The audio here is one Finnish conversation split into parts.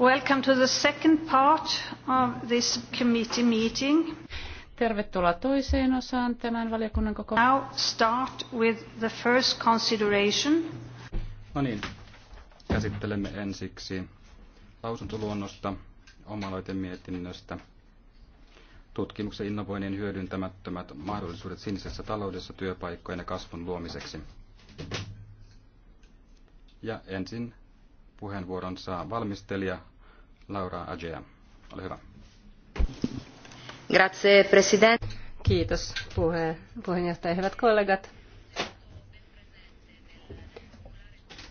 Welcome to the second part of this committee meeting. Tervetuloa toiseen osaan tämän valiokunnan kokoukseen. Now start with the first consideration. No niin, käsittelemme ensiksi lausuntoluonnosta omaloitemietinnöstä tutkimuksen innovoinnin hyödyntämättömät mahdollisuudet sinisessä taloudessa työpaikkojen ja kasvun luomiseksi. Ja ensin puheenvuoron saa valmistelija Laura Agea, ole hyvä. Grazie, president. Kiitos puhe, puheenjohtaja. Hyvät kollegat,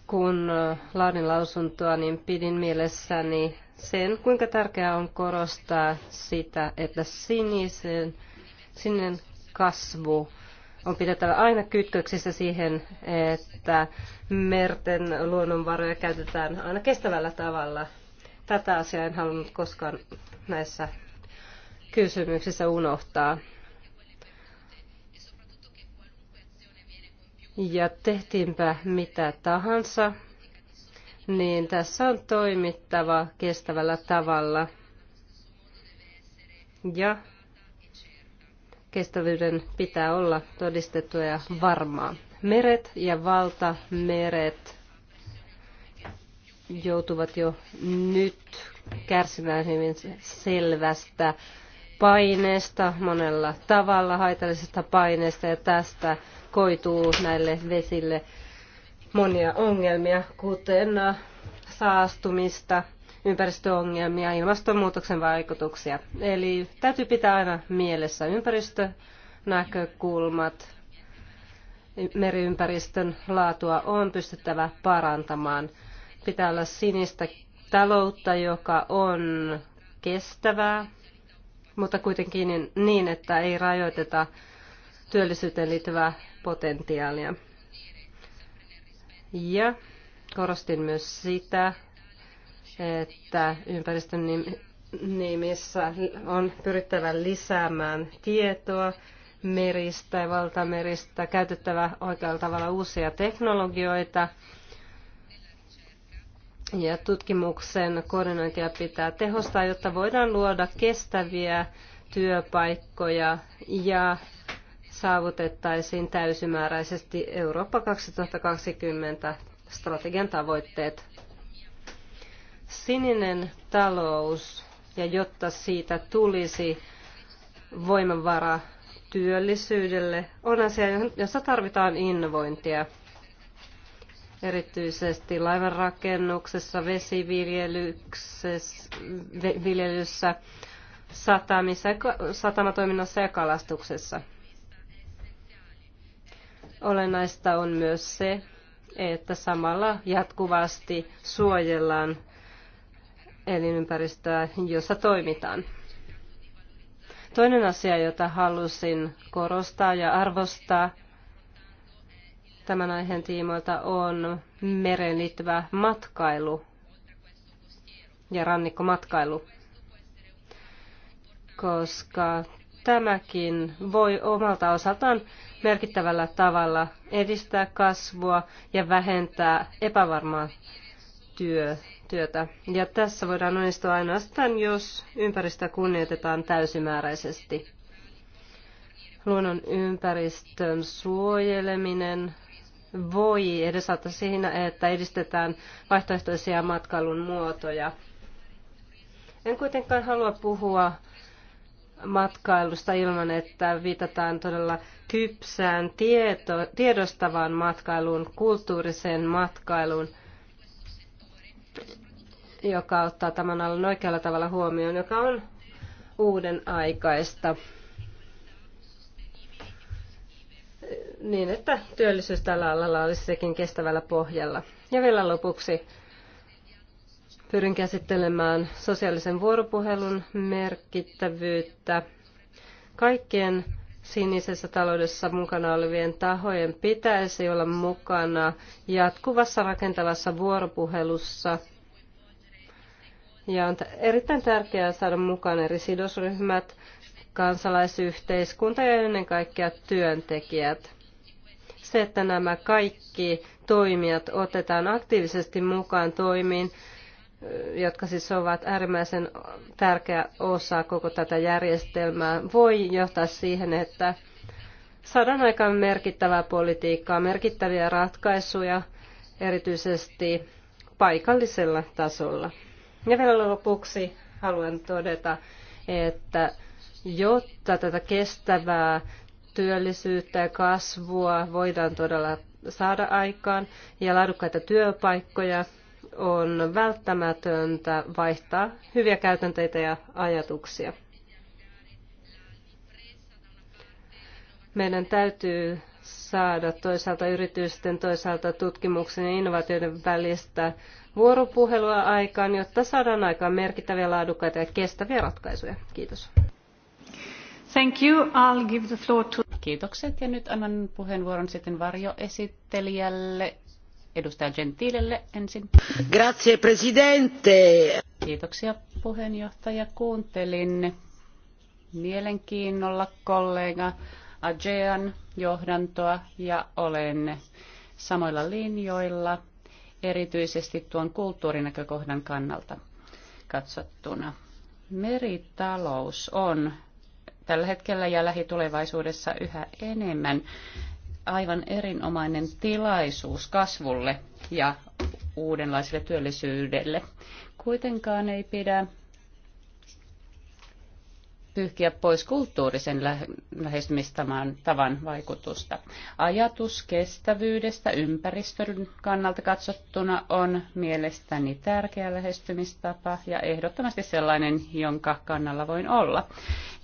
kun laadin lausuntoa, niin pidin mielessäni sen, kuinka tärkeää on korostaa sitä, että sinisen, sininen kasvu on pidettävä aina kytköksissä siihen, että merten luonnonvaroja käytetään aina kestävällä tavalla. Tätä asiaa en halunnut koskaan näissä kysymyksissä unohtaa. Ja tehtiinpä mitä tahansa, niin tässä on toimittava kestävällä tavalla. Ja kestävyyden pitää olla todistettua ja varmaa. Meret ja valtameret joutuvat jo nyt kärsimään hyvin selvästä paineesta monella tavalla, haitallisesta paineesta ja tästä koituu näille vesille monia ongelmia, kuten saastumista, ympäristöongelmia, ilmastonmuutoksen vaikutuksia. Eli täytyy pitää aina mielessä ympäristönäkökulmat. Meriympäristön laatua on pystyttävä parantamaan. Pitää olla sinistä taloutta, joka on kestävää, mutta kuitenkin niin, että ei rajoiteta työllisyyteen liittyvää potentiaalia. Ja korostin myös sitä, että ympäristön nimissä on pyrittävä lisäämään tietoa meristä ja valtameristä, käytettävä oikealla tavalla uusia teknologioita ja tutkimuksen koordinointia pitää tehostaa, jotta voidaan luoda kestäviä työpaikkoja ja saavutettaisiin täysimääräisesti Eurooppa 2020 strategian tavoitteet. Sininen talous ja jotta siitä tulisi voimavara työllisyydelle on asia, jossa tarvitaan innovointia erityisesti laivanrakennuksessa, vesiviljelyssä, satamissa, satamatoiminnassa ja kalastuksessa. Olennaista on myös se, että samalla jatkuvasti suojellaan elinympäristöä, jossa toimitaan. Toinen asia, jota halusin korostaa ja arvostaa, tämän aiheen tiimoilta on mereen liittyvä matkailu ja rannikkomatkailu, koska tämäkin voi omalta osaltaan merkittävällä tavalla edistää kasvua ja vähentää epävarmaa työ, työtä. Ja tässä voidaan onnistua ainoastaan, jos ympäristöä kunnioitetaan täysimääräisesti. Luonnon ympäristön suojeleminen voi edesauttaa siinä, että edistetään vaihtoehtoisia matkailun muotoja. En kuitenkaan halua puhua matkailusta ilman, että viitataan todella kypsään tieto, tiedostavaan matkailuun, kulttuuriseen matkailuun, joka ottaa tämän alan oikealla tavalla huomioon, joka on uuden aikaista. niin, että työllisyys tällä alalla olisi sekin kestävällä pohjalla. Ja vielä lopuksi pyrin käsittelemään sosiaalisen vuoropuhelun merkittävyyttä. Kaikkien sinisessä taloudessa mukana olevien tahojen pitäisi olla mukana jatkuvassa rakentavassa vuoropuhelussa. Ja on erittäin tärkeää saada mukaan eri sidosryhmät, kansalaisyhteiskunta ja ennen kaikkea työntekijät se, että nämä kaikki toimijat otetaan aktiivisesti mukaan toimiin, jotka siis ovat äärimmäisen tärkeä osa koko tätä järjestelmää, voi johtaa siihen, että saadaan aikaan merkittävää politiikkaa, merkittäviä ratkaisuja, erityisesti paikallisella tasolla. Ja vielä lopuksi haluan todeta, että jotta tätä kestävää työllisyyttä ja kasvua voidaan todella saada aikaan ja laadukkaita työpaikkoja, on välttämätöntä vaihtaa hyviä käytänteitä ja ajatuksia. Meidän täytyy saada toisaalta yritysten, toisaalta tutkimuksen ja innovaatioiden välistä vuoropuhelua aikaan, jotta saadaan aikaan merkittäviä laadukkaita ja kestäviä ratkaisuja. Kiitos. Kiitokset ja nyt annan puheenvuoron sitten varjoesittelijälle edustaja Gentilelle ensin. Grazie presidente. Kiitoksia puheenjohtaja. Kuuntelin mielenkiinnolla kollega Ajean johdantoa ja olen samoilla linjoilla erityisesti tuon kulttuurinäkökohdan kannalta katsottuna. Meritalous on tällä hetkellä ja lähitulevaisuudessa yhä enemmän aivan erinomainen tilaisuus kasvulle ja uudenlaiselle työllisyydelle. Kuitenkaan ei pidä pyyhkiä pois kulttuurisen lähestymistavan tavan vaikutusta. Ajatus kestävyydestä ympäristön kannalta katsottuna on mielestäni tärkeä lähestymistapa ja ehdottomasti sellainen, jonka kannalla voin olla.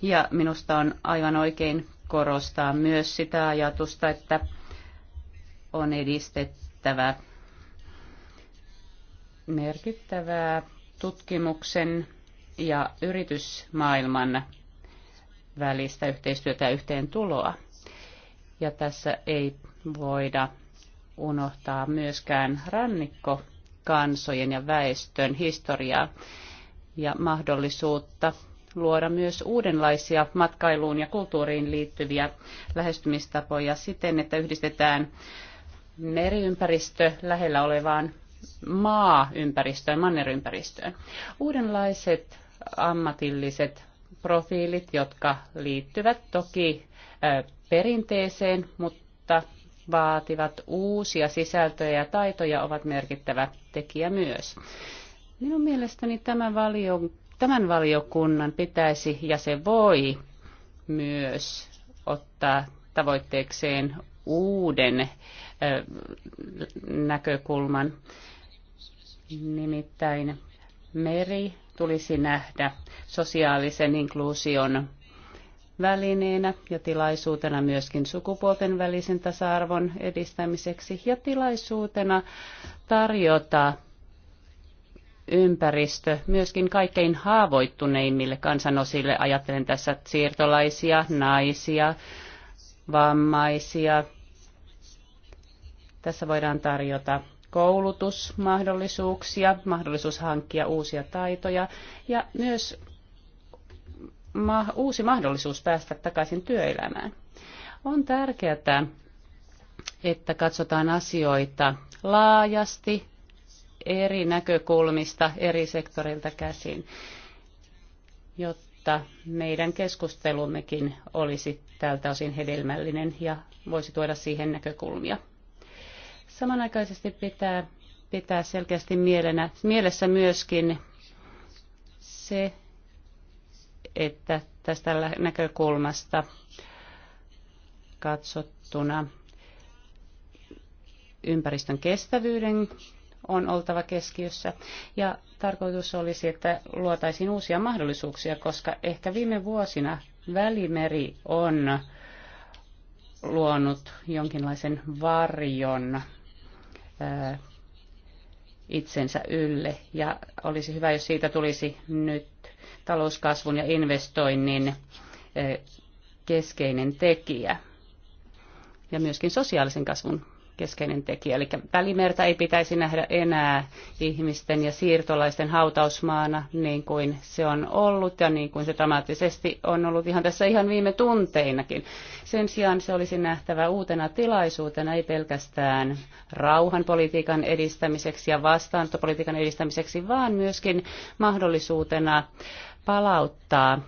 Ja minusta on aivan oikein korostaa myös sitä ajatusta, että on edistettävä merkittävää tutkimuksen ja yritysmaailman välistä yhteistyötä ja yhteen tuloa. Ja tässä ei voida unohtaa myöskään rannikko kansojen ja väestön historiaa ja mahdollisuutta luoda myös uudenlaisia matkailuun ja kulttuuriin liittyviä lähestymistapoja siten, että yhdistetään meriympäristö lähellä olevaan maaympäristöön, mannerympäristöön. Uudenlaiset ammatilliset profiilit, jotka liittyvät toki perinteeseen, mutta vaativat uusia sisältöjä ja taitoja ovat merkittävä tekijä myös. Minun mielestäni tämän, valio, tämän valiokunnan pitäisi ja se voi myös ottaa tavoitteekseen uuden näkökulman, nimittäin meri, tulisi nähdä sosiaalisen inkluusion välineenä ja tilaisuutena myöskin sukupuolten välisen tasa-arvon edistämiseksi ja tilaisuutena tarjota ympäristö myöskin kaikkein haavoittuneimmille kansanosille. Ajattelen tässä siirtolaisia, naisia, vammaisia. Tässä voidaan tarjota koulutusmahdollisuuksia, mahdollisuus hankkia uusia taitoja ja myös ma- uusi mahdollisuus päästä takaisin työelämään. On tärkeää, että katsotaan asioita laajasti, eri näkökulmista, eri sektorilta käsin, jotta meidän keskustelummekin olisi tältä osin hedelmällinen ja voisi tuoda siihen näkökulmia. Samanaikaisesti pitää pitää selkeästi mielenä, mielessä myöskin se, että tästä näkökulmasta katsottuna ympäristön kestävyyden on oltava keskiössä. Ja tarkoitus olisi, että luotaisiin uusia mahdollisuuksia, koska ehkä viime vuosina Välimeri on luonut jonkinlaisen varjon itsensä ylle. Ja olisi hyvä, jos siitä tulisi nyt talouskasvun ja investoinnin keskeinen tekijä ja myöskin sosiaalisen kasvun keskeinen tekijä. Eli välimerta ei pitäisi nähdä enää ihmisten ja siirtolaisten hautausmaana niin kuin se on ollut ja niin kuin se dramaattisesti on ollut ihan tässä ihan viime tunteinakin. Sen sijaan se olisi nähtävä uutena tilaisuutena, ei pelkästään rauhanpolitiikan edistämiseksi ja vastaanottopolitiikan edistämiseksi, vaan myöskin mahdollisuutena palauttaa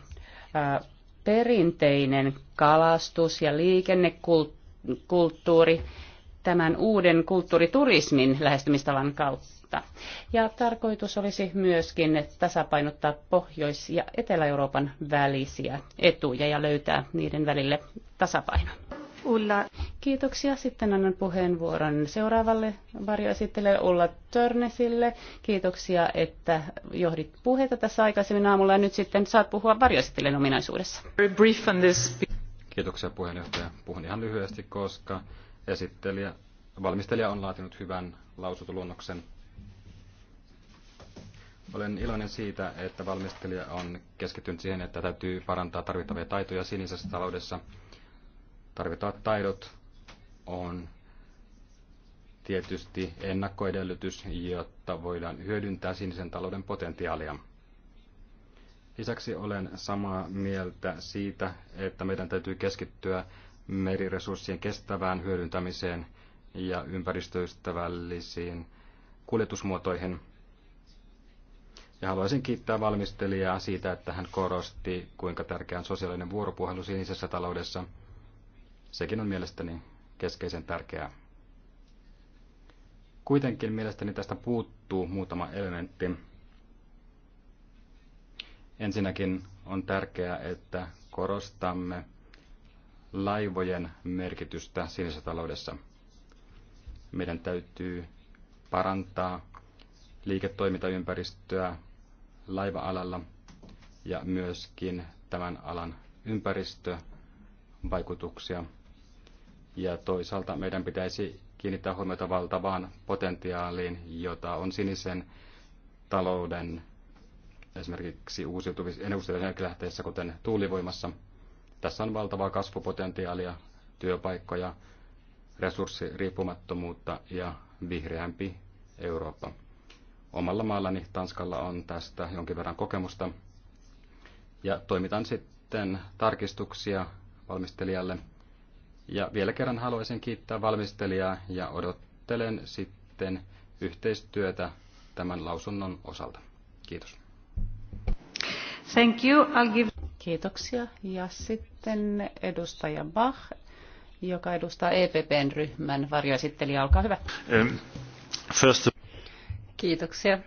perinteinen kalastus- ja liikennekulttuuri, tämän uuden kulttuuriturismin lähestymistavan kautta. Ja tarkoitus olisi myöskin tasapainottaa Pohjois- ja Etelä-Euroopan välisiä etuja ja löytää niiden välille tasapaino. Ulla. Kiitoksia. Sitten annan puheenvuoron seuraavalle varjoesittelijälle Ulla Törnesille. Kiitoksia, että johdit puheita tässä aikaisemmin aamulla ja nyt sitten saat puhua varjoesittelijän ominaisuudessa. Kiitoksia puheenjohtaja. Puhun ihan lyhyesti, koska Esittelijä, valmistelija on laatinut hyvän lausutuluonnoksen. Olen iloinen siitä, että valmistelija on keskittynyt siihen, että täytyy parantaa tarvittavia taitoja sinisessä taloudessa. Tarvittavat taidot on tietysti ennakkoedellytys, jotta voidaan hyödyntää sinisen talouden potentiaalia. Lisäksi olen samaa mieltä siitä, että meidän täytyy keskittyä meriresurssien kestävään hyödyntämiseen ja ympäristöystävällisiin kuljetusmuotoihin. Ja haluaisin kiittää valmistelijaa siitä, että hän korosti, kuinka tärkeä on sosiaalinen vuoropuhelu sinisessä taloudessa. Sekin on mielestäni keskeisen tärkeää. Kuitenkin mielestäni tästä puuttuu muutama elementti. Ensinnäkin on tärkeää, että korostamme laivojen merkitystä sinisessä taloudessa. Meidän täytyy parantaa liiketoimintaympäristöä laiva-alalla ja myöskin tämän alan ympäristövaikutuksia. Ja toisaalta meidän pitäisi kiinnittää huomiota valtavaan potentiaaliin, jota on sinisen talouden esimerkiksi uusiutuvissa energialähteissä, kuten tuulivoimassa – tässä on valtavaa kasvupotentiaalia, työpaikkoja, resurssiriippumattomuutta ja vihreämpi Eurooppa. Omalla maallani Tanskalla on tästä jonkin verran kokemusta. Ja toimitan sitten tarkistuksia valmistelijalle. Ja vielä kerran haluaisin kiittää valmistelijaa ja odottelen sitten yhteistyötä tämän lausunnon osalta. Kiitos. Thank you. I'll give... Kiitoksia. Ja sitten edustaja Bach, joka edustaa EPPn ryhmän varjoesittelijä. Olkaa hyvä. Um, first... Kiitoksia.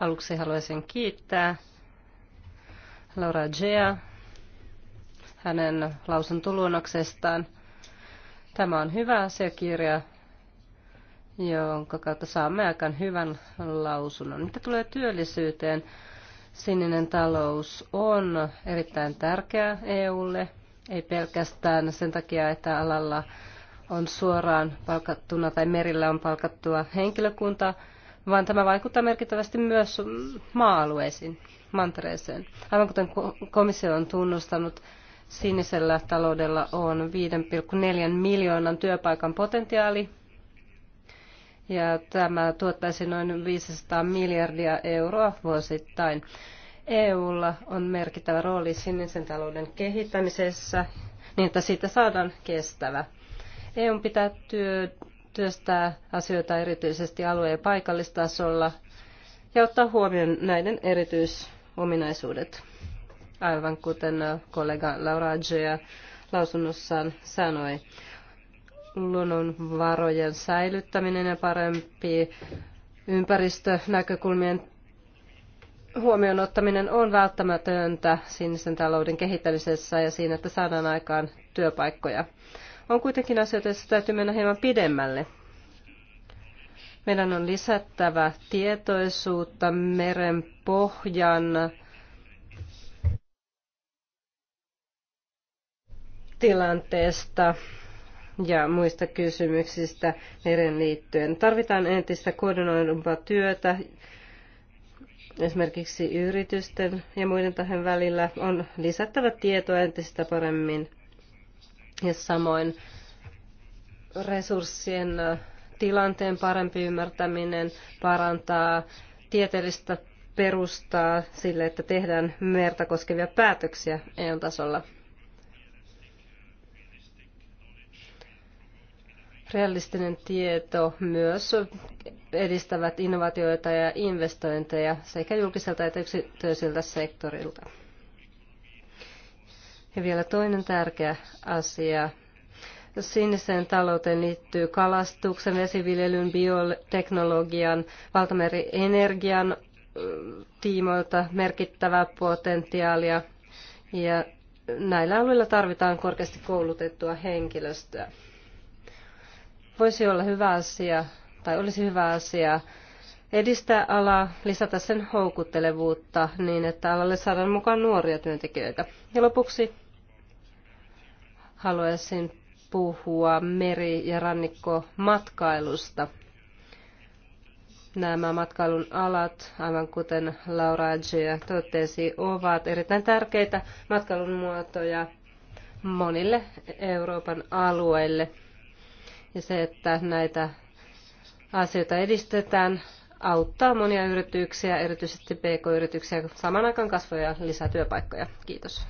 Aluksi haluaisin kiittää Laura Gea hänen lausuntoluonnoksestaan. Tämä on hyvä asiakirja, jonka kautta saamme aika hyvän lausunnon. Mitä tulee työllisyyteen, Sininen talous on erittäin tärkeä EUlle, ei pelkästään sen takia, että alalla on suoraan palkattuna tai merillä on palkattua henkilökunta, vaan tämä vaikuttaa merkittävästi myös maa-alueisiin, mantereeseen. Aivan kuten komissio on tunnustanut, sinisellä taloudella on 5,4 miljoonan työpaikan potentiaali ja tämä tuottaisi noin 500 miljardia euroa vuosittain. EUlla on merkittävä rooli sinisen talouden kehittämisessä niin, että siitä saadaan kestävä. EU pitää työ, työstää asioita erityisesti alue- ja paikallistasolla ja ottaa huomioon näiden erityisominaisuudet, aivan kuten kollega Laura Agea lausunnossaan sanoi luonnonvarojen säilyttäminen ja parempi ympäristönäkökulmien huomioon ottaminen on välttämätöntä sinisen talouden kehittämisessä ja siinä, että saadaan aikaan työpaikkoja. On kuitenkin asioita, joissa täytyy mennä hieman pidemmälle. Meidän on lisättävä tietoisuutta meren pohjan tilanteesta ja muista kysymyksistä meren liittyen. Tarvitaan entistä koordinoidumpaa työtä esimerkiksi yritysten ja muiden tahojen välillä. On lisättävä tietoa entistä paremmin ja samoin resurssien äh, tilanteen parempi ymmärtäminen parantaa tieteellistä perustaa sille, että tehdään merta koskevia päätöksiä EU-tasolla. Realistinen tieto myös edistävät innovaatioita ja investointeja sekä julkiselta että yksityiseltä sektorilta. Ja vielä toinen tärkeä asia. Siniseen talouteen liittyy kalastuksen, vesiviljelyn, bioteknologian, valtamerienergian mm, tiimoilta merkittävää potentiaalia. Ja näillä alueilla tarvitaan korkeasti koulutettua henkilöstöä voisi olla hyvä asia, tai olisi hyvä asia edistää alaa, lisätä sen houkuttelevuutta niin, että alalle saadaan mukaan nuoria työntekijöitä. Ja lopuksi haluaisin puhua meri- ja rannikkomatkailusta. Nämä matkailun alat, aivan kuten Laura Agea totesi, ovat erittäin tärkeitä matkailun muotoja monille Euroopan alueille – ja se, että näitä asioita edistetään, auttaa monia yrityksiä, erityisesti PK-yrityksiä, saman aikaan kasvoja lisää työpaikkoja. Kiitos.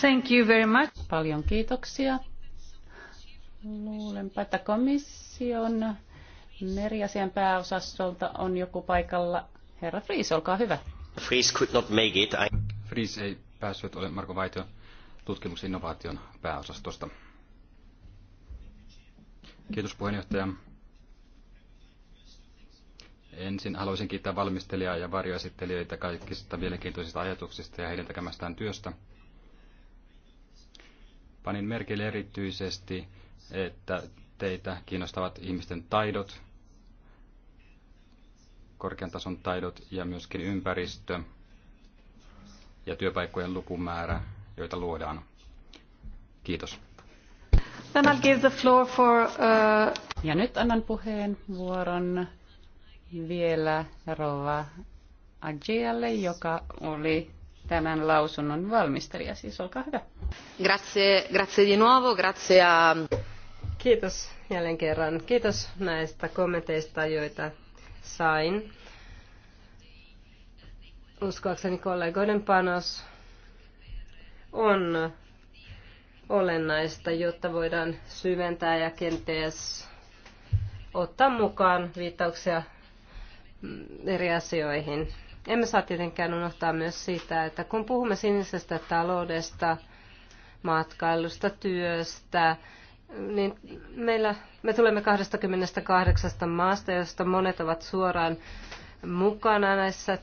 Thank you very much. Paljon kiitoksia. Luulenpa, että komission meriasian pääosastolta on joku paikalla. Herra Friis, olkaa hyvä. Friis could not make it. I... Friis ei päässyt, ole Marko Vaitio tutkimuksen innovaation pääosastosta. Kiitos puheenjohtaja. Ensin haluaisin kiittää valmistelijaa ja varjoesittelijöitä kaikista mielenkiintoisista ajatuksista ja heidän tekemästään työstä. Panin merkille erityisesti, että teitä kiinnostavat ihmisten taidot, korkean tason taidot ja myöskin ympäristö ja työpaikkojen lukumäärä, joita luodaan. Kiitos. Then I'll give the floor for, uh... Ja nyt annan puheenvuoron vielä Rova Agialle, joka oli tämän lausunnon valmistelija. Siis olkaa hyvä. Grazie, grazie di nuovo, grazie a... Kiitos jälleen kerran. Kiitos näistä kommenteista, joita sain. Uskoakseni kollegoiden panos on olennaista, jotta voidaan syventää ja kenties ottaa mukaan viittauksia mm, eri asioihin. Emme saa tietenkään unohtaa myös sitä, että kun puhumme sinisestä taloudesta, matkailusta, työstä, niin meillä, me tulemme 28 maasta, joista monet ovat suoraan mukana näissä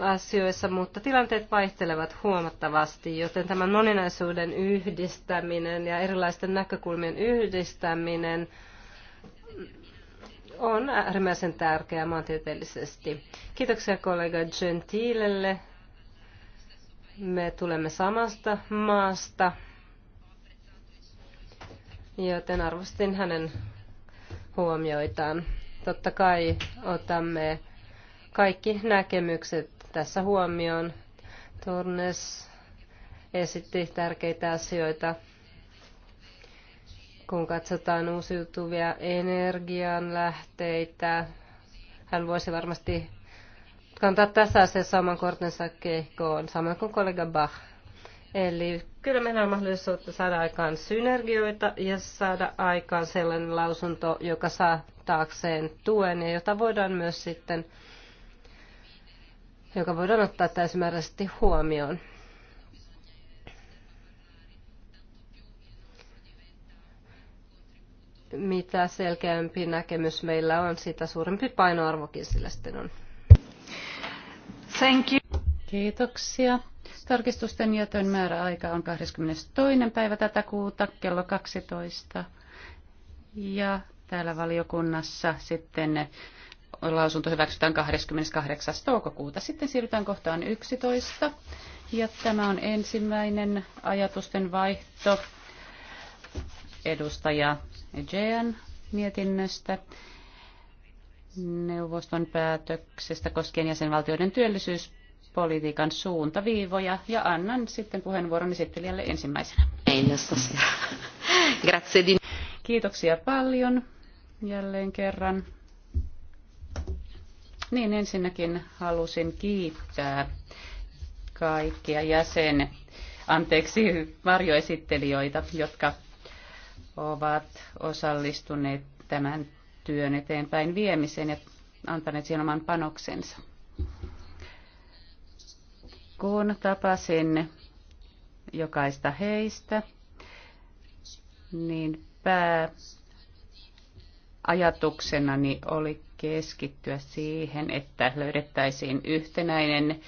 asioissa, mutta tilanteet vaihtelevat huomattavasti, joten tämän moninaisuuden yhdistäminen ja erilaisten näkökulmien yhdistäminen on äärimmäisen tärkeää maantieteellisesti. Kiitoksia kollega Gentilelle. Me tulemme samasta maasta, joten arvostin hänen huomioitaan. Totta kai otamme kaikki näkemykset tässä huomioon. Turnes esitti tärkeitä asioita. Kun katsotaan uusiutuvia energianlähteitä, hän voisi varmasti kantaa tässä asiassa saman kortensa kehkoon, saman kuin kollega Bach. Eli kyllä meillä on mahdollisuutta saada aikaan synergioita ja saada aikaan sellainen lausunto, joka saa taakseen tuen ja jota voidaan myös sitten joka voidaan ottaa täysimääräisesti huomioon. Mitä selkeämpi näkemys meillä on, sitä suurempi painoarvokin sillä sitten on. Thank you. Kiitoksia. Tarkistusten jätön määräaika on 22. päivä tätä kuuta kello 12. Ja täällä valiokunnassa sitten lausunto hyväksytään 28. toukokuuta. Sitten siirrytään kohtaan 11. Ja tämä on ensimmäinen ajatusten vaihto edustaja Egean mietinnöstä neuvoston päätöksestä koskien jäsenvaltioiden työllisyyspolitiikan suuntaviivoja ja annan sitten puheenvuoron esittelijälle ensimmäisenä. Kiitoksia paljon jälleen kerran niin ensinnäkin halusin kiittää kaikkia jäsen, anteeksi varjoesittelijöitä, jotka ovat osallistuneet tämän työn eteenpäin viemiseen ja antaneet siihen oman panoksensa. Kun tapasin jokaista heistä, niin pää ajatuksenani oli keskittyä siihen, että löydettäisiin yhtenäinen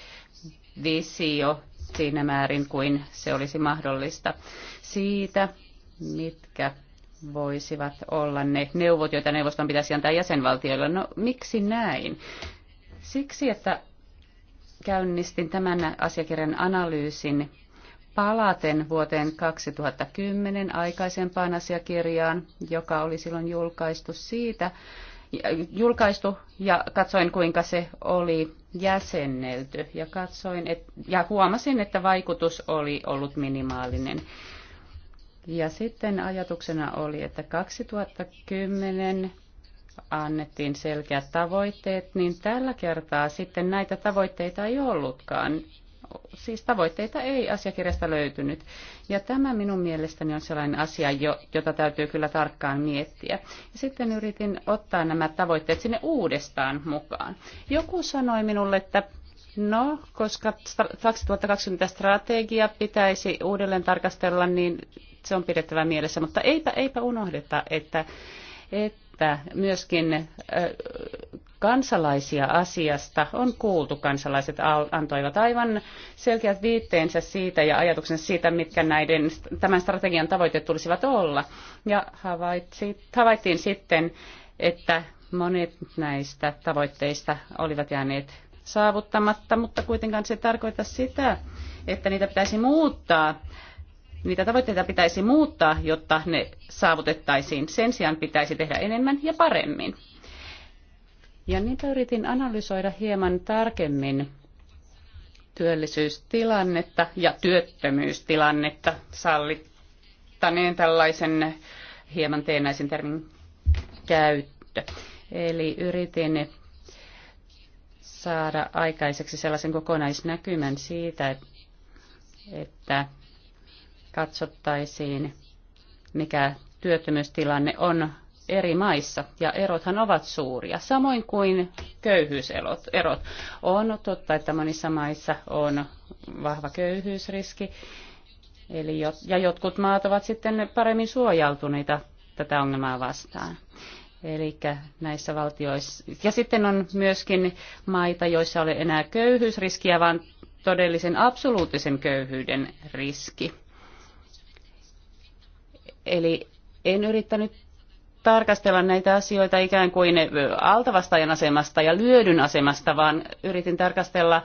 visio siinä määrin kuin se olisi mahdollista siitä, mitkä voisivat olla ne neuvot, joita neuvoston pitäisi antaa jäsenvaltioille. No miksi näin? Siksi, että käynnistin tämän asiakirjan analyysin palaten vuoteen 2010 aikaisempaan asiakirjaan, joka oli silloin julkaistu siitä, julkaistu ja katsoin, kuinka se oli jäsennelty ja, katsoin, et, ja huomasin, että vaikutus oli ollut minimaalinen. Ja sitten ajatuksena oli, että 2010 annettiin selkeät tavoitteet, niin tällä kertaa sitten näitä tavoitteita ei ollutkaan siis tavoitteita ei asiakirjasta löytynyt. Ja tämä minun mielestäni on sellainen asia, jo, jota täytyy kyllä tarkkaan miettiä. Ja sitten yritin ottaa nämä tavoitteet sinne uudestaan mukaan. Joku sanoi minulle, että No, koska 2020 strategia pitäisi uudelleen tarkastella, niin se on pidettävä mielessä, mutta eipä, eipä unohdeta, että, että myöskin kansalaisia asiasta on kuultu. Kansalaiset antoivat aivan selkeät viitteensä siitä ja ajatuksen siitä, mitkä näiden, tämän strategian tavoitteet tulisivat olla. Ja havaittiin sitten, että monet näistä tavoitteista olivat jääneet saavuttamatta, mutta kuitenkaan se ei tarkoita sitä, että niitä pitäisi muuttaa. Niitä tavoitteita pitäisi muuttaa, jotta ne saavutettaisiin. Sen sijaan pitäisi tehdä enemmän ja paremmin. Ja niitä yritin analysoida hieman tarkemmin työllisyystilannetta ja työttömyystilannetta sallittaneen tällaisen hieman teenäisen termin käyttö. Eli yritin saada aikaiseksi sellaisen kokonaisnäkymän siitä, että katsottaisiin, mikä työttömyystilanne on eri maissa, ja erothan ovat suuria, samoin kuin köyhyyserot. Erot. On totta, että monissa maissa on vahva köyhyysriski, eli jo, ja jotkut maat ovat sitten paremmin suojautuneita tätä ongelmaa vastaan. Eli näissä valtioissa. Ja sitten on myöskin maita, joissa ei ole enää köyhyysriskiä, vaan todellisen absoluuttisen köyhyyden riski. Eli en yrittänyt tarkastella näitä asioita ikään kuin altavastajan asemasta ja lyödyn asemasta, vaan yritin tarkastella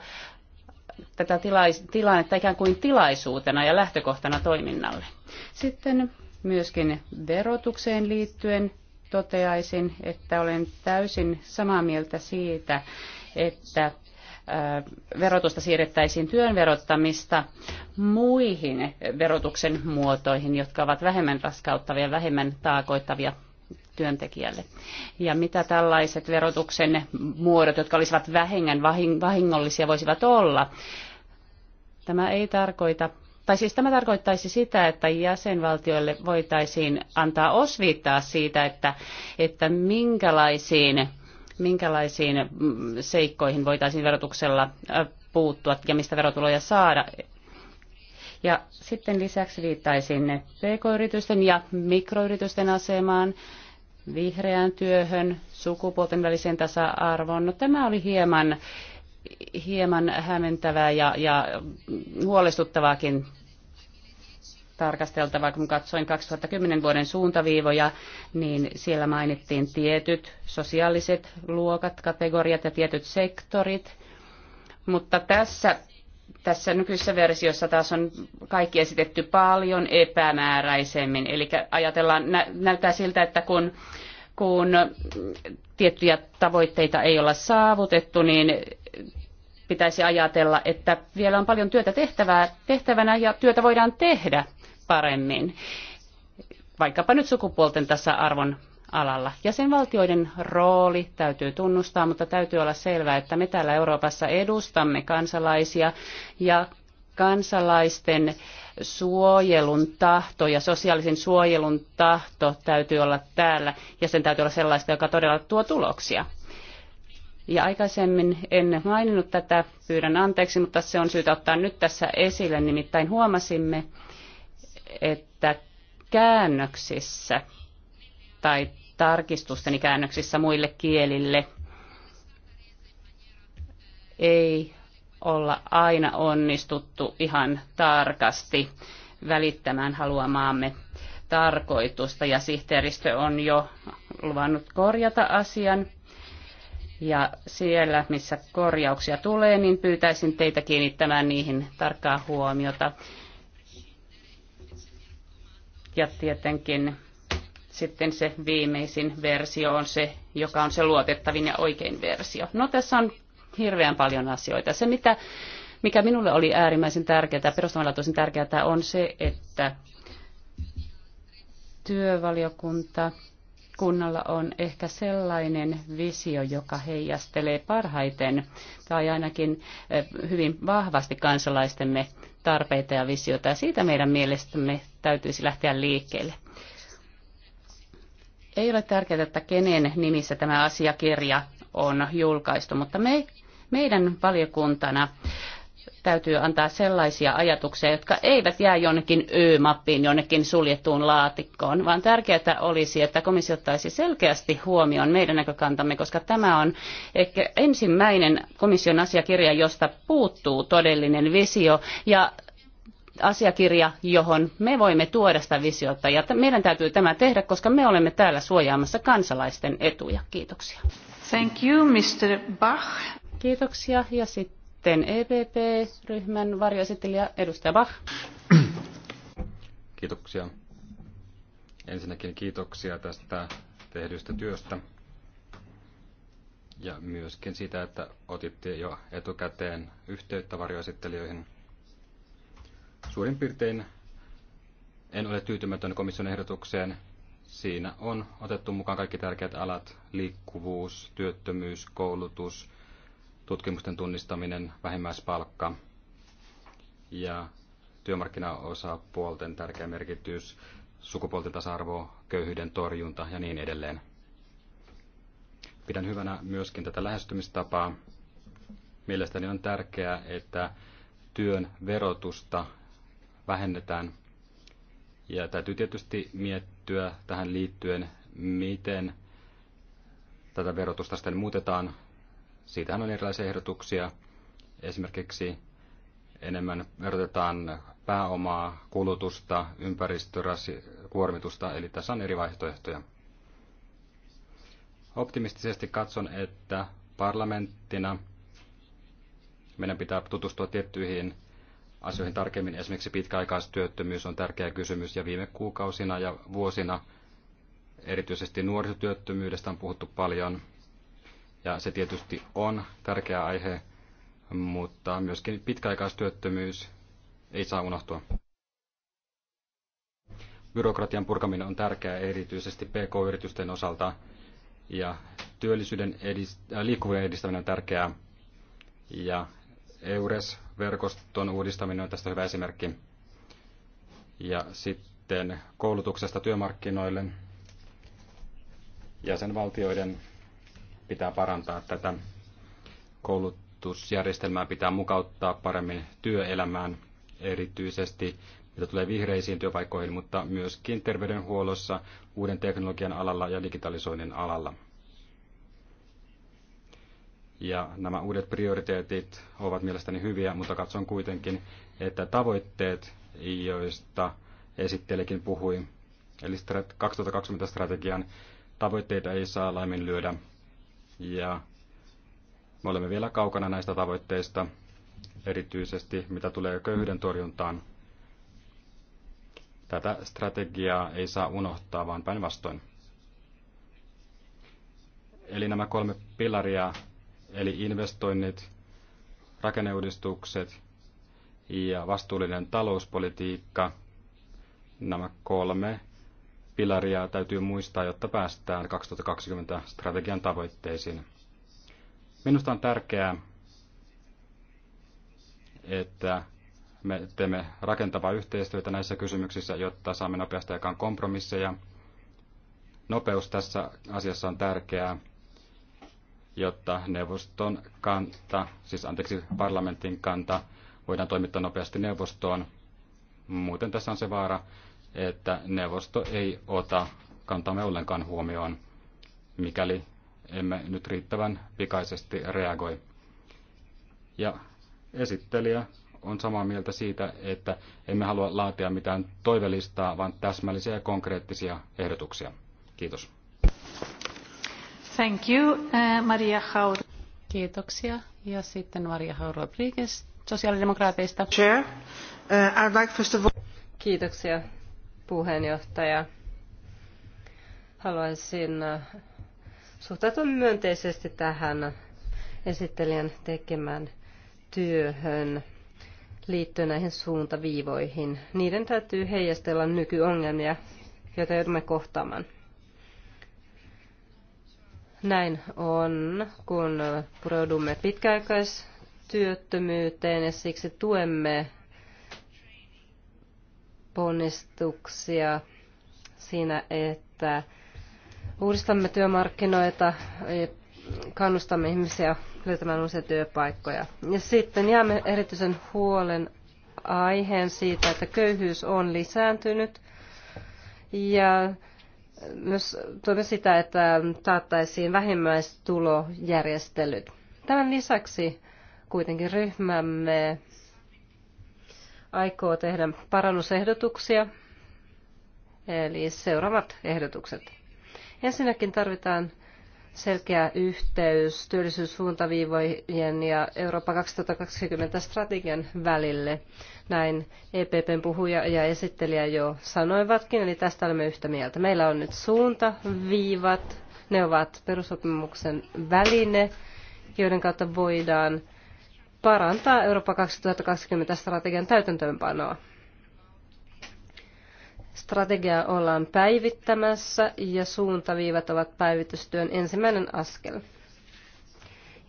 tätä tilannetta ikään kuin tilaisuutena ja lähtökohtana toiminnalle. Sitten myöskin verotukseen liittyen toteaisin, että olen täysin samaa mieltä siitä, että verotusta siirrettäisiin työn verottamista muihin verotuksen muotoihin, jotka ovat vähemmän raskauttavia, vähemmän taakoittavia työntekijälle. Ja mitä tällaiset verotuksen muodot, jotka olisivat vähengen vahingollisia, voisivat olla? Tämä ei tarkoita tai siis tämä tarkoittaisi sitä, että jäsenvaltioille voitaisiin antaa osviittaa siitä, että, että minkälaisiin, minkälaisiin seikkoihin voitaisiin verotuksella äh, puuttua ja mistä verotuloja saada. Ja sitten lisäksi viittaisin pk-yritysten ja mikroyritysten asemaan vihreään työhön, sukupuolten väliseen tasa-arvoon. No, tämä oli hieman, hieman hämmentävää ja, ja huolestuttavaakin tarkasteltavaa, kun katsoin 2010 vuoden suuntaviivoja, niin siellä mainittiin tietyt sosiaaliset luokat, kategoriat ja tietyt sektorit. Mutta tässä tässä nykyisessä versiossa taas on kaikki esitetty paljon epämääräisemmin. Eli ajatellaan, nä, näyttää siltä, että kun, kun tiettyjä tavoitteita ei olla saavutettu, niin pitäisi ajatella, että vielä on paljon työtä tehtävää, tehtävänä ja työtä voidaan tehdä paremmin. Vaikkapa nyt sukupuolten tasa-arvon alalla. Jäsenvaltioiden rooli täytyy tunnustaa, mutta täytyy olla selvää, että me täällä Euroopassa edustamme kansalaisia ja kansalaisten suojelun tahto ja sosiaalisen suojelun tahto täytyy olla täällä ja sen täytyy olla sellaista, joka todella tuo tuloksia. Ja aikaisemmin en maininnut tätä, pyydän anteeksi, mutta se on syytä ottaa nyt tässä esille. Nimittäin huomasimme, että käännöksissä tai tarkistusten käännöksissä muille kielille ei olla aina onnistuttu ihan tarkasti välittämään haluamaamme tarkoitusta ja sihteeristö on jo luvannut korjata asian. Ja siellä, missä korjauksia tulee, niin pyytäisin teitä kiinnittämään niihin tarkkaa huomiota. Ja tietenkin sitten se viimeisin versio on se, joka on se luotettavin ja oikein versio. No tässä on hirveän paljon asioita. Se, mitä, mikä minulle oli äärimmäisen tärkeää, perustavanlaatuisen tärkeää, on se, että työvaliokunta kunnalla on ehkä sellainen visio, joka heijastelee parhaiten tai ainakin eh, hyvin vahvasti kansalaistemme tarpeita ja visioita. Ja siitä meidän mielestämme täytyisi lähteä liikkeelle. Ei ole tärkeää, että kenen nimissä tämä asiakirja on julkaistu, mutta me, meidän valiokuntana täytyy antaa sellaisia ajatuksia, jotka eivät jää jonnekin Ö-mappiin, jonnekin suljettuun laatikkoon, vaan tärkeää olisi, että komissio ottaisi selkeästi huomioon meidän näkökantamme, koska tämä on ehkä ensimmäinen komission asiakirja, josta puuttuu todellinen visio ja asiakirja, johon me voimme tuoda sitä visiota. Ja meidän täytyy tämä tehdä, koska me olemme täällä suojaamassa kansalaisten etuja. Kiitoksia. Thank you, Mr. Bach. Kiitoksia. Ja sitten EPP-ryhmän varjoesittelijä edustaja Bach. Kiitoksia. Ensinnäkin kiitoksia tästä tehdystä työstä ja myöskin siitä, että otitte jo etukäteen yhteyttä varjoesittelijöihin – Suurin piirtein en ole tyytymätön komission ehdotukseen. Siinä on otettu mukaan kaikki tärkeät alat, liikkuvuus, työttömyys, koulutus, tutkimusten tunnistaminen, vähimmäispalkka ja työmarkkinaosapuolten tärkeä merkitys, sukupuolten tasa-arvo, köyhyyden torjunta ja niin edelleen. Pidän hyvänä myöskin tätä lähestymistapaa. Mielestäni on tärkeää, että työn verotusta vähennetään. Ja täytyy tietysti miettiä tähän liittyen, miten tätä verotusta sitten muutetaan. Siitähän on erilaisia ehdotuksia. Esimerkiksi enemmän verotetaan pääomaa, kulutusta, ympäristörasikuormitusta, eli tässä on eri vaihtoehtoja. Optimistisesti katson, että parlamenttina meidän pitää tutustua tiettyihin asioihin tarkemmin. Esimerkiksi pitkäaikaistyöttömyys on tärkeä kysymys ja viime kuukausina ja vuosina erityisesti nuorisotyöttömyydestä on puhuttu paljon. Ja se tietysti on tärkeä aihe, mutta myöskin pitkäaikaistyöttömyys ei saa unohtua. Byrokratian purkaminen on tärkeää erityisesti PK-yritysten osalta ja työllisyyden edist- äh, liikkuvuuden edistäminen on tärkeää ja EURES-verkoston uudistaminen on tästä hyvä esimerkki. Ja sitten koulutuksesta työmarkkinoille. Jäsenvaltioiden pitää parantaa tätä koulutusjärjestelmää, pitää mukauttaa paremmin työelämään, erityisesti mitä tulee vihreisiin työpaikkoihin, mutta myöskin terveydenhuollossa, uuden teknologian alalla ja digitalisoinnin alalla. Ja nämä uudet prioriteetit ovat mielestäni hyviä, mutta katson kuitenkin, että tavoitteet, joista esittelikin puhui, eli 2020-strategian tavoitteita ei saa laiminlyödä. Ja me olemme vielä kaukana näistä tavoitteista, erityisesti mitä tulee köyhyyden torjuntaan. Tätä strategiaa ei saa unohtaa, vaan päinvastoin. Eli nämä kolme pilaria Eli investoinnit, rakenneuudistukset ja vastuullinen talouspolitiikka, nämä kolme pilaria täytyy muistaa, jotta päästään 2020 strategian tavoitteisiin. Minusta on tärkeää, että me teemme rakentavaa yhteistyötä näissä kysymyksissä, jotta saamme nopeasti aikaan kompromisseja. Nopeus tässä asiassa on tärkeää, jotta neuvoston kanta, siis anteeksi parlamentin kanta, voidaan toimittaa nopeasti neuvostoon. Muuten tässä on se vaara, että neuvosto ei ota kantamme ollenkaan huomioon, mikäli emme nyt riittävän pikaisesti reagoi. Ja esittelijä on samaa mieltä siitä, että emme halua laatia mitään toivelistaa, vaan täsmällisiä ja konkreettisia ehdotuksia. Kiitos. Thank you, uh, Maria Haur. Kiitoksia. Ja sitten Maria Haur-Rodriguez sosiaalidemokraateista. Chair, uh, I'd like first of all... Kiitoksia, puheenjohtaja. Haluaisin uh, suhtautua myönteisesti tähän esittelijän tekemään työhön liittyen näihin suuntaviivoihin. Niiden täytyy heijastella nykyongelmia, joita joudumme kohtaamaan. Näin on, kun pureudumme pitkäaikaistyöttömyyteen ja siksi tuemme ponnistuksia siinä, että uudistamme työmarkkinoita, ja kannustamme ihmisiä löytämään uusia työpaikkoja. Ja sitten jäämme erityisen huolen aiheen siitä, että köyhyys on lisääntynyt ja myös toimme sitä, että taattaisiin vähimmäistulojärjestelyt. Tämän lisäksi kuitenkin ryhmämme aikoo tehdä parannusehdotuksia, eli seuraavat ehdotukset. Ensinnäkin tarvitaan selkeä yhteys työllisyyssuuntaviivojen ja Eurooppa 2020 strategian välille. Näin EPPn puhuja ja esittelijä jo sanoivatkin, eli tästä olemme yhtä mieltä. Meillä on nyt suuntaviivat, ne ovat perusopimuksen väline, joiden kautta voidaan parantaa Eurooppa 2020 strategian täytäntöönpanoa. Strategiaa ollaan päivittämässä ja suuntaviivat ovat päivitystyön ensimmäinen askel.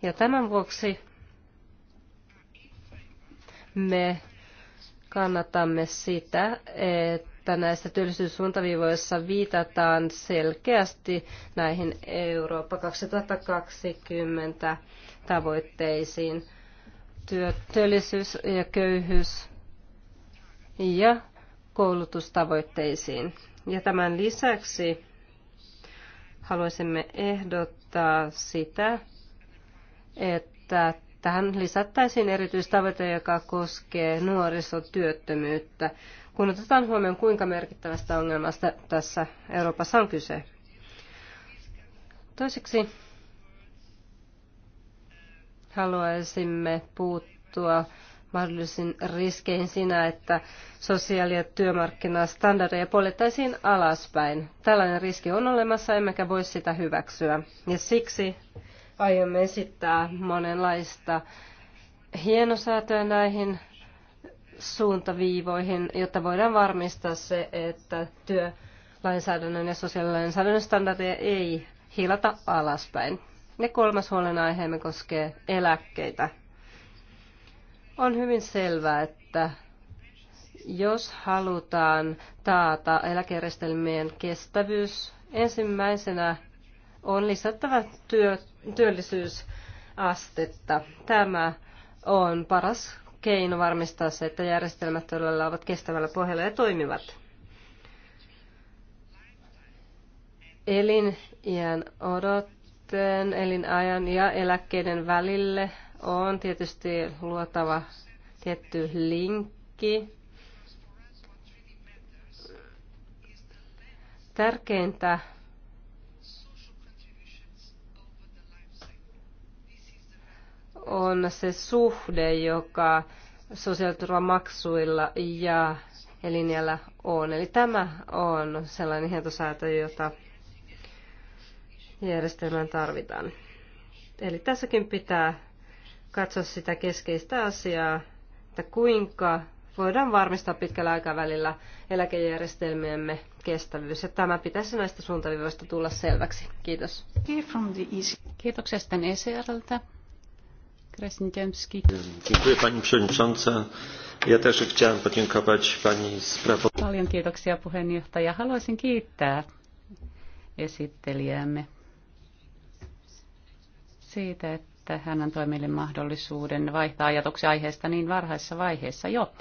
Ja tämän vuoksi me kannatamme sitä, että näissä työllisyyssuuntaviivoissa viitataan selkeästi näihin Eurooppa 2020 tavoitteisiin. Työ, työllisyys ja köyhyys ja koulutustavoitteisiin. Ja tämän lisäksi haluaisimme ehdottaa sitä, että tähän lisättäisiin erityistavoite, joka koskee nuorisotyöttömyyttä, kun otetaan huomioon, kuinka merkittävästä ongelmasta tässä Euroopassa on kyse. Toiseksi haluaisimme puuttua mahdollisiin riskeihin siinä, että sosiaali- ja työmarkkinastandardeja poljettaisiin alaspäin. Tällainen riski on olemassa, emmekä voi sitä hyväksyä. Ja siksi aiomme esittää monenlaista hienosäätöä näihin suuntaviivoihin, jotta voidaan varmistaa se, että työlainsäädännön ja sosiaalilainsäädännön standardeja ei hilata alaspäin. Ja kolmas huolenaiheemme koskee eläkkeitä. On hyvin selvää, että jos halutaan taata eläkejärjestelmien kestävyys, ensimmäisenä on lisättävä työ, työllisyysastetta. Tämä on paras keino varmistaa se, että järjestelmät todella ovat kestävällä pohjalla ja toimivat. iän odotteen, elinajan ja eläkkeiden välille on tietysti luotava tietty linkki. Tärkeintä on se suhde, joka sosiaaliturvamaksuilla ja elinjällä on. Eli tämä on sellainen hietosäätö, jota järjestelmään tarvitaan. Eli tässäkin pitää katsoa sitä keskeistä asiaa, että kuinka voidaan varmistaa pitkällä aikavälillä eläkejärjestelmiemme kestävyys. Ja tämä pitäisi näistä suuntaviivoista tulla selväksi. Kiitos. Kiitoksia sitten ECRltä. Dziękuję pani przewodnicząca. Ja też chciałem podziękować pani sprawozdawcy. Paljon kiitoksia puheenjohtaja. Haluaisin kiittää esittelijäämme siitä, että että hän antoi meille mahdollisuuden vaihtaa ajatuksia aiheesta niin varhaisessa vaiheessa jo.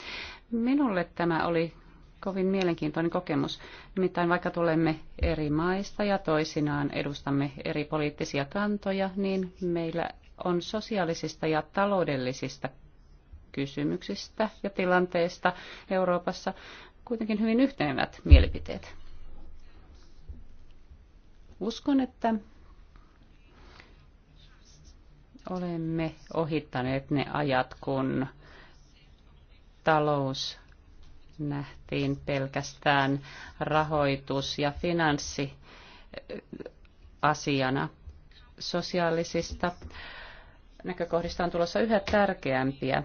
Minulle tämä oli kovin mielenkiintoinen kokemus. Nimittäin vaikka tulemme eri maista ja toisinaan edustamme eri poliittisia kantoja, niin meillä on sosiaalisista ja taloudellisista kysymyksistä ja tilanteesta Euroopassa kuitenkin hyvin yhtenevät mielipiteet. Uskon, että olemme ohittaneet ne ajat, kun talous nähtiin pelkästään rahoitus- ja finanssiasiana. Sosiaalisista näkökohdista on tulossa yhä tärkeämpiä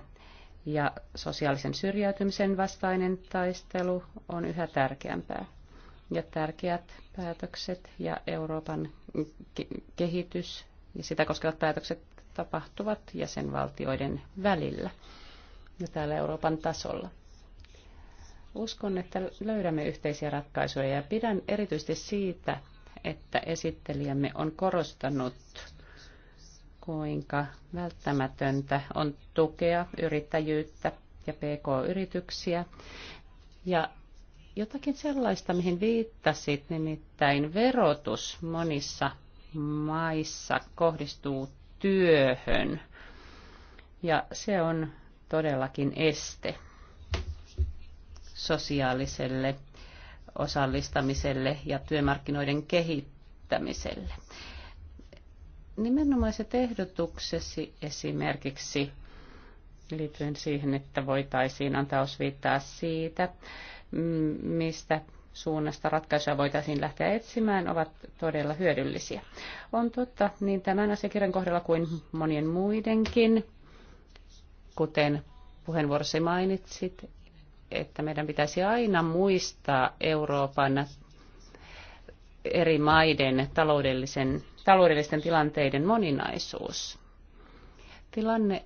ja sosiaalisen syrjäytymisen vastainen taistelu on yhä tärkeämpää. Ja tärkeät päätökset ja Euroopan kehitys ja sitä koskevat päätökset tapahtuvat jäsenvaltioiden välillä ja täällä Euroopan tasolla. Uskon, että löydämme yhteisiä ratkaisuja ja pidän erityisesti siitä, että esittelijämme on korostanut, kuinka välttämätöntä on tukea yrittäjyyttä ja pk-yrityksiä ja jotakin sellaista, mihin viittasit, nimittäin verotus monissa maissa kohdistuu työhön. Ja se on todellakin este sosiaaliselle osallistamiselle ja työmarkkinoiden kehittämiselle. Nimenomaiset ehdotuksesi esimerkiksi liittyen siihen, että voitaisiin antaa osviittaa siitä, mistä suunnasta ratkaisua voitaisiin lähteä etsimään, ovat todella hyödyllisiä. On totta niin tämän asiakirjan kohdalla kuin monien muidenkin, kuten puheenvuorossa mainitsit, että meidän pitäisi aina muistaa Euroopan eri maiden taloudellisen, taloudellisten tilanteiden moninaisuus. Tilanne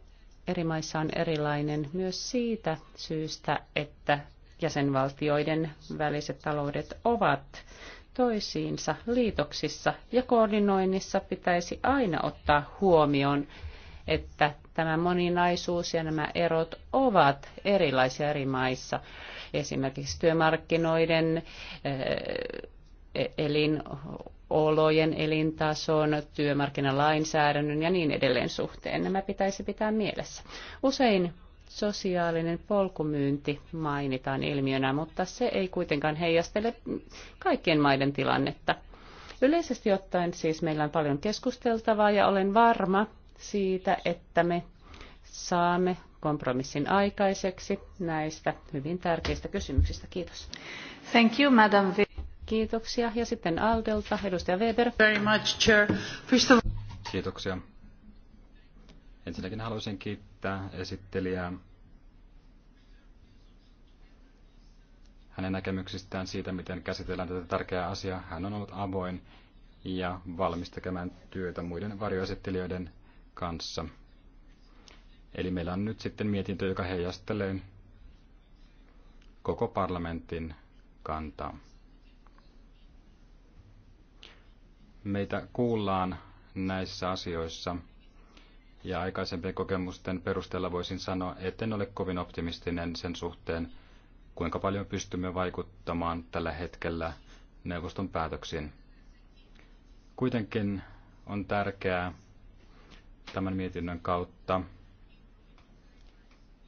eri maissa on erilainen myös siitä syystä, että jäsenvaltioiden väliset taloudet ovat toisiinsa liitoksissa ja koordinoinnissa pitäisi aina ottaa huomioon, että tämä moninaisuus ja nämä erot ovat erilaisia eri maissa. Esimerkiksi työmarkkinoiden, eh, e-, elinolojen, elintason, työmarkkinalainsäädännön ja niin edelleen suhteen. Nämä pitäisi pitää mielessä. Usein sosiaalinen polkumyynti mainitaan ilmiönä, mutta se ei kuitenkaan heijastele kaikkien maiden tilannetta. Yleisesti ottaen siis meillä on paljon keskusteltavaa ja olen varma siitä, että me saamme kompromissin aikaiseksi näistä hyvin tärkeistä kysymyksistä. Kiitos. Thank you, Madam. Kiitoksia. Ja sitten Aldelta, edustaja Weber. Very much, Chair. First of... Kiitoksia. Ensinnäkin haluaisin kiittää kiittää esittelijää hänen näkemyksistään siitä, miten käsitellään tätä tärkeää asiaa. Hän on ollut avoin ja valmis tekemään työtä muiden varjoesittelijöiden kanssa. Eli meillä on nyt sitten mietintö, joka heijastelee koko parlamentin kantaa. Meitä kuullaan näissä asioissa – ja aikaisempien kokemusten perusteella voisin sanoa, etten ole kovin optimistinen sen suhteen, kuinka paljon pystymme vaikuttamaan tällä hetkellä neuvoston päätöksiin. Kuitenkin on tärkeää tämän mietinnön kautta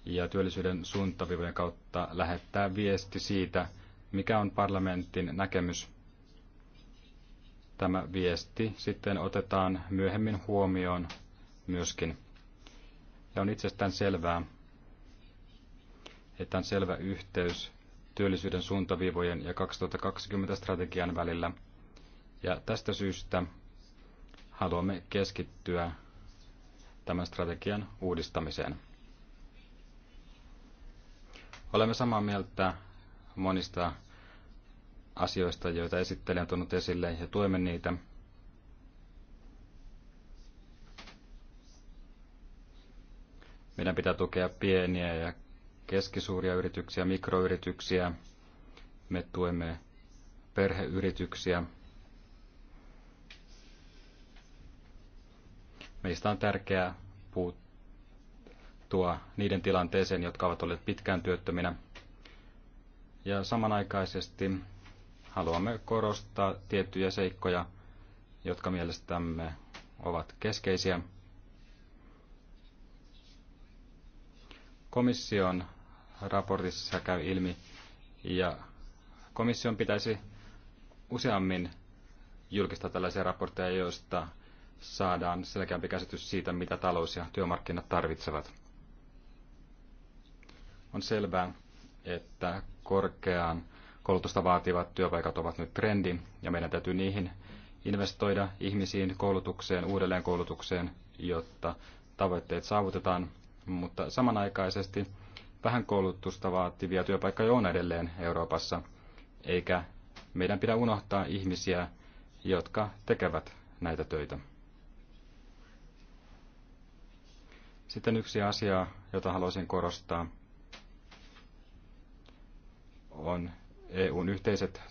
ja työllisyyden suuntavivojen kautta lähettää viesti siitä, mikä on parlamentin näkemys. Tämä viesti sitten otetaan myöhemmin huomioon myöskin. Ja on itsestään selvää, että on selvä yhteys työllisyyden suuntaviivojen ja 2020 strategian välillä. Ja tästä syystä haluamme keskittyä tämän strategian uudistamiseen. Olemme samaa mieltä monista asioista, joita esittelijä on tuonut esille ja tuemme niitä – Meidän pitää tukea pieniä ja keskisuuria yrityksiä, mikroyrityksiä. Me tuemme perheyrityksiä. Meistä on tärkeää puuttua niiden tilanteeseen, jotka ovat olleet pitkään työttöminä. Ja samanaikaisesti haluamme korostaa tiettyjä seikkoja, jotka mielestämme ovat keskeisiä. komission raportissa käy ilmi, ja komission pitäisi useammin julkistaa tällaisia raportteja, joista saadaan selkeämpi käsitys siitä, mitä talous ja työmarkkinat tarvitsevat. On selvää, että korkeaan koulutusta vaativat työpaikat ovat nyt trendi, ja meidän täytyy niihin investoida ihmisiin, koulutukseen, uudelleenkoulutukseen, jotta tavoitteet saavutetaan mutta samanaikaisesti vähän koulutusta vaativia työpaikkoja on edelleen Euroopassa, eikä meidän pidä unohtaa ihmisiä, jotka tekevät näitä töitä. Sitten yksi asia, jota haluaisin korostaa, on EUn yhteiset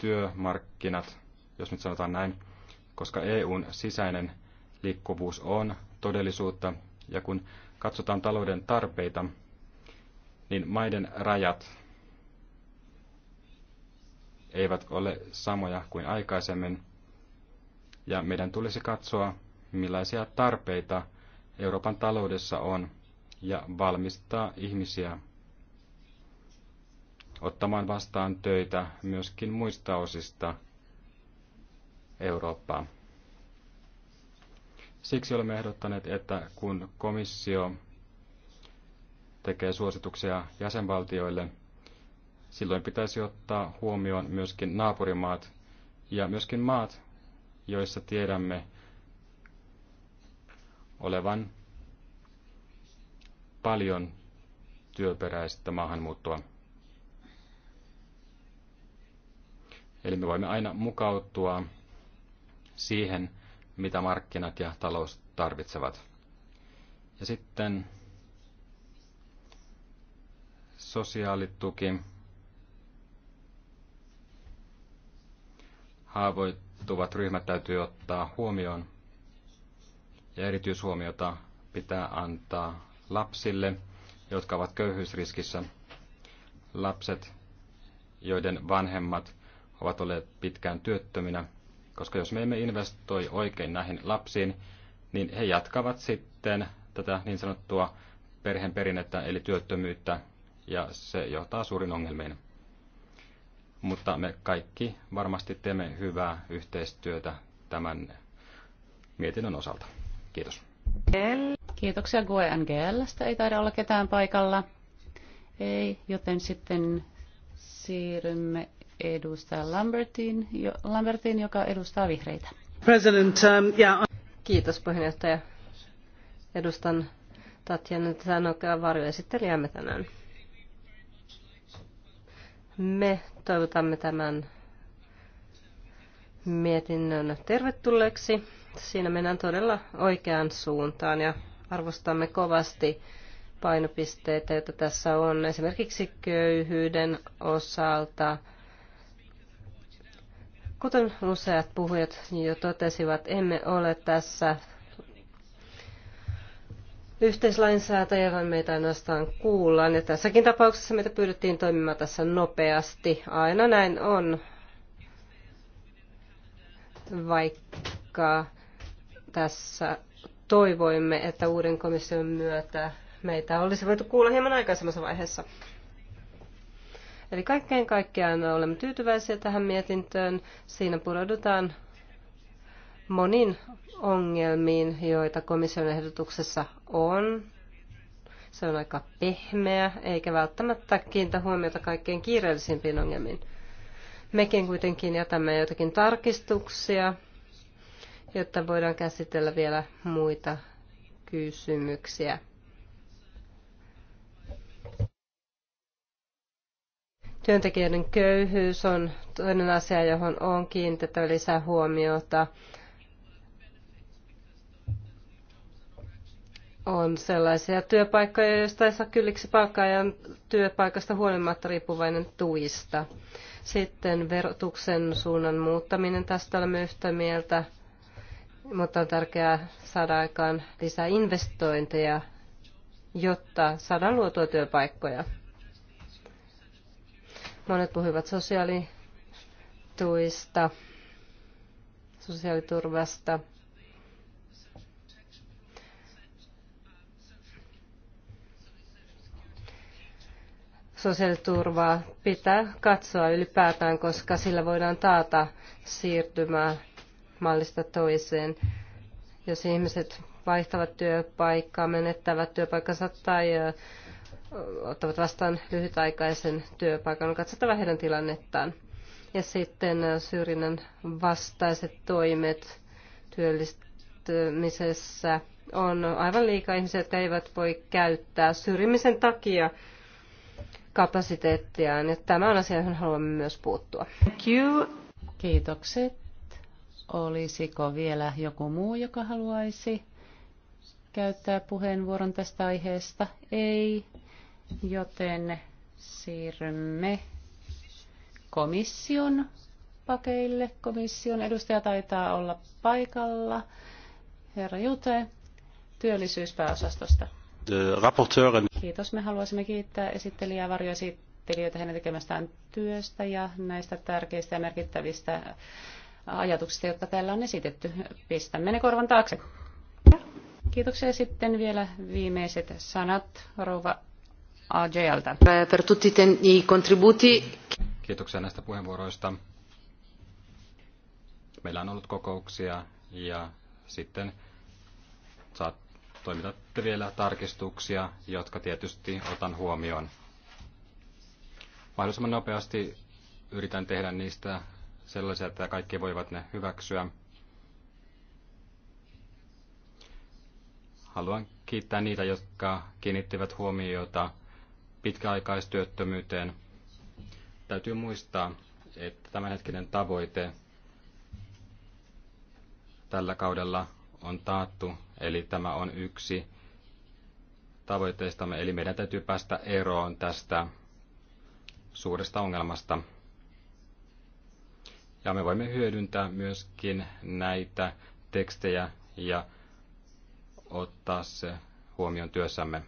työmarkkinat, jos nyt sanotaan näin, koska EUn sisäinen liikkuvuus on todellisuutta, ja kun katsotaan talouden tarpeita, niin maiden rajat eivät ole samoja kuin aikaisemmin, ja meidän tulisi katsoa, millaisia tarpeita Euroopan taloudessa on, ja valmistaa ihmisiä ottamaan vastaan töitä myöskin muista osista Eurooppaa. Siksi olemme ehdottaneet, että kun komissio tekee suosituksia jäsenvaltioille, silloin pitäisi ottaa huomioon myöskin naapurimaat ja myöskin maat, joissa tiedämme olevan paljon työperäistä maahanmuuttoa. Eli me voimme aina mukautua siihen, mitä markkinat ja talous tarvitsevat. Ja sitten sosiaalituki, haavoittuvat ryhmät täytyy ottaa huomioon ja erityishuomiota pitää antaa lapsille, jotka ovat köyhyysriskissä. Lapset, joiden vanhemmat ovat olleet pitkään työttöminä koska jos me emme investoi oikein näihin lapsiin, niin he jatkavat sitten tätä niin sanottua perheen perinnettä eli työttömyyttä ja se johtaa suurin ongelmiin. Mutta me kaikki varmasti teemme hyvää yhteistyötä tämän mietinnön osalta. Kiitos. Kiitoksia Gue NGLstä. Ei taida olla ketään paikalla. Ei, joten sitten siirrymme edustaja Lambertin, jo, Lambertin joka edustaa vihreitä. President, um, yeah. Kiitos puheenjohtaja. Edustan Tatjana Sanokaa varjoesittelijämme tänään. Me toivotamme tämän mietinnön tervetulleeksi. Siinä mennään todella oikeaan suuntaan ja arvostamme kovasti painopisteitä, joita tässä on esimerkiksi köyhyyden osalta – Kuten useat puhujat jo totesivat, emme ole tässä yhteislainsäätäjä, vaan meitä ainoastaan kuullaan. Ja tässäkin tapauksessa meitä pyydettiin toimimaan tässä nopeasti. Aina näin on, vaikka tässä toivoimme, että uuden komission myötä meitä olisi voitu kuulla hieman aikaisemmassa vaiheessa. Eli kaikkein kaikkiaan me olemme tyytyväisiä tähän mietintöön. Siinä pureudutaan monin ongelmiin, joita komission ehdotuksessa on. Se on aika pehmeä, eikä välttämättä kiinnitä huomiota kaikkein kiireellisimpiin ongelmiin. Mekin kuitenkin jätämme jotakin tarkistuksia, jotta voidaan käsitellä vielä muita kysymyksiä. Työntekijöiden köyhyys on toinen asia, johon on kiinnitettävä lisää huomiota. On sellaisia työpaikkoja, joista ei saa kylliksi palkkaa ja työpaikasta huolimatta riippuvainen tuista. Sitten verotuksen suunnan muuttaminen, tästä olemme yhtä mieltä, mutta on tärkeää saada aikaan lisää investointeja, jotta saadaan luotua työpaikkoja. Monet puhuivat sosiaalituista, sosiaaliturvasta. Sosiaaliturvaa pitää katsoa ylipäätään, koska sillä voidaan taata siirtymää mallista toiseen. Jos ihmiset vaihtavat työpaikkaa, menettävät työpaikkansa tai ottavat vastaan lyhytaikaisen työpaikan. On katsottava heidän tilannettaan. Ja sitten äh, syrjinnän vastaiset toimet työllistymisessä on aivan liikaa ihmisiä, jotka eivät voi käyttää syrjimisen takia kapasiteettiaan. Ja tämä on asia, johon haluamme myös puuttua. Thank you. Kiitokset. Olisiko vielä joku muu, joka haluaisi käyttää puheenvuoron tästä aiheesta? Ei joten siirrymme komission pakeille. Komission edustaja taitaa olla paikalla. Herra Jute, työllisyyspääosastosta. Kiitos. Me haluaisimme kiittää esittelijää varjoesittelijöitä hänen tekemästään työstä ja näistä tärkeistä ja merkittävistä ajatuksista, jotka täällä on esitetty. Pistämme ne korvan taakse. Kiitoksia sitten vielä viimeiset sanat rouva AJLtä. Per tutti i contributi. Kiitoksia näistä puheenvuoroista. Meillä on ollut kokouksia ja sitten saat, toimitatte vielä tarkistuksia, jotka tietysti otan huomioon. Mahdollisimman nopeasti yritän tehdä niistä sellaisia, että kaikki voivat ne hyväksyä. Haluan kiittää niitä, jotka kiinnittivät huomiota pitkäaikaistyöttömyyteen. Täytyy muistaa, että tämänhetkinen tavoite tällä kaudella on taattu, eli tämä on yksi tavoitteistamme, eli meidän täytyy päästä eroon tästä suuresta ongelmasta. Ja me voimme hyödyntää myöskin näitä tekstejä ja ottaa se huomioon työssämme.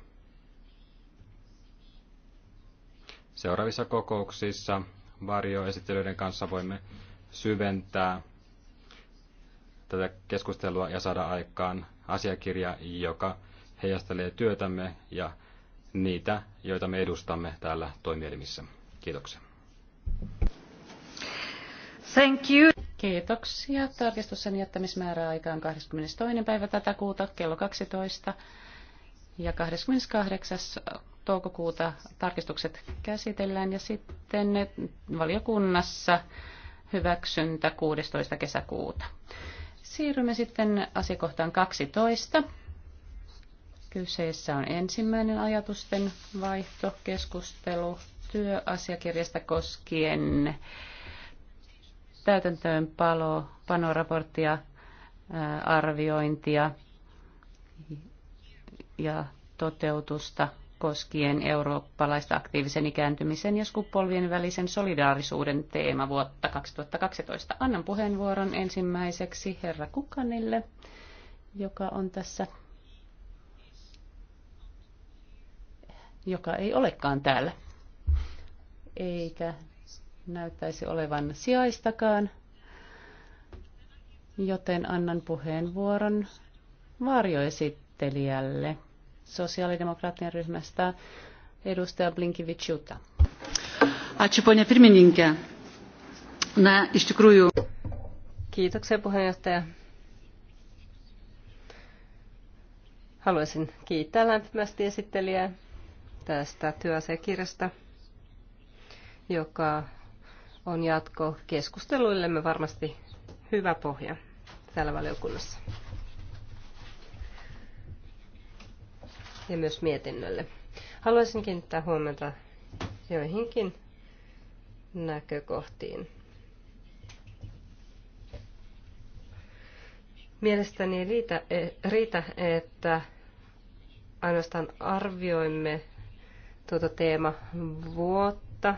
Seuraavissa kokouksissa varjoesittelyiden kanssa voimme syventää tätä keskustelua ja saada aikaan asiakirja, joka heijastelee työtämme ja niitä, joita me edustamme täällä toimielimissä. Kiitoksia. Thank you. Kiitoksia. sen jättämismäärä aikaan 22. päivä tätä kuuta kello 12 ja 28 toukokuuta tarkistukset käsitellään ja sitten valiokunnassa hyväksyntä 16. kesäkuuta. Siirrymme sitten asiakohtaan 12. Kyseessä on ensimmäinen ajatusten vaihto, keskustelu työasiakirjasta koskien täytäntöönpalo, panoraporttia, arviointia ja toteutusta koskien eurooppalaista aktiivisen ikääntymisen ja sukupolvien välisen solidaarisuuden teema vuotta 2012. Annan puheenvuoron ensimmäiseksi herra Kukanille, joka on tässä, joka ei olekaan täällä, eikä näyttäisi olevan sijaistakaan, joten annan puheenvuoron varjoesittelijälle sosiaalidemokraattien ryhmästä edustaja Blinkivičiuta. Ačiū, ponia pirmininkė. Na, iš tikrųjų. Kiitoksia, puheenjohtaja. Haluaisin kiittää lämpimästi esittelijää tästä työasiakirjasta, joka on jatko keskusteluillemme varmasti hyvä pohja täällä valiokunnassa. ja myös mietinnölle. Haluaisin kiinnittää huomiota joihinkin näkökohtiin. Mielestäni ei riitä, e, riitä että ainoastaan arvioimme tuota teema vuotta,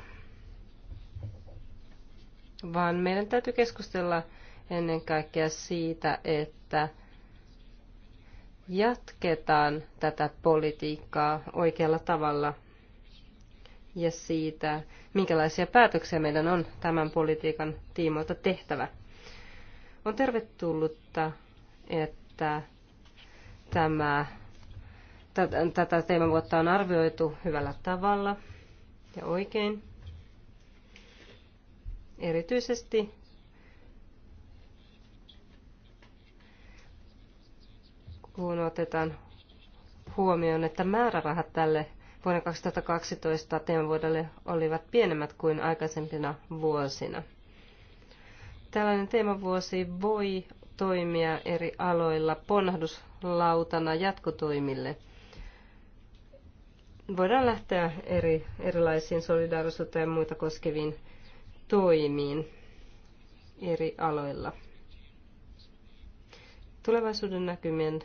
vaan meidän täytyy keskustella ennen kaikkea siitä, että jatketaan tätä politiikkaa oikealla tavalla ja siitä, minkälaisia päätöksiä meidän on tämän politiikan tiimoilta tehtävä. On tervetullutta, että tämä, tätä teemavuotta on arvioitu hyvällä tavalla ja oikein. Erityisesti kun otetaan huomioon, että määrärahat tälle vuonna 2012 teemavuodelle olivat pienemmät kuin aikaisempina vuosina. Tällainen teemavuosi voi toimia eri aloilla ponnahduslautana jatkotoimille. Voidaan lähteä eri, erilaisiin solidaarisuutta ja muita koskeviin toimiin eri aloilla. Tulevaisuuden näkymien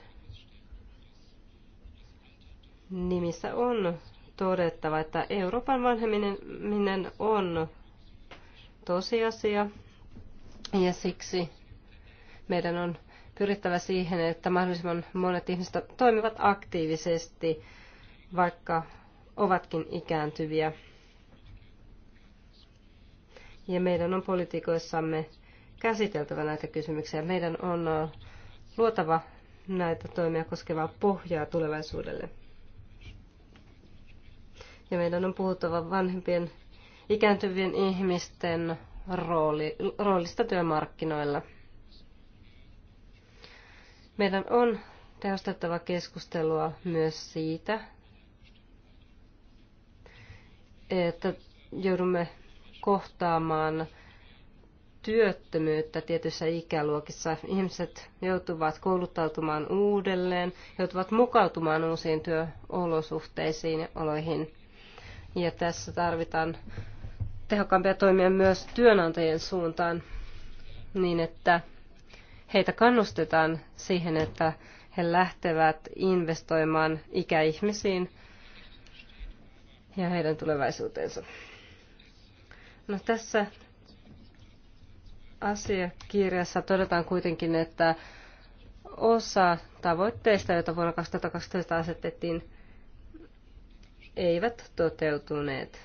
nimissä on todettava, että Euroopan vanheminen on tosiasia ja siksi meidän on pyrittävä siihen, että mahdollisimman monet ihmiset toimivat aktiivisesti, vaikka ovatkin ikääntyviä. Ja meidän on politiikoissamme käsiteltävä näitä kysymyksiä. Meidän on äh, luotava näitä toimia koskevaa pohjaa tulevaisuudelle. Ja meidän on puhuttava vanhempien ikääntyvien ihmisten rooli, roolista työmarkkinoilla. Meidän on tehostettava keskustelua myös siitä, että joudumme kohtaamaan työttömyyttä tietyissä ikäluokissa. Ihmiset joutuvat kouluttautumaan uudelleen, joutuvat mukautumaan uusiin työolosuhteisiin ja oloihin. Ja tässä tarvitaan tehokkaampia toimia myös työnantajien suuntaan niin, että heitä kannustetaan siihen, että he lähtevät investoimaan ikäihmisiin ja heidän tulevaisuuteensa. No, tässä asiakirjassa todetaan kuitenkin, että osa tavoitteista, joita vuonna 2012 asetettiin, eivät toteutuneet.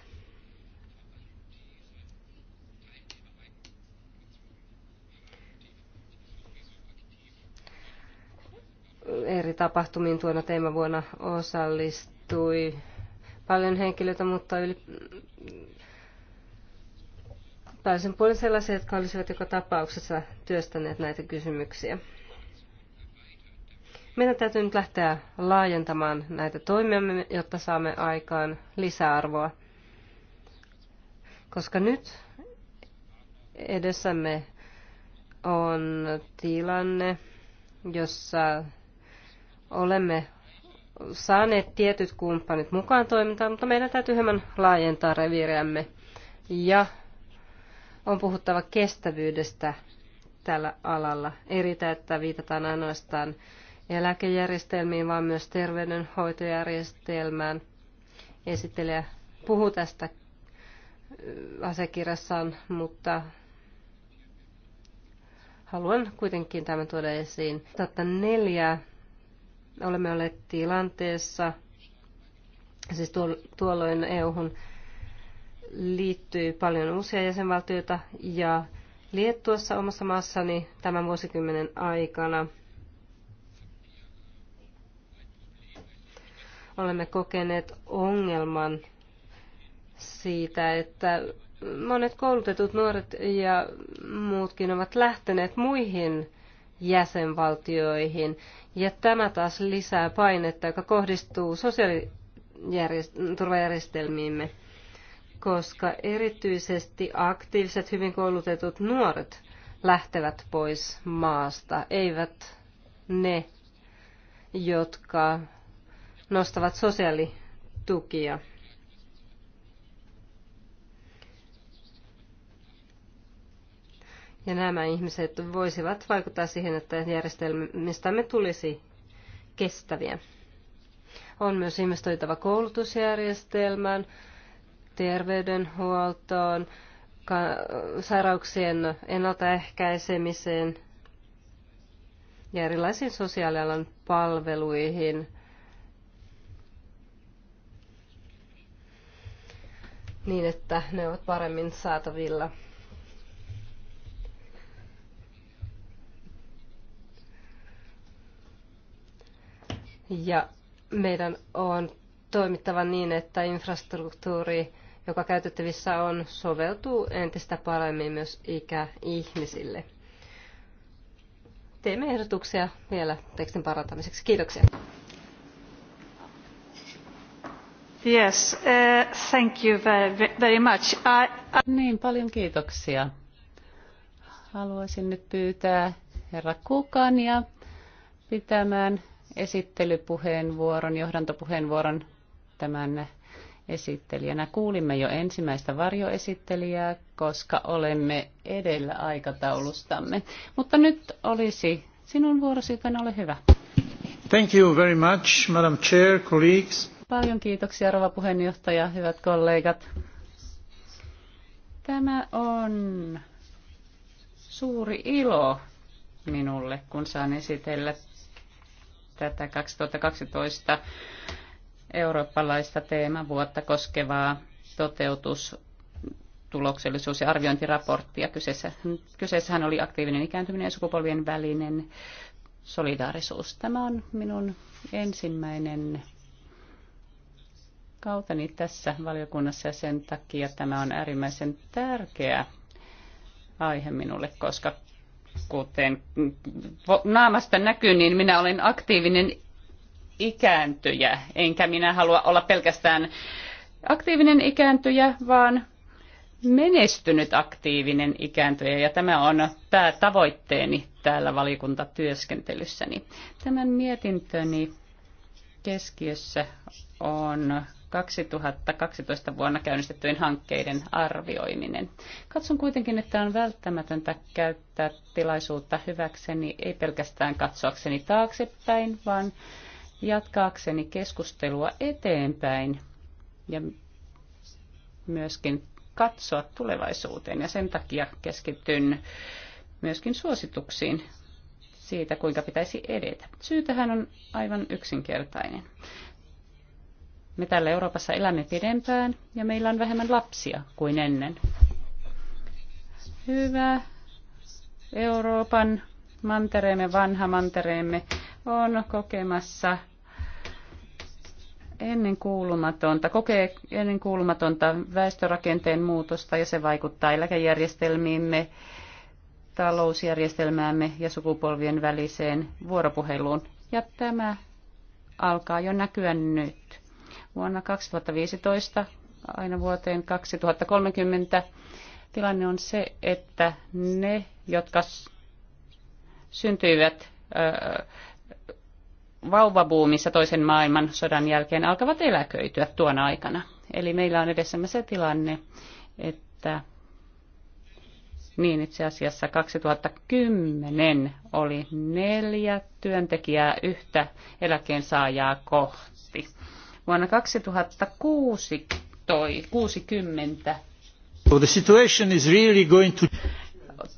Eri tapahtumiin tuona teemavuonna osallistui paljon henkilöitä, mutta yli pääsen puolen sellaisia, jotka olisivat joka tapauksessa työstäneet näitä kysymyksiä. Meidän täytyy nyt lähteä laajentamaan näitä toimia, jotta saamme aikaan lisäarvoa. Koska nyt edessämme on tilanne, jossa olemme saaneet tietyt kumppanit mukaan toimintaan, mutta meidän täytyy hieman laajentaa reviiriämme. Ja on puhuttava kestävyydestä tällä alalla. Eritä, että viitataan ainoastaan eläkejärjestelmiin, vaan myös terveydenhoitojärjestelmään. Esittelijä puhuu tästä äh, asiakirjassaan, mutta haluan kuitenkin tämän tuoda esiin. 2004 olemme olleet tilanteessa, siis tuolloin EU-hun liittyy paljon uusia jäsenvaltioita ja Liettuassa omassa maassani tämän vuosikymmenen aikana – olemme kokeneet ongelman siitä, että monet koulutetut nuoret ja muutkin ovat lähteneet muihin jäsenvaltioihin. Ja tämä taas lisää painetta, joka kohdistuu sosiaaliturvajärjestelmiimme, koska erityisesti aktiiviset, hyvin koulutetut nuoret lähtevät pois maasta, eivät ne, jotka nostavat sosiaalitukia. Ja nämä ihmiset voisivat vaikuttaa siihen, että järjestelmistämme tulisi kestäviä. On myös investoitava koulutusjärjestelmään, terveydenhuoltoon, sairauksien ennaltaehkäisemiseen ja erilaisiin sosiaalialan palveluihin – niin, että ne ovat paremmin saatavilla. Ja meidän on toimittava niin, että infrastruktuuri, joka käytettävissä on, soveltuu entistä paremmin myös ikäihmisille. Teemme ehdotuksia vielä tekstin parantamiseksi. Kiitoksia. Yes, uh, thank you very, very much. I, I... Niin, paljon kiitoksia. Haluaisin nyt pyytää herra Kukania pitämään esittelypuheenvuoron, johdantopuheenvuoron tämän esittelijänä. Kuulimme jo ensimmäistä varjoesittelijää, koska olemme edellä aikataulustamme. Mutta nyt olisi sinun vuorosi, joten ole hyvä. Thank you very much, Madam Chair, colleagues. Paljon kiitoksia, rouva puheenjohtaja, hyvät kollegat. Tämä on suuri ilo minulle, kun saan esitellä tätä 2012 eurooppalaista teemavuotta koskevaa toteutus tuloksellisuus- ja arviointiraporttia. Kyseessä, kyseessähän oli aktiivinen ikääntyminen ja sukupolvien välinen solidaarisuus. Tämä on minun ensimmäinen kauteni niin tässä valiokunnassa ja sen takia tämä on äärimmäisen tärkeä aihe minulle, koska kuten naamasta näkyy, niin minä olen aktiivinen ikääntyjä, enkä minä halua olla pelkästään aktiivinen ikääntyjä, vaan menestynyt aktiivinen ikääntyjä ja tämä on päätavoitteeni täällä valiokuntatyöskentelyssäni. Tämän mietintöni keskiössä on 2012 vuonna käynnistettyjen hankkeiden arvioiminen. Katson kuitenkin, että on välttämätöntä käyttää tilaisuutta hyväkseni, ei pelkästään katsoakseni taaksepäin, vaan jatkaakseni keskustelua eteenpäin ja myöskin katsoa tulevaisuuteen. Ja sen takia keskityn myöskin suosituksiin siitä, kuinka pitäisi edetä. Syytähän on aivan yksinkertainen. Me täällä Euroopassa elämme pidempään ja meillä on vähemmän lapsia kuin ennen. Hyvä Euroopan mantereemme, vanha mantereemme on kokemassa ennen kuulumatonta, kokee ennen kuulumatonta väestörakenteen muutosta ja se vaikuttaa eläkejärjestelmiimme, talousjärjestelmäämme ja sukupolvien väliseen vuoropuheluun. Ja tämä alkaa jo näkyä nyt. Vuonna 2015 aina vuoteen 2030 tilanne on se, että ne, jotka syntyivät vauvabuumissa toisen maailman sodan jälkeen, alkavat eläköityä tuona aikana. Eli meillä on edessämme se tilanne, että niin itse asiassa 2010 oli neljä työntekijää yhtä eläkkeensaajaa kohti vuonna 2060 so the situation is really going to...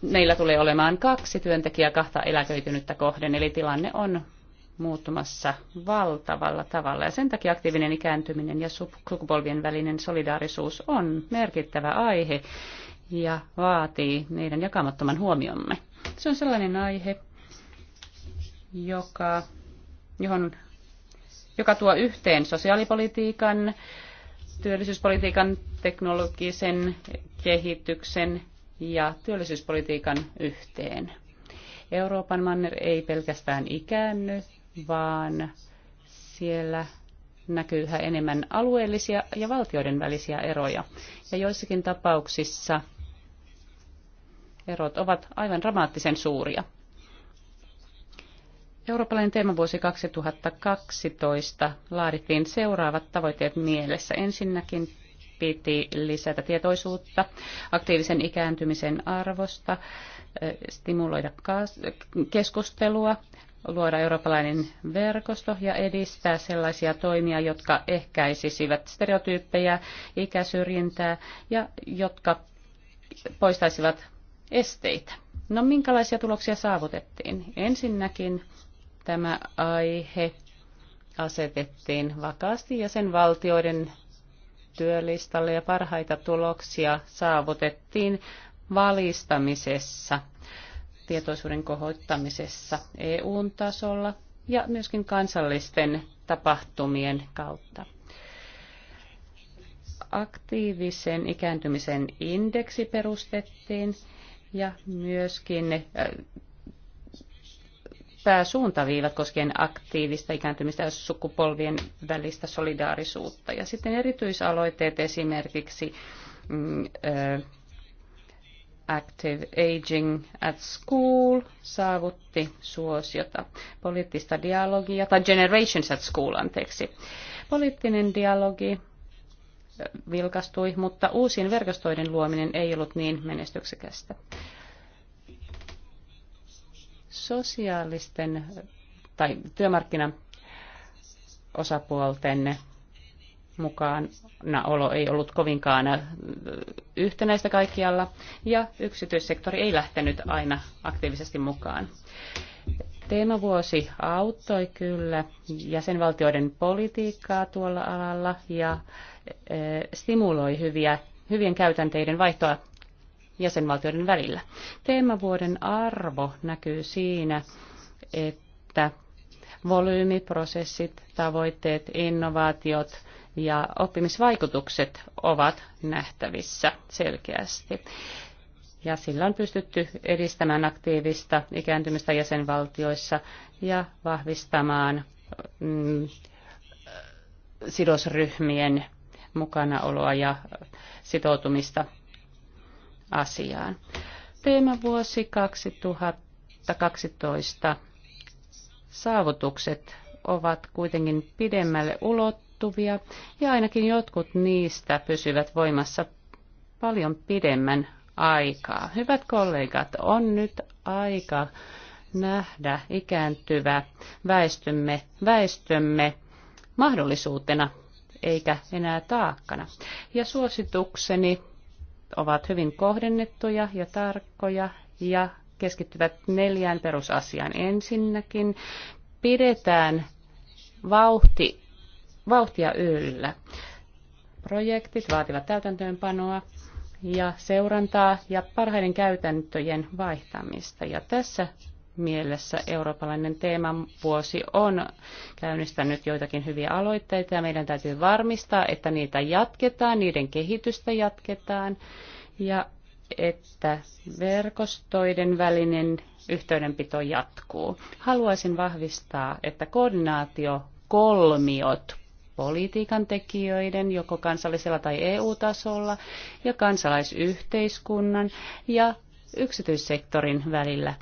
meillä tulee olemaan kaksi työntekijää kahta eläköitynyttä kohden, eli tilanne on muuttumassa valtavalla tavalla. Ja sen takia aktiivinen ikääntyminen ja sukupolvien välinen solidaarisuus on merkittävä aihe ja vaatii meidän jakamattoman huomiomme. Se on sellainen aihe, joka, johon joka tuo yhteen sosiaalipolitiikan, työllisyyspolitiikan, teknologisen kehityksen ja työllisyyspolitiikan yhteen. Euroopan manner ei pelkästään ikäänny, vaan siellä näkyy yhä enemmän alueellisia ja valtioiden välisiä eroja. Ja joissakin tapauksissa erot ovat aivan dramaattisen suuria. Eurooppalainen teemavuosi 2012 laadittiin seuraavat tavoitteet mielessä. Ensinnäkin piti lisätä tietoisuutta aktiivisen ikääntymisen arvosta, stimuloida keskustelua, luoda eurooppalainen verkosto ja edistää sellaisia toimia, jotka ehkäisisivät stereotyyppejä, ikäsyrjintää ja jotka poistaisivat esteitä. No minkälaisia tuloksia saavutettiin? Ensinnäkin tämä aihe asetettiin vakaasti jäsenvaltioiden työlistalle ja parhaita tuloksia saavutettiin valistamisessa, tietoisuuden kohottamisessa EUn tasolla ja myöskin kansallisten tapahtumien kautta. Aktiivisen ikääntymisen indeksi perustettiin ja myöskin pääsuuntaviivat koskien aktiivista ikääntymistä ja sukupolvien välistä solidaarisuutta. Ja sitten erityisaloitteet esimerkiksi mm, ö, Active Aging at School saavutti suosiota. Poliittista dialogia, tai Generations at School, anteeksi. Poliittinen dialogi vilkastui, mutta uusien verkostoiden luominen ei ollut niin menestyksekästä sosiaalisten tai työmarkkinaosapuolten olo ei ollut kovinkaan yhtenäistä kaikkialla ja yksityissektori ei lähtenyt aina aktiivisesti mukaan. Teemavuosi auttoi kyllä jäsenvaltioiden politiikkaa tuolla alalla ja stimuloi hyviä, hyvien käytänteiden vaihtoa jäsenvaltioiden välillä. Teemavuoden arvo näkyy siinä, että volyymiprosessit, tavoitteet, innovaatiot ja oppimisvaikutukset ovat nähtävissä selkeästi ja sillä on pystytty edistämään aktiivista ikääntymistä jäsenvaltioissa ja vahvistamaan mm, sidosryhmien mukanaoloa ja sitoutumista asiaan. vuosi 2012 saavutukset ovat kuitenkin pidemmälle ulottuvia ja ainakin jotkut niistä pysyvät voimassa paljon pidemmän aikaa. Hyvät kollegat, on nyt aika nähdä ikääntyvä väestömme, väestömme mahdollisuutena eikä enää taakkana. Ja suositukseni ovat hyvin kohdennettuja ja tarkkoja ja keskittyvät neljään perusasiaan. Ensinnäkin pidetään vauhti, vauhtia yllä. Projektit vaativat täytäntöönpanoa ja seurantaa ja parhaiden käytäntöjen vaihtamista. Ja tässä mielessä eurooppalainen teemavuosi on käynnistänyt joitakin hyviä aloitteita ja meidän täytyy varmistaa, että niitä jatketaan, niiden kehitystä jatketaan ja että verkostoiden välinen yhteydenpito jatkuu. Haluaisin vahvistaa, että koordinaatio kolmiot politiikan tekijöiden, joko kansallisella tai EU-tasolla, ja kansalaisyhteiskunnan ja yksityissektorin välillä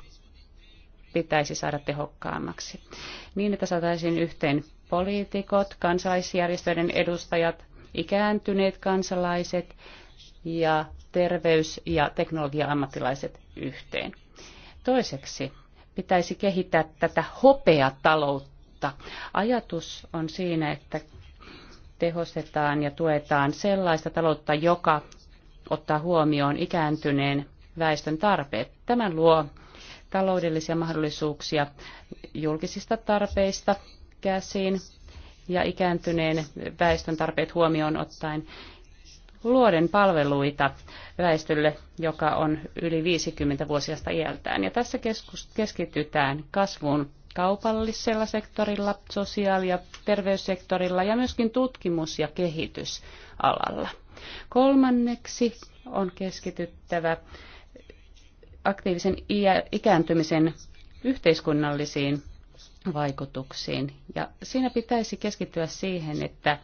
pitäisi saada tehokkaammaksi. Niin, että saataisiin yhteen poliitikot, kansalaisjärjestöiden edustajat, ikääntyneet kansalaiset ja terveys- ja teknologia-ammattilaiset yhteen. Toiseksi pitäisi kehittää tätä hopeataloutta. Ajatus on siinä, että tehostetaan ja tuetaan sellaista taloutta, joka ottaa huomioon ikääntyneen väestön tarpeet. Tämän luo taloudellisia mahdollisuuksia julkisista tarpeista käsiin ja ikääntyneen väestön tarpeet huomioon ottaen luoden palveluita väestölle, joka on yli 50-vuotiaasta iältään. Ja tässä keskitytään kasvuun kaupallisella sektorilla, sosiaali- ja terveyssektorilla ja myöskin tutkimus- ja kehitysalalla. Kolmanneksi on keskityttävä aktiivisen ikääntymisen yhteiskunnallisiin vaikutuksiin. Ja siinä pitäisi keskittyä siihen, että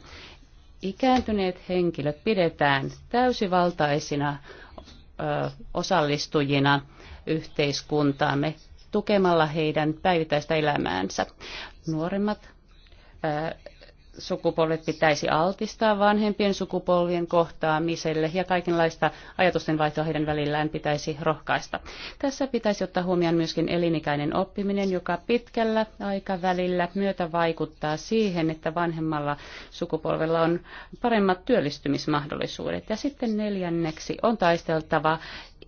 ikääntyneet henkilöt pidetään täysivaltaisina ö, osallistujina yhteiskuntaamme tukemalla heidän päivittäistä elämäänsä. Nuoremmat ö, Sukupolvet pitäisi altistaa vanhempien sukupolvien kohtaamiselle ja kaikenlaista vaihtoa heidän välillään pitäisi rohkaista. Tässä pitäisi ottaa huomioon myöskin elinikäinen oppiminen, joka pitkällä aikavälillä myötä vaikuttaa siihen, että vanhemmalla sukupolvella on paremmat työllistymismahdollisuudet. Ja sitten neljänneksi on taisteltava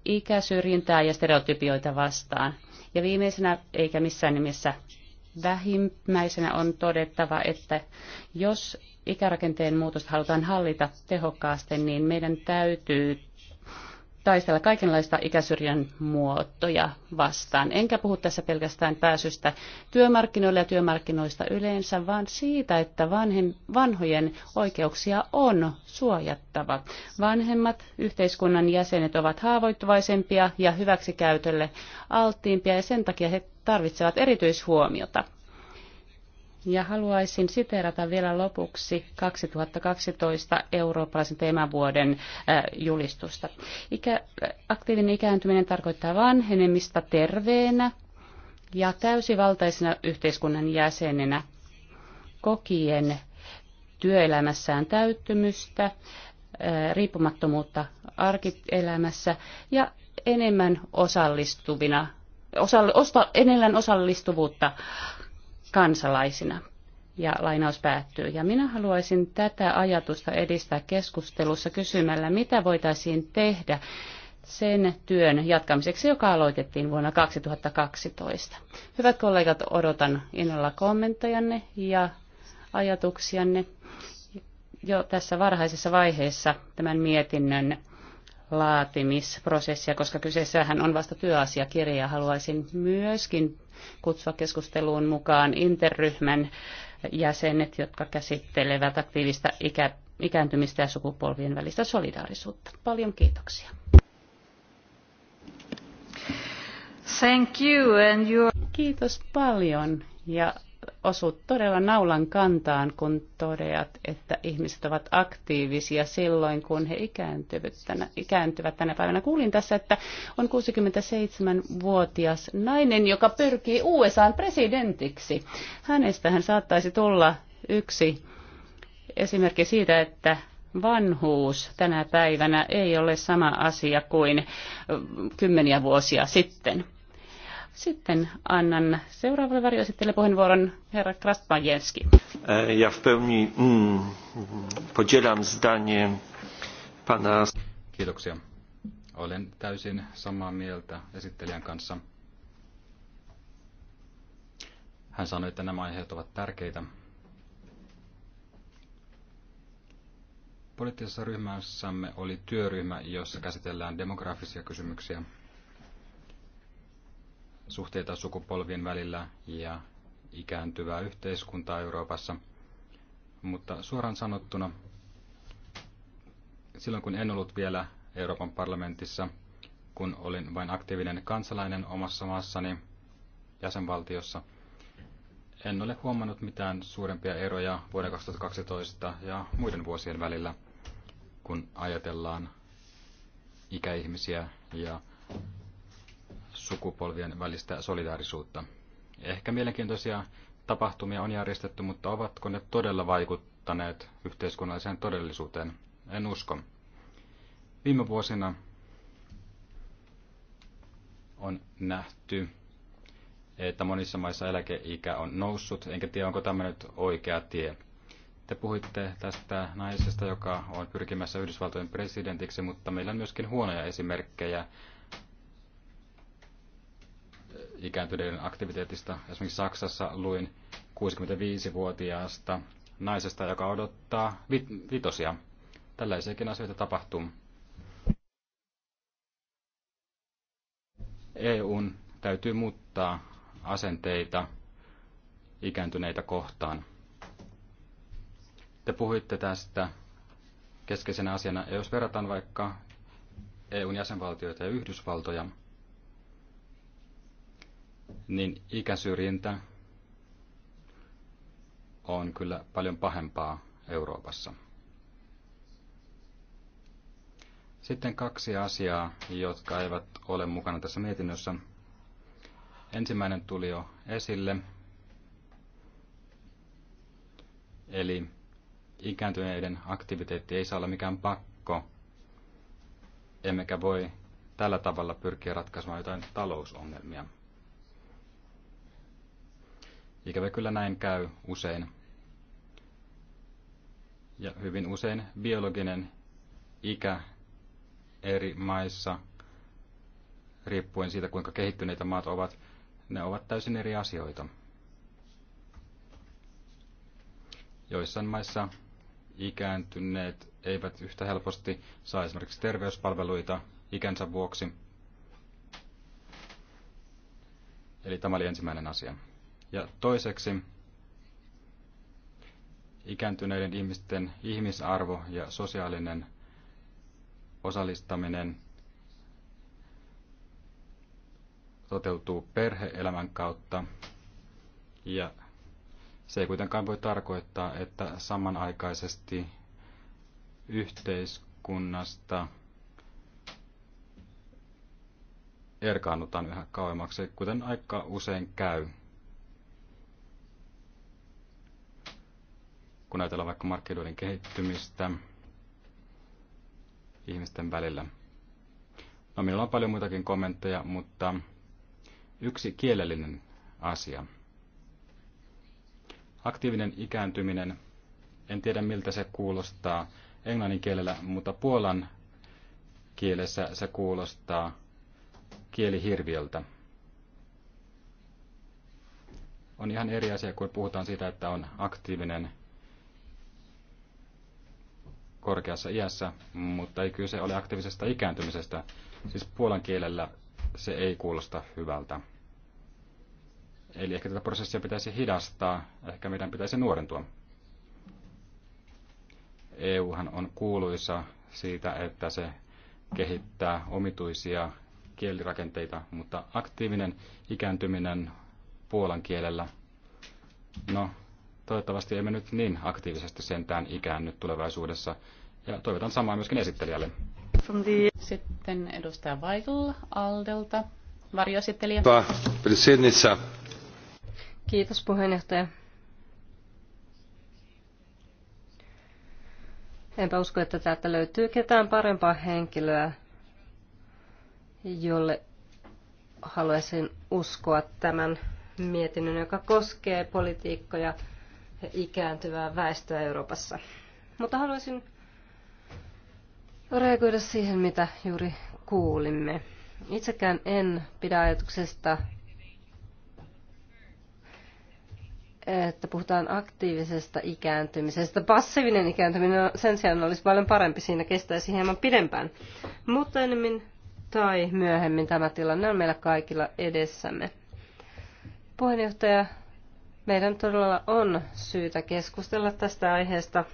ikäsyrjintää ja stereotypioita vastaan. Ja viimeisenä, eikä missään nimessä vähimmäisenä on todettava, että jos ikärakenteen muutosta halutaan hallita tehokkaasti, niin meidän täytyy taistella kaikenlaista ikäsyrjän muotoja vastaan. Enkä puhu tässä pelkästään pääsystä työmarkkinoille ja työmarkkinoista yleensä, vaan siitä, että vanhen, vanhojen oikeuksia on suojattava. Vanhemmat yhteiskunnan jäsenet ovat haavoittuvaisempia ja hyväksikäytölle alttiimpia ja sen takia he tarvitsevat erityishuomiota. Ja haluaisin siteerata vielä lopuksi 2012 eurooppalaisen teemavuoden julistusta. Ikä, aktiivinen ikääntyminen tarkoittaa vanhenemista terveenä ja täysivaltaisena yhteiskunnan jäsenenä kokien työelämässään täyttymystä, riippumattomuutta arkielämässä ja enemmän osallistuvina, osa, osta, enemmän osallistuvuutta kansalaisina. Ja lainaus päättyy. Ja minä haluaisin tätä ajatusta edistää keskustelussa kysymällä, mitä voitaisiin tehdä sen työn jatkamiseksi, joka aloitettiin vuonna 2012. Hyvät kollegat, odotan innolla kommenttejanne ja ajatuksianne jo tässä varhaisessa vaiheessa tämän mietinnön laatimisprosessia, koska kyseessähän on vasta työasiakirja. Haluaisin myöskin kutsua keskusteluun mukaan interryhmän jäsenet, jotka käsittelevät aktiivista ikä, ikääntymistä ja sukupolvien välistä solidaarisuutta. Paljon kiitoksia. Thank you and your... Kiitos paljon ja osut todella naulan kantaan, kun todeat, että ihmiset ovat aktiivisia silloin, kun he ikääntyvät tänä, ikääntyvät tänä päivänä. Kuulin tässä, että on 67-vuotias nainen, joka pyrkii USAn presidentiksi. Hänestä hän saattaisi tulla yksi esimerkki siitä, että vanhuus tänä päivänä ei ole sama asia kuin kymmeniä vuosia sitten. Sitten annan seuraavalle varjoesittelijälle puheenvuoron herra Kraspajenski. E, ja pełni mm, podzielam zdanie pana... Kiitoksia. Olen täysin samaa mieltä esittelijän kanssa. Hän sanoi, että nämä aiheet ovat tärkeitä. Poliittisessa ryhmässämme oli työryhmä, jossa käsitellään demografisia kysymyksiä – suhteita sukupolvien välillä ja ikääntyvää yhteiskuntaa Euroopassa. Mutta suoraan sanottuna, silloin kun en ollut vielä Euroopan parlamentissa, kun olin vain aktiivinen kansalainen omassa maassani, jäsenvaltiossa, en ole huomannut mitään suurempia eroja vuoden 2012 ja muiden vuosien välillä, kun ajatellaan ikäihmisiä ja sukupolvien välistä solidaarisuutta. Ehkä mielenkiintoisia tapahtumia on järjestetty, mutta ovatko ne todella vaikuttaneet yhteiskunnalliseen todellisuuteen? En usko. Viime vuosina on nähty, että monissa maissa eläkeikä on noussut, enkä tiedä onko tämä nyt oikea tie. Te puhuitte tästä naisesta, joka on pyrkimässä Yhdysvaltojen presidentiksi, mutta meillä on myöskin huonoja esimerkkejä ikääntyneiden aktiviteetista. Esimerkiksi Saksassa luin 65-vuotiaasta naisesta, joka odottaa vit- vitosia. Tällaisiakin asioita tapahtuu. EUn täytyy muuttaa asenteita ikääntyneitä kohtaan. Te puhuitte tästä keskeisenä asiana, jos verrataan vaikka EUn jäsenvaltioita ja Yhdysvaltoja, niin ikäsyrjintä on kyllä paljon pahempaa Euroopassa. Sitten kaksi asiaa, jotka eivät ole mukana tässä mietinnössä. Ensimmäinen tuli jo esille, eli ikääntyneiden aktiviteetti ei saa olla mikään pakko, emmekä voi tällä tavalla pyrkiä ratkaisemaan jotain talousongelmia. Ikävä kyllä näin käy usein. Ja hyvin usein biologinen ikä eri maissa, riippuen siitä kuinka kehittyneitä maat ovat, ne ovat täysin eri asioita. Joissain maissa ikääntyneet eivät yhtä helposti saa esimerkiksi terveyspalveluita ikänsä vuoksi. Eli tämä oli ensimmäinen asia. Ja toiseksi ikääntyneiden ihmisten ihmisarvo ja sosiaalinen osallistaminen toteutuu perheelämän kautta. Ja se ei kuitenkaan voi tarkoittaa, että samanaikaisesti yhteiskunnasta erkaannutaan yhä kauemmaksi, kuten aika usein käy kun ajatellaan vaikka markkinoiden kehittymistä ihmisten välillä. No, minulla on paljon muitakin kommentteja, mutta yksi kielellinen asia. Aktiivinen ikääntyminen. En tiedä miltä se kuulostaa englannin kielellä, mutta puolan kielessä se kuulostaa kielihirviöltä. On ihan eri asia, kun puhutaan siitä, että on aktiivinen korkeassa iässä, mutta ei kyse ole aktiivisesta ikääntymisestä. Siis puolan kielellä se ei kuulosta hyvältä. Eli ehkä tätä prosessia pitäisi hidastaa, ehkä meidän pitäisi nuorentua. EUhan on kuuluisa siitä, että se kehittää omituisia kielirakenteita, mutta aktiivinen ikääntyminen puolan kielellä, no Toivottavasti emme nyt niin aktiivisesti sentään ikään nyt tulevaisuudessa. Ja toivotan samaa myöskin esittelijälle. Sitten edustaja Weigl Aldelta, varjoesittelijä. Kiitos puheenjohtaja. Enpä usko, että täältä löytyy ketään parempaa henkilöä, jolle haluaisin uskoa tämän mietinnön, joka koskee politiikkoja ikääntyvää väestöä Euroopassa. Mutta haluaisin reagoida siihen, mitä juuri kuulimme. Itsekään en pidä ajatuksesta, että puhutaan aktiivisesta ikääntymisestä. Passiivinen ikääntyminen sen sijaan olisi paljon parempi, siinä kestäisi hieman pidempään. Mutta enemmän tai myöhemmin tämä tilanne on meillä kaikilla edessämme. Puheenjohtaja meidän todella on syytä keskustella tästä aiheesta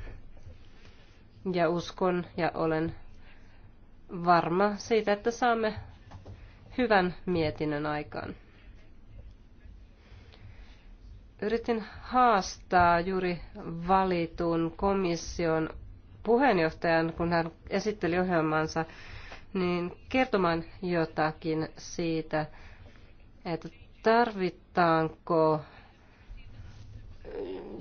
ja uskon ja olen varma siitä, että saamme hyvän mietinnön aikaan. Yritin haastaa juuri valitun komission puheenjohtajan, kun hän esitteli ohjelmansa, niin kertomaan jotakin siitä, että tarvitaanko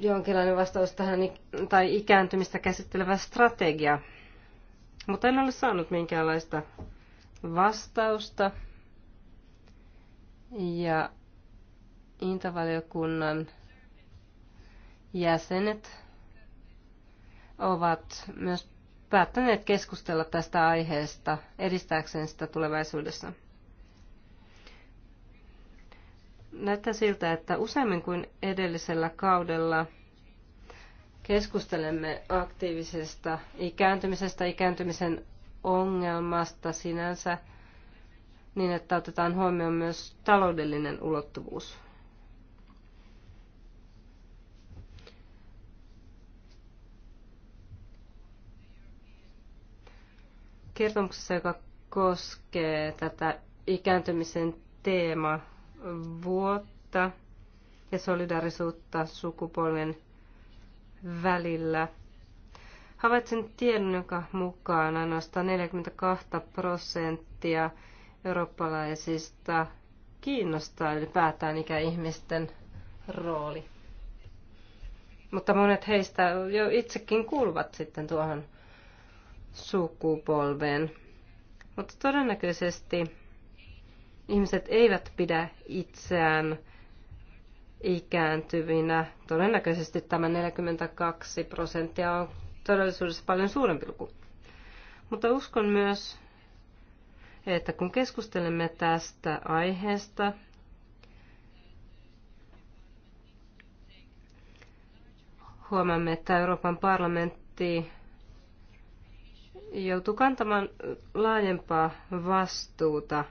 jonkinlainen vastaus tähän tai ikääntymistä käsittelevä strategia. Mutta en ole saanut minkäänlaista vastausta. Ja intavaliokunnan jäsenet ovat myös päättäneet keskustella tästä aiheesta edistääkseen sitä tulevaisuudessa. Näyttää siltä, että useammin kuin edellisellä kaudella keskustelemme aktiivisesta ikääntymisestä, ikääntymisen ongelmasta sinänsä, niin että otetaan huomioon myös taloudellinen ulottuvuus. Kertomuksessa, joka koskee tätä ikääntymisen teemaa, vuotta ja solidarisuutta sukupolven välillä. Havaitsin tiedon, joka mukaan ainoastaan 42 prosenttia eurooppalaisista kiinnostaa ylipäätään ikäihmisten rooli. Mutta monet heistä jo itsekin kuuluvat sitten tuohon sukupolveen. Mutta todennäköisesti ihmiset eivät pidä itseään ikääntyvinä. Todennäköisesti tämä 42 prosenttia on todellisuudessa paljon suurempi luku. Mutta uskon myös, että kun keskustelemme tästä aiheesta, huomaamme, että Euroopan parlamentti joutuu kantamaan laajempaa vastuuta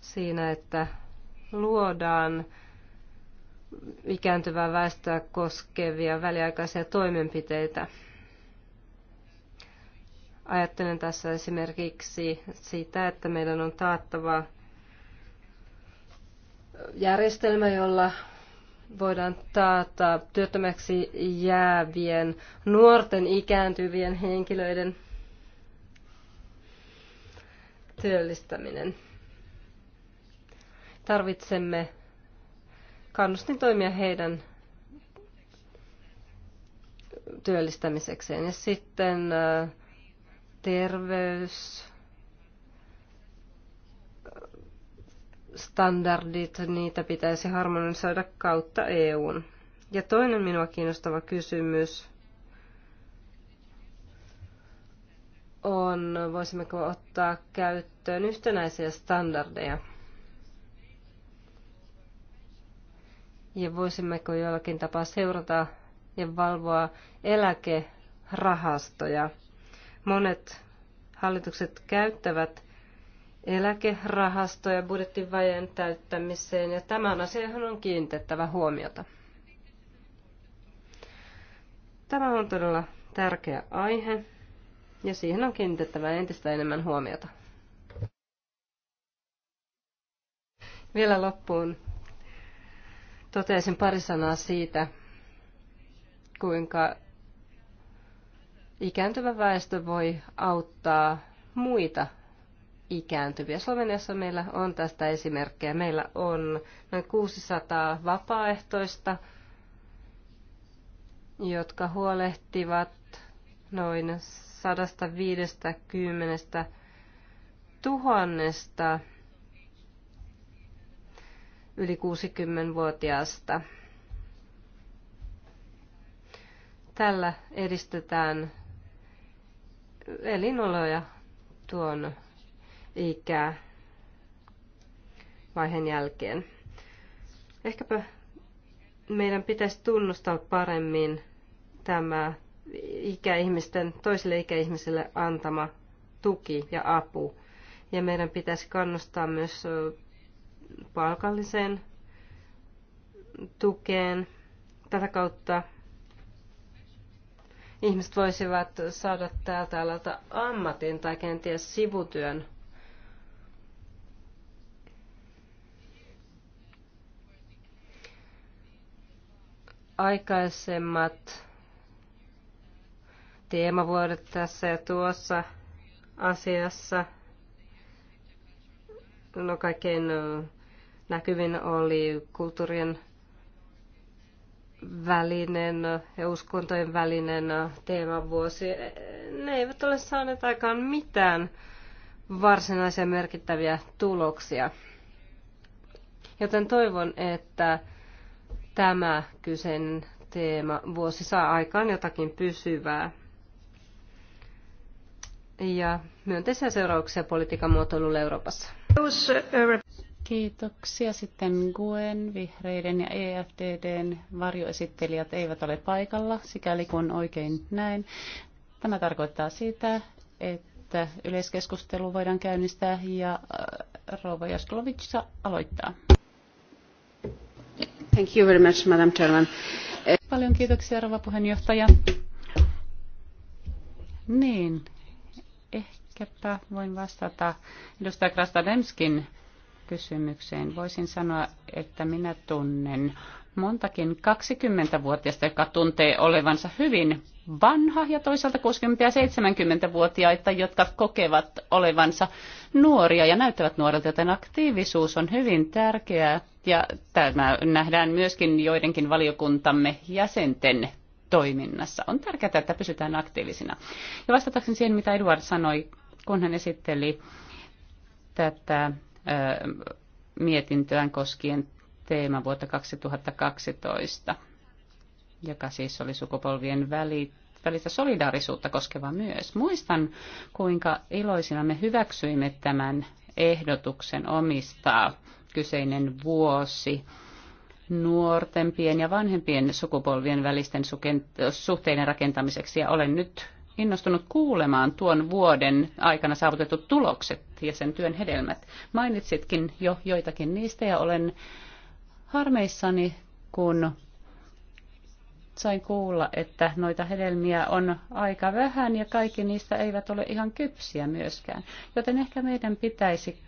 siinä, että luodaan ikääntyvää väestöä koskevia väliaikaisia toimenpiteitä. Ajattelen tässä esimerkiksi sitä, että meidän on taattava järjestelmä, jolla voidaan taata työttömäksi jäävien nuorten ikääntyvien henkilöiden työllistäminen. Tarvitsemme kannustintoimia heidän työllistämisekseen. Ja sitten terveys, standardit, niitä pitäisi harmonisoida kautta EUn. Ja toinen minua kiinnostava kysymys on, voisimmeko ottaa käyttöön yhtenäisiä standardeja. ja voisimmeko jollakin tapaa seurata ja valvoa eläkerahastoja. Monet hallitukset käyttävät eläkerahastoja budjettivajeen täyttämiseen ja tämän asian on kiinnitettävä huomiota. Tämä on todella tärkeä aihe ja siihen on kiinnitettävä entistä enemmän huomiota. Vielä loppuun Toteaisin pari sanaa siitä, kuinka ikääntyvä väestö voi auttaa muita ikääntyviä. Sloveniassa meillä on tästä esimerkkejä. Meillä on noin 600 vapaaehtoista, jotka huolehtivat noin 150 tuhannesta yli 60-vuotiaasta. Tällä edistetään elinoloja tuon ikää vaiheen jälkeen. Ehkäpä meidän pitäisi tunnustaa paremmin tämä ikäihmisten, toisille ikäihmisille antama tuki ja apu. Ja meidän pitäisi kannustaa myös palkalliseen tukeen. Tätä kautta ihmiset voisivat saada täältä alalta ammatin tai kenties sivutyön. Aikaisemmat teemavuodet tässä ja tuossa asiassa, no kaikkein näkyvin oli kulttuurien välinen ja uskontojen välinen teemavuosi. Ne eivät ole saaneet aikaan mitään varsinaisia merkittäviä tuloksia. Joten toivon, että tämä kyseinen teema vuosi saa aikaan jotakin pysyvää. Ja myönteisiä seurauksia politiikan muotoilulle Euroopassa. Kiitoksia. Sitten Guen, Vihreiden ja EFDDn varjoesittelijät eivät ole paikalla, sikäli kun oikein näin. Tämä tarkoittaa sitä, että yleiskeskustelu voidaan käynnistää ja äh, Rouva Jaskolovic aloittaa. Thank you very much, Madam Chairman. Paljon kiitoksia, rouva puheenjohtaja. Niin, ehkäpä voin vastata edustaja demskin kysymykseen. Voisin sanoa, että minä tunnen montakin 20-vuotiaista, joka tuntee olevansa hyvin vanha, ja toisaalta 60- ja 70-vuotiaita, jotka kokevat olevansa nuoria ja näyttävät nuorelta, joten aktiivisuus on hyvin tärkeää, ja tämä nähdään myöskin joidenkin valiokuntamme jäsenten toiminnassa. On tärkeää, että pysytään aktiivisina. Ja vastatakseni siihen, mitä Eduard sanoi, kun hän esitteli tätä mietintöään koskien teema vuotta 2012, joka siis oli sukupolvien välistä solidaarisuutta koskeva myös. Muistan, kuinka iloisina me hyväksyimme tämän ehdotuksen omistaa kyseinen vuosi nuortempien ja vanhempien sukupolvien välisten suhteiden rakentamiseksi. Ja olen nyt innostunut kuulemaan tuon vuoden aikana saavutetut tulokset ja sen työn hedelmät. Mainitsitkin jo joitakin niistä ja olen harmeissani, kun sain kuulla, että noita hedelmiä on aika vähän ja kaikki niistä eivät ole ihan kypsiä myöskään. Joten ehkä meidän pitäisi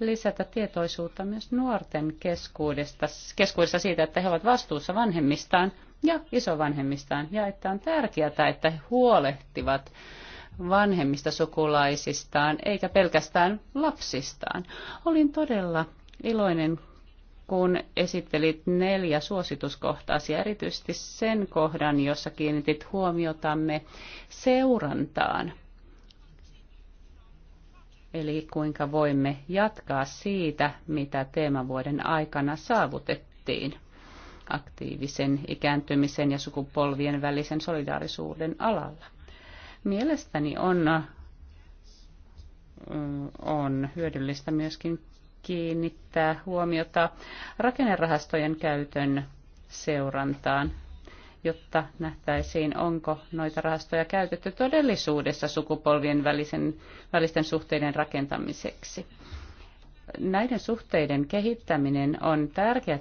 lisätä tietoisuutta myös nuorten keskuudesta, keskuudessa siitä, että he ovat vastuussa vanhemmistaan ja isovanhemmistaan ja että on tärkeää, että he huolehtivat vanhemmista sukulaisistaan eikä pelkästään lapsistaan. Olin todella iloinen, kun esittelit neljä suosituskohtaasi, erityisesti sen kohdan, jossa kiinnitit huomiotamme seurantaan. Eli kuinka voimme jatkaa siitä, mitä teemavuoden aikana saavutettiin aktiivisen ikääntymisen ja sukupolvien välisen solidaarisuuden alalla. Mielestäni on, on hyödyllistä myöskin kiinnittää huomiota rakennerahastojen käytön seurantaan jotta nähtäisiin, onko noita rahastoja käytetty todellisuudessa sukupolvien välisen, välisten suhteiden rakentamiseksi. Näiden suhteiden kehittäminen on tärkeää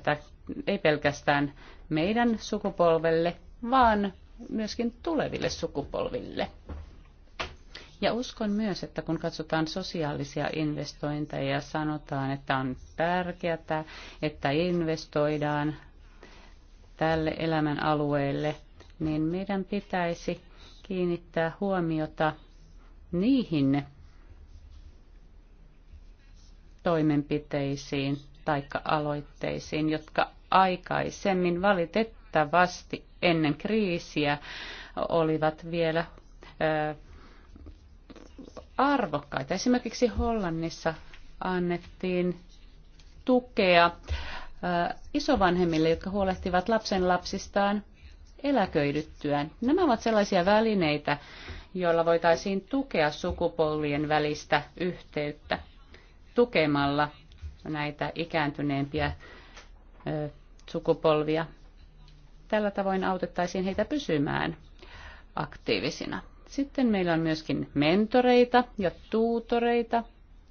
ei pelkästään meidän sukupolvelle, vaan myöskin tuleville sukupolville. Ja uskon myös, että kun katsotaan sosiaalisia investointeja ja sanotaan, että on tärkeää, että investoidaan tälle elämän alueelle, niin meidän pitäisi kiinnittää huomiota niihin toimenpiteisiin tai aloitteisiin, jotka aikaisemmin valitettavasti ennen kriisiä olivat vielä arvokkaita. Esimerkiksi Hollannissa annettiin tukea isovanhemmille, jotka huolehtivat lapsen lapsistaan eläköidyttyään. Nämä ovat sellaisia välineitä, joilla voitaisiin tukea sukupolvien välistä yhteyttä tukemalla näitä ikääntyneempiä sukupolvia. Tällä tavoin autettaisiin heitä pysymään aktiivisina. Sitten meillä on myöskin mentoreita ja tuutoreita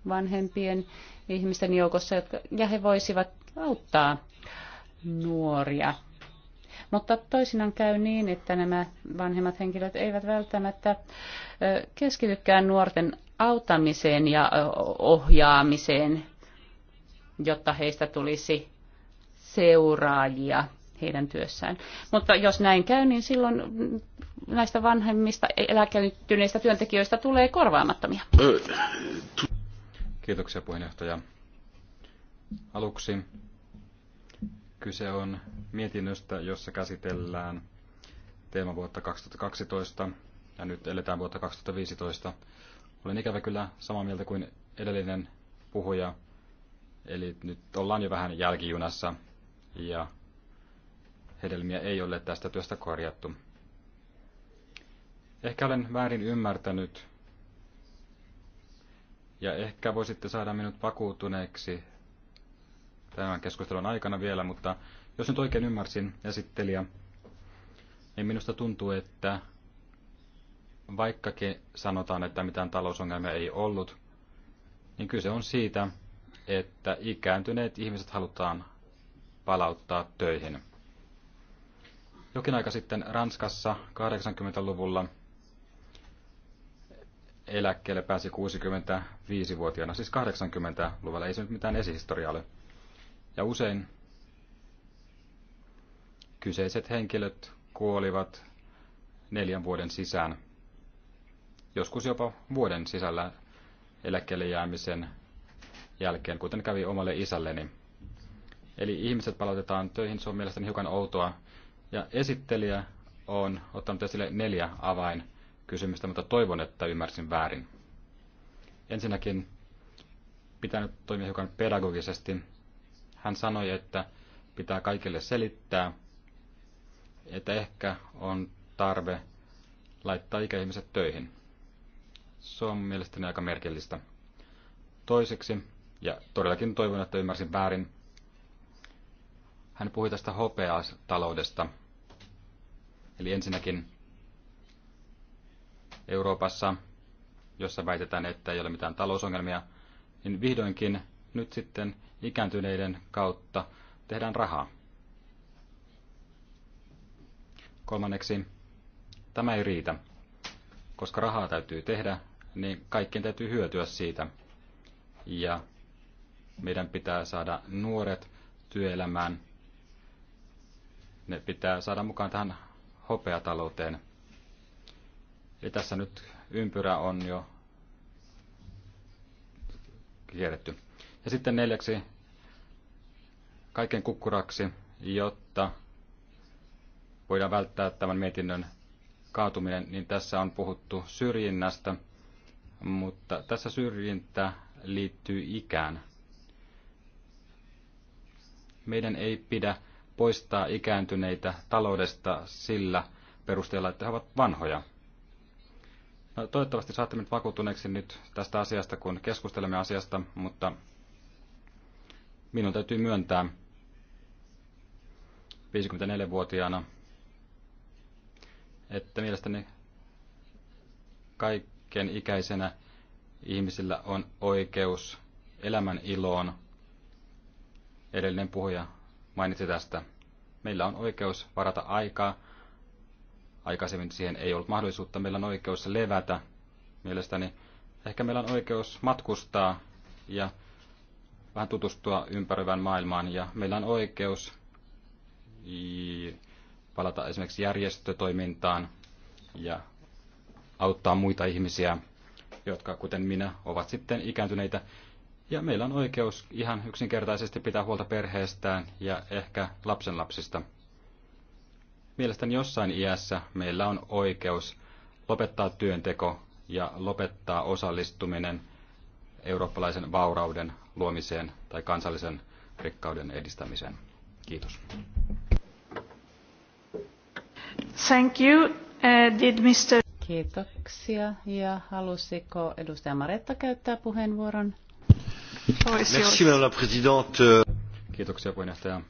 vanhempien ihmisten joukossa, jotka, ja he voisivat auttaa nuoria. Mutta toisinaan käy niin, että nämä vanhemmat henkilöt eivät välttämättä keskitykään nuorten auttamiseen ja ohjaamiseen, jotta heistä tulisi seuraajia heidän työssään. Mutta jos näin käy, niin silloin näistä vanhemmista eläkäytyneistä työntekijöistä tulee korvaamattomia. Kiitoksia puheenjohtaja. Aluksi kyse on mietinnöstä, jossa käsitellään vuotta 2012 ja nyt eletään vuotta 2015. Olen ikävä kyllä samaa mieltä kuin edellinen puhuja, eli nyt ollaan jo vähän jälkijunassa ja hedelmiä ei ole tästä työstä korjattu. Ehkä olen väärin ymmärtänyt ja ehkä voisitte saada minut vakuutuneeksi tämän keskustelun aikana vielä, mutta jos nyt oikein ymmärsin esittelijä, niin minusta tuntuu, että vaikkakin sanotaan, että mitään talousongelmia ei ollut, niin kyse on siitä, että ikääntyneet ihmiset halutaan palauttaa töihin. Jokin aika sitten Ranskassa 80-luvulla eläkkeelle pääsi 65-vuotiaana, siis 80-luvulla, ei se nyt mitään esihistoriaa ole. Ja usein kyseiset henkilöt kuolivat neljän vuoden sisään, joskus jopa vuoden sisällä eläkkeelle jäämisen jälkeen, kuten kävi omalle isälleni. Eli ihmiset palautetaan töihin, se on mielestäni hiukan outoa. Ja esittelijä on ottanut esille neljä avainkysymystä, mutta toivon, että ymmärsin väärin. Ensinnäkin pitää nyt toimia hiukan pedagogisesti. Hän sanoi, että pitää kaikille selittää, että ehkä on tarve laittaa ikäihmiset töihin. Se on mielestäni aika merkillistä. Toiseksi, ja todellakin toivon, että ymmärsin väärin, hän puhui tästä hopeataloudesta. Eli ensinnäkin Euroopassa, jossa väitetään, että ei ole mitään talousongelmia, niin vihdoinkin nyt sitten ikääntyneiden kautta tehdään rahaa. Kolmanneksi, tämä ei riitä. Koska rahaa täytyy tehdä, niin kaikkien täytyy hyötyä siitä. Ja meidän pitää saada nuoret työelämään ne pitää saada mukaan tähän hopeatalouteen. Eli tässä nyt ympyrä on jo kierretty. Ja sitten neljäksi kaiken kukkuraksi, jotta voidaan välttää tämän mietinnön kaatuminen, niin tässä on puhuttu syrjinnästä, mutta tässä syrjintä liittyy ikään. Meidän ei pidä poistaa ikääntyneitä taloudesta sillä perusteella, että he ovat vanhoja. No, toivottavasti saatte nyt vakuuttuneeksi nyt tästä asiasta, kun keskustelemme asiasta, mutta minun täytyy myöntää 54-vuotiaana, että mielestäni kaiken ikäisenä ihmisillä on oikeus elämän iloon. Edellinen puhuja mainitsi tästä. Meillä on oikeus varata aikaa. Aikaisemmin siihen ei ollut mahdollisuutta. Meillä on oikeus levätä. Mielestäni ehkä meillä on oikeus matkustaa ja vähän tutustua ympäröivään maailmaan. Ja meillä on oikeus palata esimerkiksi järjestötoimintaan ja auttaa muita ihmisiä, jotka kuten minä ovat sitten ikääntyneitä ja meillä on oikeus ihan yksinkertaisesti pitää huolta perheestään ja ehkä lapsenlapsista. Mielestäni jossain iässä meillä on oikeus lopettaa työnteko ja lopettaa osallistuminen eurooppalaisen vaurauden luomiseen tai kansallisen rikkauden edistämiseen. Kiitos. Thank you. Uh, did Mr. Kiitoksia. Ja halusiko edustaja Maretta käyttää puheenvuoron? madame la présidente. Kiitoksia puheenjohtaja.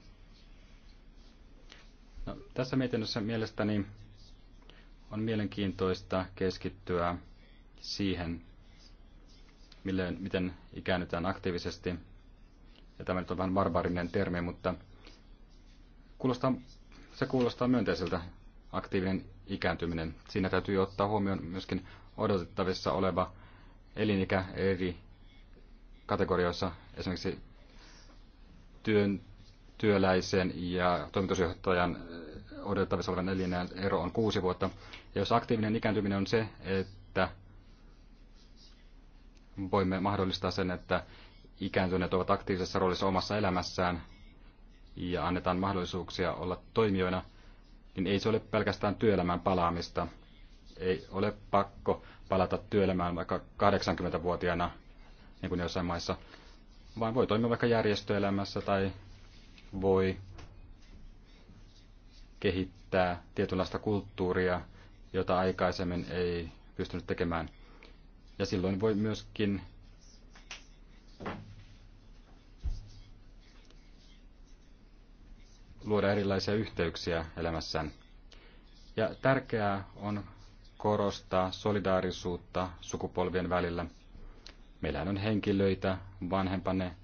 No, tässä mietinnössä mielestäni on mielenkiintoista keskittyä siihen, milleen, miten ikäännytään aktiivisesti. Ja tämä nyt on vähän barbaarinen termi, mutta kuulostaa, se kuulostaa myönteiseltä aktiivinen ikääntyminen. Siinä täytyy ottaa huomioon myöskin odotettavissa oleva elinikä eri kategorioissa, esimerkiksi työn, työläisen ja toimitusjohtajan eh, odotettavissa olevan elinajan ero on kuusi vuotta. Ja jos aktiivinen ikääntyminen on se, että voimme mahdollistaa sen, että ikääntyneet ovat aktiivisessa roolissa omassa elämässään ja annetaan mahdollisuuksia olla toimijoina, niin ei se ole pelkästään työelämään palaamista. Ei ole pakko palata työelämään vaikka 80-vuotiaana niin kuin jossain maissa, vaan voi toimia vaikka järjestöelämässä tai voi kehittää tietynlaista kulttuuria, jota aikaisemmin ei pystynyt tekemään. Ja silloin voi myöskin luoda erilaisia yhteyksiä elämässään. Ja tärkeää on korostaa solidaarisuutta sukupolvien välillä – Meillähän on henkilöitä, vanhempanne,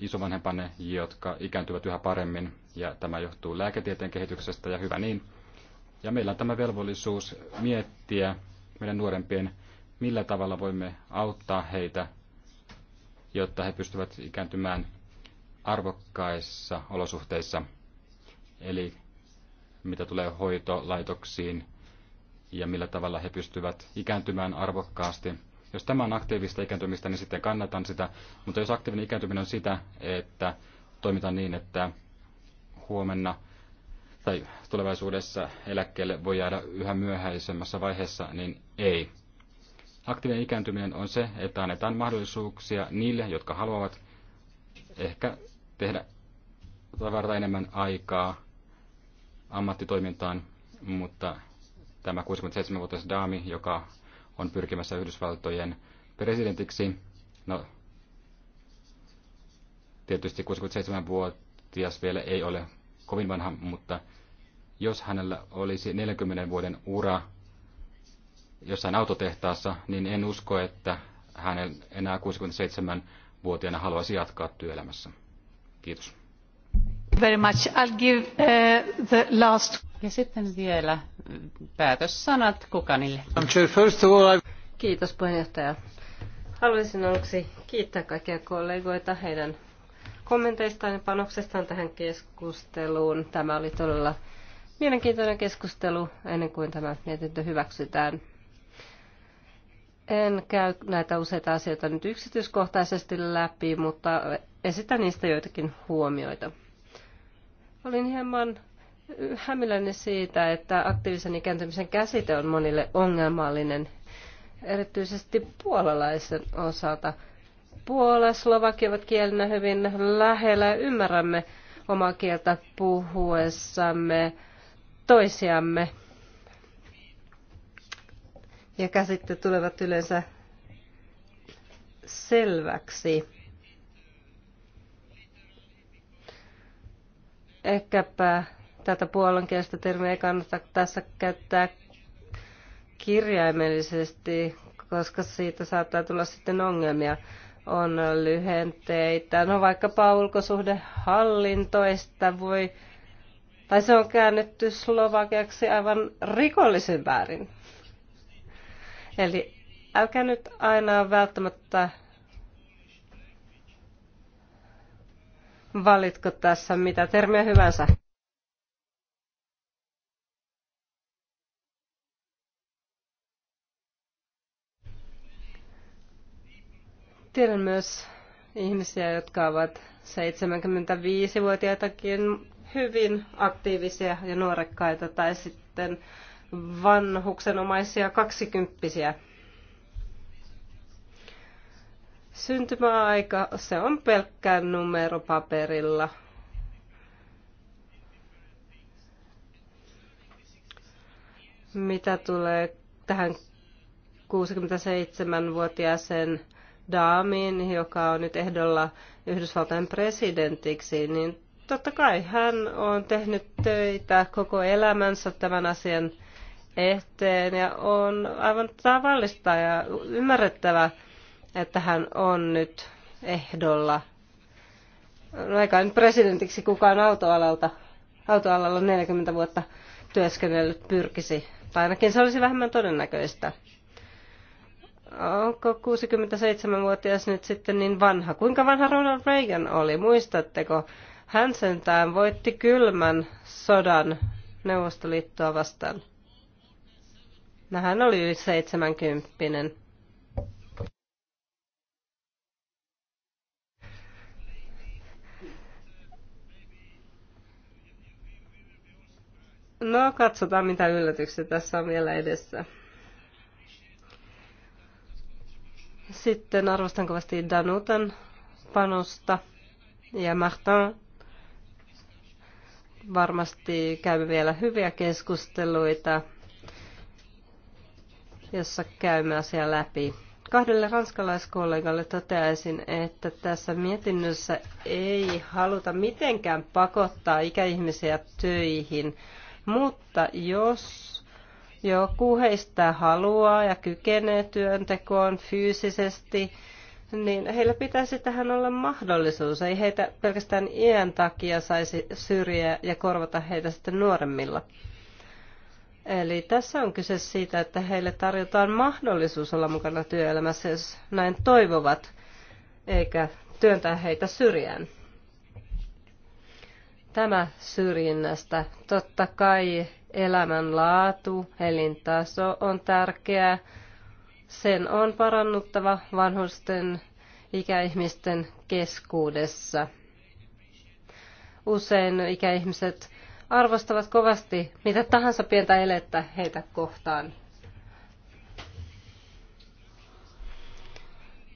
isovanhempanne, jotka ikääntyvät yhä paremmin, ja tämä johtuu lääketieteen kehityksestä, ja hyvä niin. Ja meillä on tämä velvollisuus miettiä meidän nuorempien, millä tavalla voimme auttaa heitä, jotta he pystyvät ikääntymään arvokkaissa olosuhteissa, eli mitä tulee hoitolaitoksiin ja millä tavalla he pystyvät ikääntymään arvokkaasti – jos tämä on aktiivista ikääntymistä, niin sitten kannatan sitä. Mutta jos aktiivinen ikääntyminen on sitä, että toimitaan niin, että huomenna tai tulevaisuudessa eläkkeelle voi jäädä yhä myöhäisemmässä vaiheessa, niin ei. Aktiivinen ikääntyminen on se, että annetaan mahdollisuuksia niille, jotka haluavat ehkä tehdä tavarta enemmän aikaa ammattitoimintaan, mutta tämä 67-vuotias daami, joka on pyrkimässä Yhdysvaltojen presidentiksi. No, tietysti 67-vuotias vielä ei ole kovin vanha, mutta jos hänellä olisi 40 vuoden ura jossain autotehtaassa, niin en usko, että hän enää 67-vuotiaana haluaisi jatkaa työelämässä. Kiitos. Very much. I'll give, uh, the last... Ja sitten vielä päätössanat Kukanille. Kiitos puheenjohtaja. Haluaisin aluksi kiittää kaikkia kollegoita heidän kommenteistaan ja panoksestaan tähän keskusteluun. Tämä oli todella mielenkiintoinen keskustelu ennen kuin tämä mietintö hyväksytään. En käy näitä useita asioita nyt yksityiskohtaisesti läpi, mutta esitän niistä joitakin huomioita. Olin hieman hämilläni siitä, että aktiivisen ikääntymisen käsite on monille ongelmallinen, erityisesti puolalaisen osalta. Puola, Slovakia ovat kielinä hyvin lähellä ja ymmärrämme omaa kieltä puhuessamme toisiamme. Ja käsitteet tulevat yleensä selväksi. Ehkäpä Tätä puolankielistä termiä ei kannata tässä käyttää kirjaimellisesti, koska siitä saattaa tulla sitten ongelmia. On lyhenteitä, no vaikkapa ulkosuhdehallintoista voi, tai se on käännetty slovakiaksi aivan rikollisen väärin. Eli älkää nyt aina välttämättä valitko tässä mitä termiä hyvänsä. Tiedän myös ihmisiä, jotka ovat 75-vuotiaitakin hyvin aktiivisia ja nuorekkaita tai sitten vanhuksenomaisia kaksikymppisiä. Syntymäaika, se on pelkkää numero paperilla. Mitä tulee tähän 67-vuotiaaseen Daamin, joka on nyt ehdolla Yhdysvaltain presidentiksi, niin totta kai hän on tehnyt töitä koko elämänsä tämän asian eteen ja on aivan tavallista ja ymmärrettävä, että hän on nyt ehdolla. No eikä nyt presidentiksi kukaan autoalalta, autoalalla 40 vuotta työskennellyt pyrkisi, tai ainakin se olisi vähemmän todennäköistä onko 67-vuotias nyt sitten niin vanha? Kuinka vanha Ronald Reagan oli, muistatteko? Hän sentään voitti kylmän sodan Neuvostoliittoa vastaan. No hän oli yli 70. No, katsotaan mitä yllätyksiä tässä on vielä edessä. Sitten arvostan kovasti Danutan panosta ja Martin varmasti käymme vielä hyviä keskusteluita, jossa käymme asia läpi. Kahdelle ranskalaiskollegalle toteaisin, että tässä mietinnössä ei haluta mitenkään pakottaa ikäihmisiä töihin, mutta jos joku heistä haluaa ja kykenee työntekoon fyysisesti, niin heillä pitäisi tähän olla mahdollisuus. Ei heitä pelkästään iän takia saisi syrjiä ja korvata heitä sitten nuoremmilla. Eli tässä on kyse siitä, että heille tarjotaan mahdollisuus olla mukana työelämässä, jos näin toivovat, eikä työntää heitä syrjään. Tämä syrjinnästä. Totta kai elämänlaatu, elintaso on tärkeää. Sen on parannuttava vanhusten ikäihmisten keskuudessa. Usein ikäihmiset arvostavat kovasti mitä tahansa pientä elettä heitä kohtaan.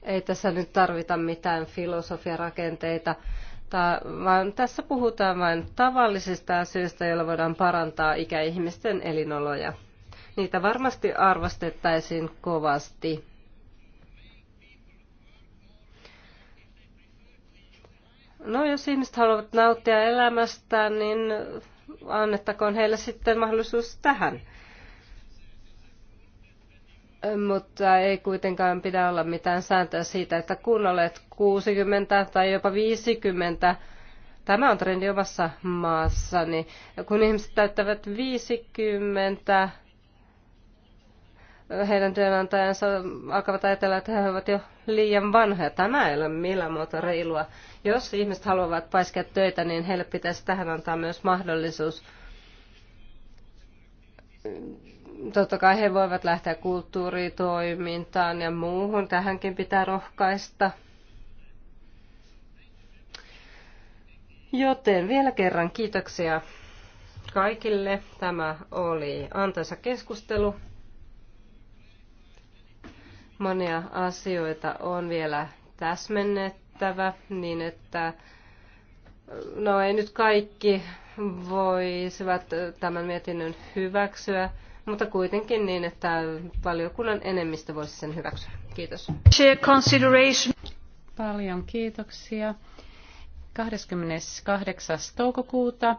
Ei tässä nyt tarvita mitään filosofiarakenteita. rakenteita mutta vaan tässä puhutaan vain tavallisista asioista, joilla voidaan parantaa ikäihmisten elinoloja. Niitä varmasti arvostettaisiin kovasti. No, jos ihmiset haluavat nauttia elämästään, niin annettakoon heille sitten mahdollisuus tähän mutta ei kuitenkaan pidä olla mitään sääntöä siitä, että kun olet 60 tai jopa 50, tämä on trendi omassa maassani, kun ihmiset täyttävät 50, heidän työnantajansa alkavat ajatella, että he ovat jo liian vanhoja. Tämä ei ole millään muuta reilua. Jos ihmiset haluavat paiskia töitä, niin heille pitäisi tähän antaa myös mahdollisuus totta kai he voivat lähteä kulttuuritoimintaan ja muuhun. Tähänkin pitää rohkaista. Joten vielä kerran kiitoksia kaikille. Tämä oli antaisa keskustelu. Monia asioita on vielä täsmennettävä niin, että no ei nyt kaikki voisivat tämän mietinnön hyväksyä mutta kuitenkin niin, että valiokunnan enemmistö voisi sen hyväksyä. Kiitos. Paljon kiitoksia. 28. toukokuuta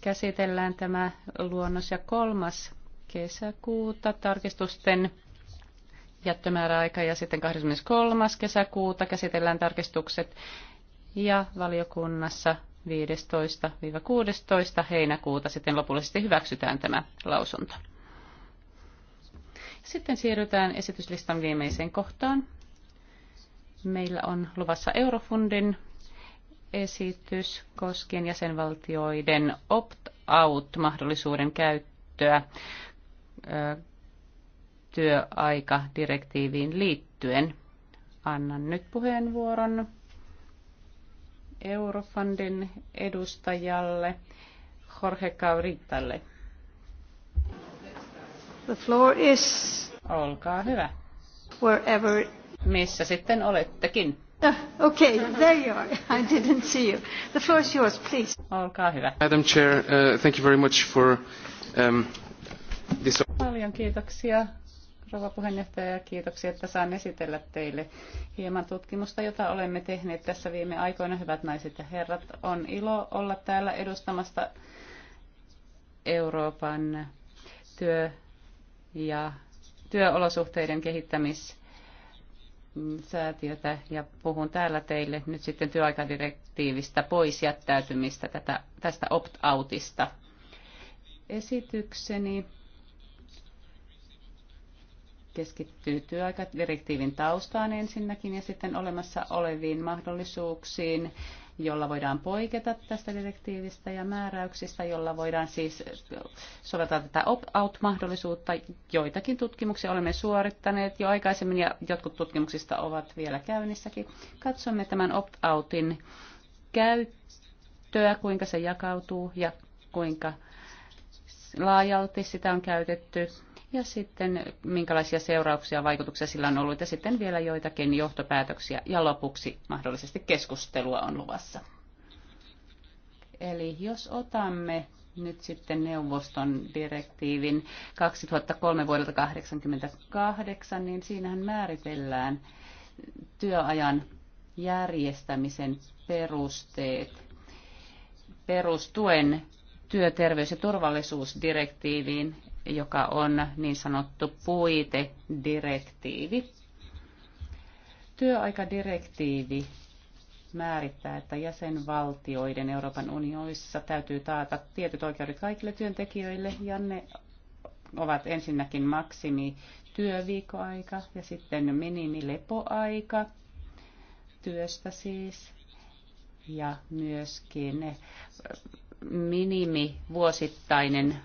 käsitellään tämä luonnos ja kolmas kesäkuuta tarkistusten jättömääräaika ja sitten 23. kesäkuuta käsitellään tarkistukset ja valiokunnassa 15-16 heinäkuuta sitten lopullisesti hyväksytään tämä lausunto. Sitten siirrytään esityslistan viimeiseen kohtaan. Meillä on luvassa Eurofundin esitys koskien jäsenvaltioiden opt-out-mahdollisuuden käyttöä työaikadirektiiviin liittyen. Annan nyt puheenvuoron Eurofundin edustajalle Jorge Cauritalle. The floor is... Olkaa hyvä. Wherever... Missä sitten olettekin? No, okay, there you are. I didn't see you. The floor is yours, please. Olkaa hyvä. Madam Chair, uh, thank you very much for um, this... Paljon kiitoksia rouva puheenjohtaja, ja kiitoksia, että saan esitellä teille hieman tutkimusta, jota olemme tehneet tässä viime aikoina. Hyvät naiset ja herrat, on ilo olla täällä edustamasta Euroopan työ- ja työolosuhteiden kehittämissäätiötä ja puhun täällä teille nyt sitten työaikadirektiivistä pois jättäytymistä tätä, tästä opt-outista. Esitykseni keskittyy työaikadirektiivin taustaan ensinnäkin ja sitten olemassa oleviin mahdollisuuksiin jolla voidaan poiketa tästä direktiivistä ja määräyksistä, jolla voidaan siis soveltaa tätä opt-out-mahdollisuutta. Joitakin tutkimuksia olemme suorittaneet jo aikaisemmin ja jotkut tutkimuksista ovat vielä käynnissäkin. Katsomme tämän opt-outin käyttöä, kuinka se jakautuu ja kuinka laajalti sitä on käytetty ja sitten minkälaisia seurauksia ja vaikutuksia sillä on ollut ja sitten vielä joitakin johtopäätöksiä ja lopuksi mahdollisesti keskustelua on luvassa. Eli jos otamme nyt sitten neuvoston direktiivin 2003 vuodelta 1988, niin siinähän määritellään työajan järjestämisen perusteet. Perustuen työterveys- ja turvallisuusdirektiiviin joka on niin sanottu puitedirektiivi. Työaikadirektiivi määrittää, että jäsenvaltioiden Euroopan unionissa täytyy taata tietyt oikeudet kaikille työntekijöille ja ne ovat ensinnäkin maksimi työviikkoaika ja sitten minimilepoaika työstä siis ja myöskin minimi vuosittainen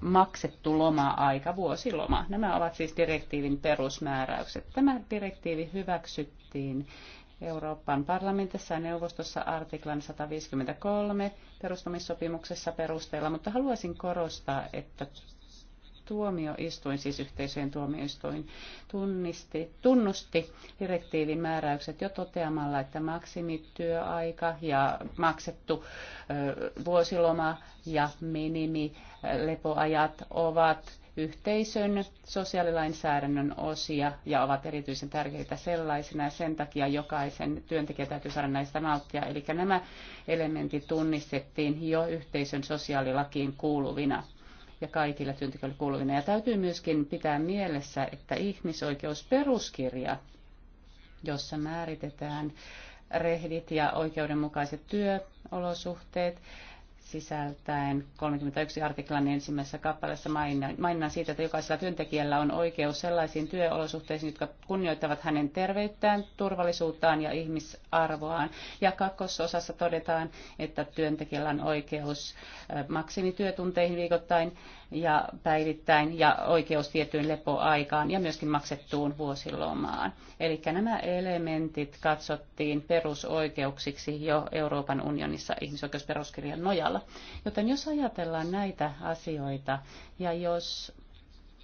maksettu loma-aika, vuosiloma. Nämä ovat siis direktiivin perusmääräykset. Tämä direktiivi hyväksyttiin Euroopan parlamentissa ja neuvostossa artiklan 153 perustamissopimuksessa perusteella, mutta haluaisin korostaa, että tuomioistuin, siis yhteisöjen tuomioistuin, tunnisti, tunnusti direktiivin määräykset jo toteamalla, että maksimityöaika ja maksettu vuosiloma ja minimilepoajat ovat yhteisön sosiaalilainsäädännön osia ja ovat erityisen tärkeitä sellaisina ja sen takia jokaisen työntekijän täytyy saada näistä nauttia. Eli nämä elementit tunnistettiin jo yhteisön sosiaalilakiin kuuluvina ja kaikilla työntekijöillä kuuluvina. Ja täytyy myöskin pitää mielessä, että ihmisoikeusperuskirja, jossa määritetään rehdit ja oikeudenmukaiset työolosuhteet, sisältäen 31 artiklan ensimmäisessä kappaleessa maininnan siitä, että jokaisella työntekijällä on oikeus sellaisiin työolosuhteisiin, jotka kunnioittavat hänen terveyttään, turvallisuuttaan ja ihmisarvoaan. Ja kakkososassa todetaan, että työntekijällä on oikeus äh, maksimityötunteihin viikoittain ja päivittäin ja oikeus tiettyyn lepoaikaan ja myöskin maksettuun vuosilomaan. Eli nämä elementit katsottiin perusoikeuksiksi jo Euroopan unionissa ihmisoikeusperuskirjan nojalla. Joten jos ajatellaan näitä asioita ja jos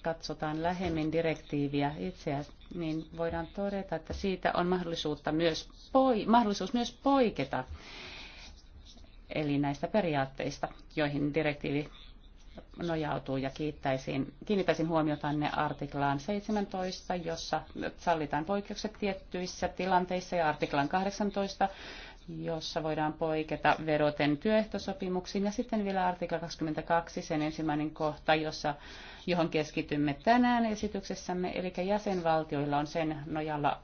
katsotaan lähemmin direktiiviä itseään, niin voidaan todeta, että siitä on mahdollisuutta myös poi, mahdollisuus myös poiketa eli näistä periaatteista, joihin direktiivi nojautuu ja kiittäisin, kiinnittäisin tänne artiklaan 17, jossa sallitaan poikkeukset tiettyissä tilanteissa ja artiklan 18, jossa voidaan poiketa veroten työehtosopimuksiin. Ja sitten vielä artikla 22, sen ensimmäinen kohta, jossa, johon keskitymme tänään esityksessämme. Eli jäsenvaltioilla on sen nojalla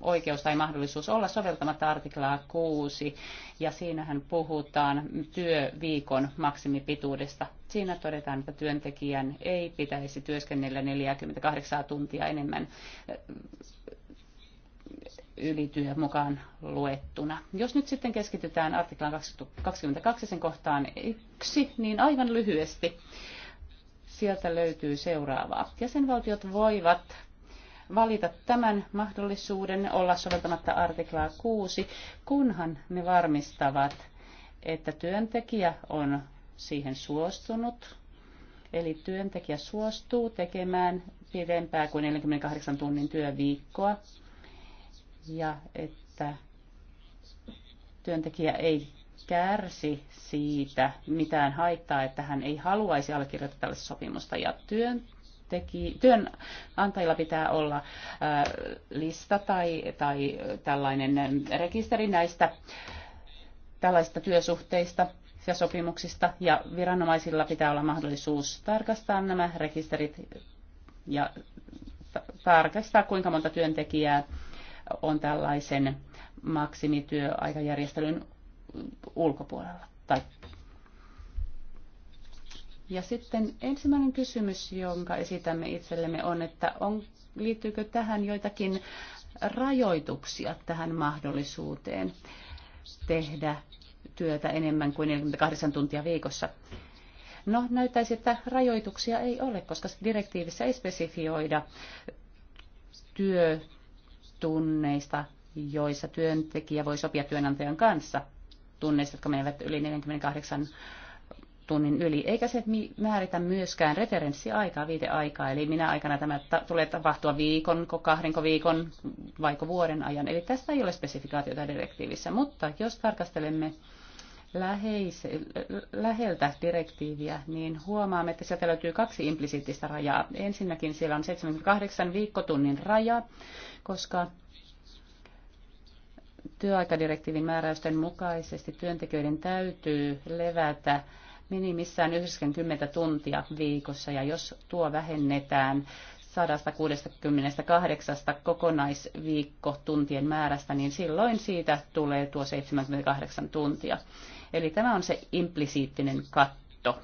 oikeus tai mahdollisuus olla soveltamatta artiklaa 6. Ja siinähän puhutaan työviikon maksimipituudesta. Siinä todetaan, että työntekijän ei pitäisi työskennellä 48 tuntia enemmän ylityö mukaan luettuna. Jos nyt sitten keskitytään artiklaan 22 sen kohtaan 1, niin aivan lyhyesti sieltä löytyy seuraavaa. Jäsenvaltiot voivat valita tämän mahdollisuuden olla soveltamatta artiklaa 6, kunhan ne varmistavat, että työntekijä on siihen suostunut, eli työntekijä suostuu tekemään pidempää kuin 48 tunnin työviikkoa ja että työntekijä ei kärsi siitä mitään haittaa, että hän ei haluaisi allekirjoittaa tällaista sopimusta. Ja työntekijä, työnantajilla pitää olla lista tai, tai tällainen rekisteri näistä tällaisista työsuhteista ja sopimuksista, ja viranomaisilla pitää olla mahdollisuus tarkastaa nämä rekisterit ja tarkastaa, kuinka monta työntekijää on tällaisen maksimityöaikajärjestelyn ulkopuolella. Tai ja sitten ensimmäinen kysymys, jonka esitämme itsellemme on, että on, liittyykö tähän joitakin rajoituksia tähän mahdollisuuteen tehdä työtä enemmän kuin 48 tuntia viikossa. No, näyttäisi, että rajoituksia ei ole, koska direktiivissä ei spesifioida työ, tunneista, joissa työntekijä voi sopia työnantajan kanssa tunneista, jotka menevät yli 48 tunnin yli, eikä se määritä myöskään referenssiaikaa, viiteaikaa, eli minä aikana tämä ta- tulee tapahtua viikon, kahdenko viikon, vaiko vuoden ajan. Eli tästä ei ole spesifikaatiota direktiivissä, mutta jos tarkastelemme läheise, läheltä direktiiviä, niin huomaamme, että sieltä löytyy kaksi implisiittistä rajaa. Ensinnäkin siellä on 78 viikkotunnin raja, koska työaikadirektiivin määräysten mukaisesti työntekijöiden täytyy levätä minimissään 90 tuntia viikossa, ja jos tuo vähennetään 168 kokonaisviikkotuntien määrästä, niin silloin siitä tulee tuo 78 tuntia. Eli tämä on se implisiittinen katto.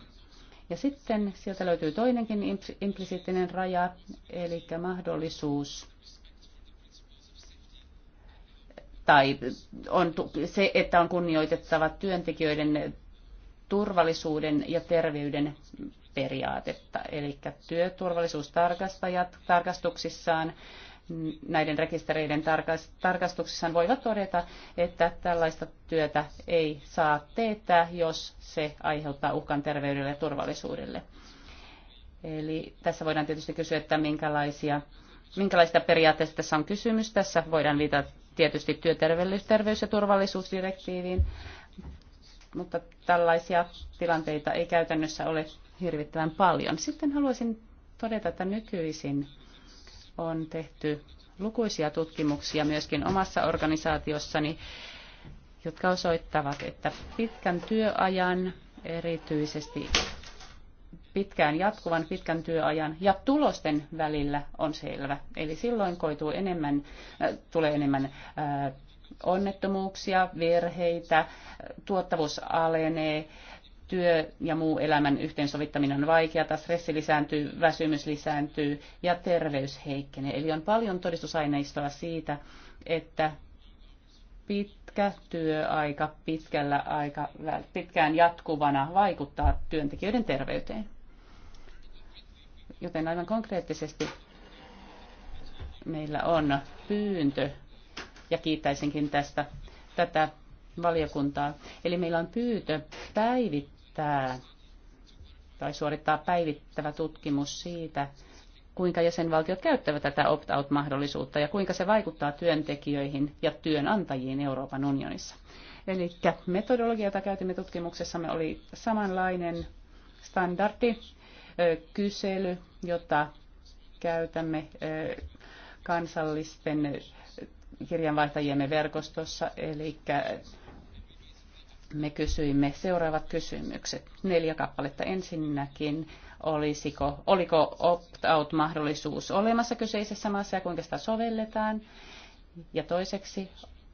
Ja sitten sieltä löytyy toinenkin implisiittinen raja, eli mahdollisuus tai on se, että on kunnioitettava työntekijöiden turvallisuuden ja terveyden periaatetta. Eli työturvallisuustarkastajat tarkastuksissaan näiden rekistereiden tarkastuksissaan voivat todeta, että tällaista työtä ei saa teettää, jos se aiheuttaa uhkan terveydelle ja turvallisuudelle. Eli tässä voidaan tietysti kysyä, että minkälaisia, minkälaista periaatteista tässä on kysymys. Tässä voidaan viitata tietysti työterveys- ja turvallisuusdirektiiviin, mutta tällaisia tilanteita ei käytännössä ole hirvittävän paljon. Sitten haluaisin todeta, että nykyisin on tehty lukuisia tutkimuksia myöskin omassa organisaatiossani, jotka osoittavat, että pitkän työajan, erityisesti pitkään jatkuvan pitkän työajan ja tulosten välillä on selvä. Eli silloin koituu enemmän, äh, tulee enemmän äh, onnettomuuksia, virheitä, äh, tuottavuus alenee, työ ja muu elämän yhteensovittaminen on vaikeaa, stressi lisääntyy, väsymys lisääntyy ja terveys heikkenee. Eli on paljon todistusaineistoa siitä, että pitkä työaika pitkällä aika, pitkään jatkuvana vaikuttaa työntekijöiden terveyteen. Joten aivan konkreettisesti meillä on pyyntö, ja kiittäisinkin tästä tätä valiokuntaa. Eli meillä on pyytö päivittää selvittää tai suorittaa päivittävä tutkimus siitä, kuinka jäsenvaltiot käyttävät tätä opt-out-mahdollisuutta ja kuinka se vaikuttaa työntekijöihin ja työnantajiin Euroopan unionissa. Eli metodologia, jota käytimme tutkimuksessamme, oli samanlainen standardi kysely, jota käytämme kansallisten kirjanvaihtajiemme verkostossa, eli me kysyimme seuraavat kysymykset. Neljä kappaletta ensinnäkin. Olisiko, oliko opt-out-mahdollisuus olemassa kyseisessä maassa ja kuinka sitä sovelletaan? Ja toiseksi,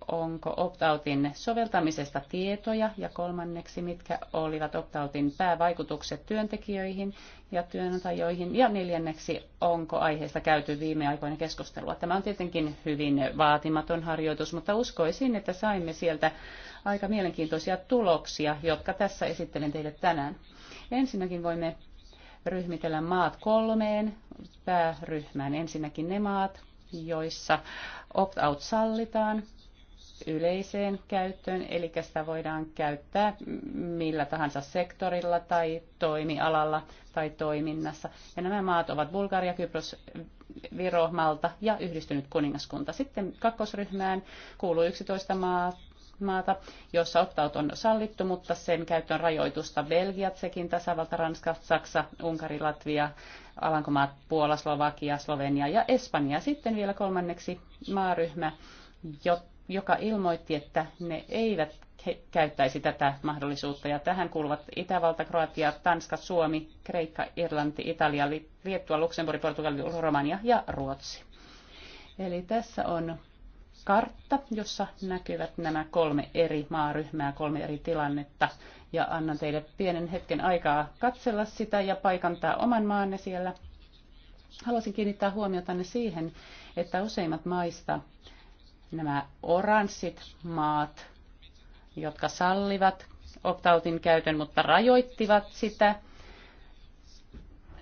onko opt-outin soveltamisesta tietoja? Ja kolmanneksi, mitkä olivat opt-outin päävaikutukset työntekijöihin ja työnantajoihin? Ja neljänneksi, onko aiheesta käyty viime aikoina keskustelua? Tämä on tietenkin hyvin vaatimaton harjoitus, mutta uskoisin, että saimme sieltä aika mielenkiintoisia tuloksia, jotka tässä esittelen teille tänään. Ensinnäkin voimme ryhmitellä maat kolmeen pääryhmään. Ensinnäkin ne maat, joissa opt-out sallitaan yleiseen käyttöön, eli sitä voidaan käyttää millä tahansa sektorilla tai toimialalla tai toiminnassa. Ja nämä maat ovat Bulgaria, Kypros, Viro, Malta ja yhdistynyt kuningaskunta. Sitten kakkosryhmään kuuluu 11 maata maata, jossa optaut on sallittu, mutta sen käyttö on rajoitusta. Belgia, Tsekin tasavalta, Ranska, Saksa, Unkari, Latvia, Alankomaat, Puola, Slovakia, Slovenia ja Espanja. Sitten vielä kolmanneksi maaryhmä, joka ilmoitti, että ne eivät käyttäisi tätä mahdollisuutta. Ja tähän kuuluvat Itävalta, Kroatia, Tanska, Suomi, Kreikka, Irlanti, Italia, Liettua, Luxemburg, Portugali, Romania ja Ruotsi. Eli tässä on kartta, jossa näkyvät nämä kolme eri maaryhmää, kolme eri tilannetta. Ja annan teille pienen hetken aikaa katsella sitä ja paikantaa oman maanne siellä. Haluaisin kiinnittää huomiotanne siihen, että useimmat maista nämä oranssit maat, jotka sallivat optautin käytön, mutta rajoittivat sitä,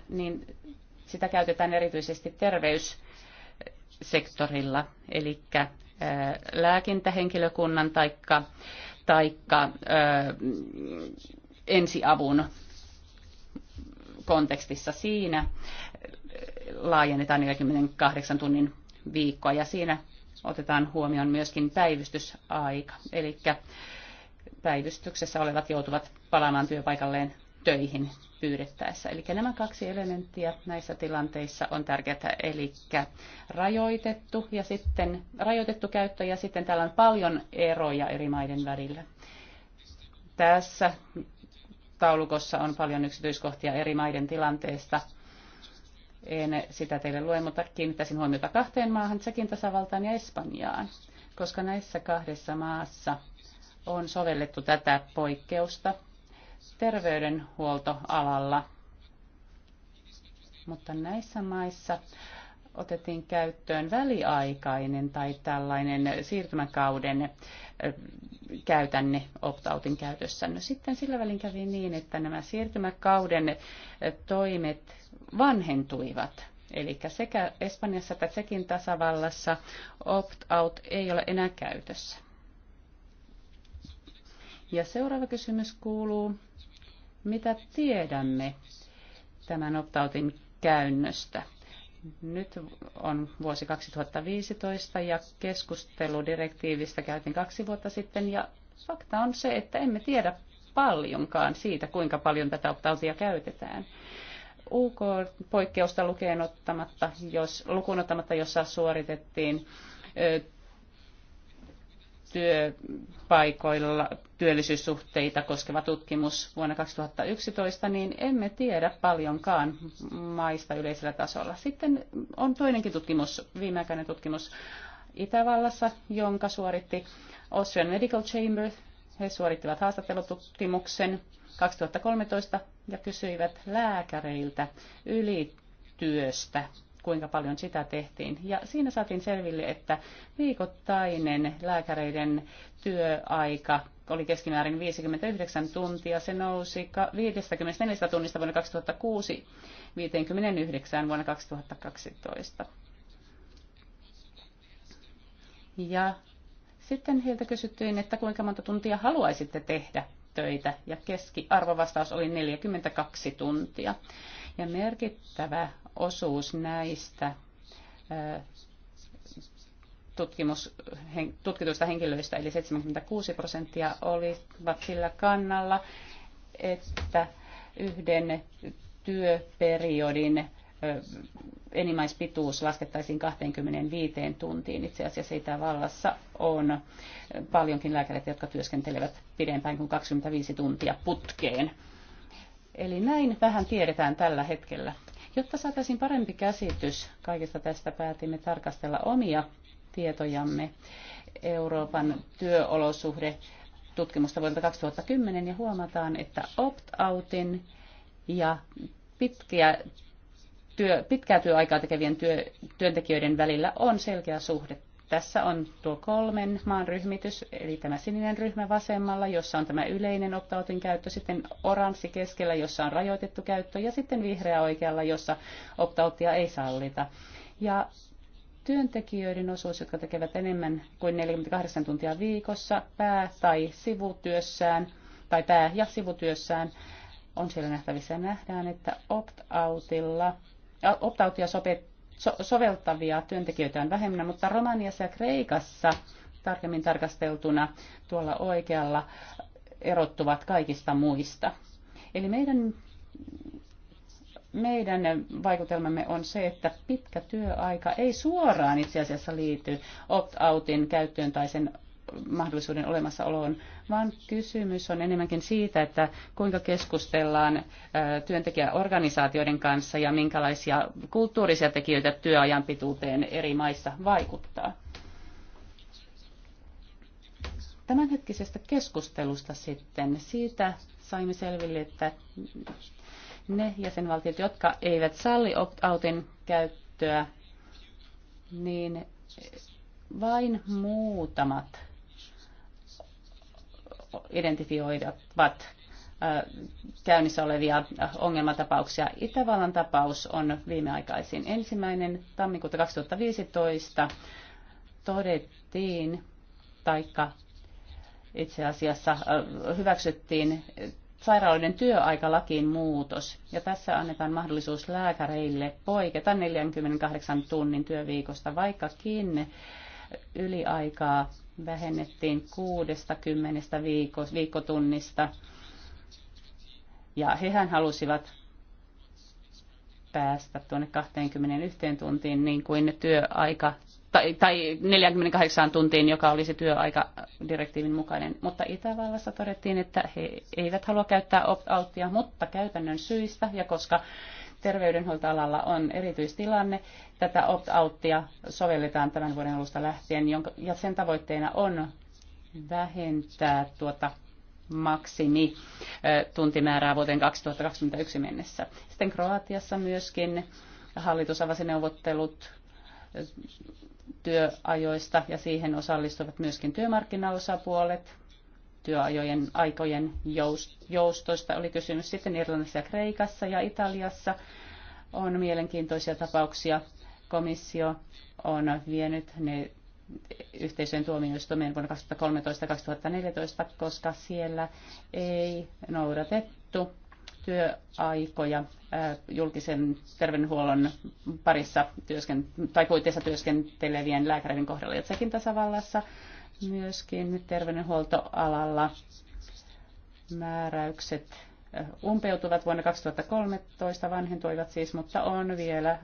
niin sitä käytetään erityisesti terveyssektorilla, eli lääkintähenkilökunnan taikka, taikka ensiavun kontekstissa siinä laajennetaan 48 tunnin viikkoa ja siinä otetaan huomioon myöskin päivystysaika. Eli päivystyksessä olevat joutuvat palaamaan työpaikalleen töihin pyydettäessä. Eli nämä kaksi elementtiä näissä tilanteissa on tärkeää, eli rajoitettu, ja sitten, rajoitettu käyttö ja sitten täällä on paljon eroja eri maiden välillä. Tässä taulukossa on paljon yksityiskohtia eri maiden tilanteesta. En sitä teille lue, mutta kiinnittäisin huomiota kahteen maahan, Tsekin tasavaltaan ja Espanjaan, koska näissä kahdessa maassa on sovellettu tätä poikkeusta terveydenhuoltoalalla. Mutta näissä maissa otettiin käyttöön väliaikainen tai tällainen siirtymäkauden käytänne optautin käytössä. No sitten sillä välin kävi niin, että nämä siirtymäkauden toimet vanhentuivat. Eli sekä Espanjassa että Tsekin tasavallassa opt-out ei ole enää käytössä. Ja seuraava kysymys kuuluu, mitä tiedämme tämän optautin käynnöstä. Nyt on vuosi 2015 ja keskustelu direktiivistä käytiin kaksi vuotta sitten ja fakta on se, että emme tiedä paljonkaan siitä, kuinka paljon tätä optautia käytetään. UK-poikkeusta lukeen ottamatta, jos, lukuun ottamatta, jossa suoritettiin työpaikoilla työllisyyssuhteita koskeva tutkimus vuonna 2011, niin emme tiedä paljonkaan maista yleisellä tasolla. Sitten on toinenkin tutkimus, viimeaikainen tutkimus Itävallassa, jonka suoritti Austrian Medical Chamber. He suorittivat haastattelututkimuksen 2013 ja kysyivät lääkäreiltä ylityöstä kuinka paljon sitä tehtiin. Ja siinä saatiin selville, että viikoittainen lääkäreiden työaika oli keskimäärin 59 tuntia. Se nousi 54 tunnista vuonna 2006 59 vuonna 2012. Ja sitten heiltä kysyttiin, että kuinka monta tuntia haluaisitte tehdä töitä, ja keskiarvovastaus oli 42 tuntia. Ja merkittävä osuus näistä tutkimus, tutkituista henkilöistä, eli 76 prosenttia, olivat sillä kannalla, että yhden työperiodin enimmäispituus laskettaisiin 25 tuntiin. Itse asiassa Itävallassa on paljonkin lääkäreitä, jotka työskentelevät pidempään kuin 25 tuntia putkeen. Eli näin vähän tiedetään tällä hetkellä Jotta saataisiin parempi käsitys kaikesta tästä, päätimme tarkastella omia tietojamme Euroopan työolosuhde tutkimusta vuodelta 2010 ja huomataan, että opt-outin ja pitkiä työ, pitkää työaikaa tekevien työ, työntekijöiden välillä on selkeä suhde tässä on tuo kolmen maan ryhmitys, eli tämä sininen ryhmä vasemmalla, jossa on tämä yleinen optautin käyttö, sitten oranssi keskellä, jossa on rajoitettu käyttö, ja sitten vihreä oikealla, jossa optauttia ei sallita. Ja työntekijöiden osuus, jotka tekevät enemmän kuin 48 tuntia viikossa pää- tai sivutyössään, tai pää- ja sivutyössään, on siellä nähtävissä. Nähdään, että opt-outilla, opt-outia so- soveltavia työntekijöitä on vähemmän, mutta Romaniassa ja Kreikassa tarkemmin tarkasteltuna tuolla oikealla erottuvat kaikista muista. Eli meidän, meidän vaikutelmamme on se, että pitkä työaika ei suoraan itse asiassa liity opt-outin käyttöön tai sen mahdollisuuden olemassaoloon, vaan kysymys on enemmänkin siitä, että kuinka keskustellaan työntekijäorganisaatioiden kanssa ja minkälaisia kulttuurisia tekijöitä työajan pituuteen eri maissa vaikuttaa. Tämänhetkisestä keskustelusta sitten siitä saimme selville, että ne jäsenvaltiot, jotka eivät salli opt-outin käyttöä, niin vain muutamat identifioivat käynnissä olevia ongelmatapauksia. Itävallan tapaus on viimeaikaisin. Ensimmäinen tammikuuta 2015 todettiin, taikka itse asiassa hyväksyttiin sairaaloiden työaikalakiin muutos. Ja tässä annetaan mahdollisuus lääkäreille poiketa 48 tunnin työviikosta, vaikkakin yliaikaa vähennettiin 60 viikko, viikkotunnista. Ja hehän halusivat päästä tuonne 21 tuntiin niin kuin työaika tai, tai 48 tuntiin, joka olisi työaika direktiivin mukainen. Mutta Itävallassa todettiin, että he eivät halua käyttää opt-outia, mutta käytännön syistä ja koska terveydenhuoltoalalla on erityistilanne. Tätä opt-outtia sovelletaan tämän vuoden alusta lähtien, jonka, ja sen tavoitteena on vähentää tuota maksimi tuntimäärää vuoteen 2021 mennessä. Sitten Kroatiassa myöskin hallitus avasi neuvottelut työajoista ja siihen osallistuvat myöskin työmarkkinaosapuolet työajojen aikojen joustoista. Oli kysymys sitten Irlannissa ja Kreikassa ja Italiassa. On mielenkiintoisia tapauksia. Komissio on vienyt ne yhteisöjen tuomioistuimeen vuonna 2013-2014, koska siellä ei noudatettu työaikoja julkisen terveydenhuollon parissa työsken- tai puitteissa työskentelevien lääkäreiden kohdalla. Tsekin tasavallassa myöskin terveydenhuoltoalalla määräykset eh, umpeutuvat vuonna 2013, vanhentuivat siis, mutta on vielä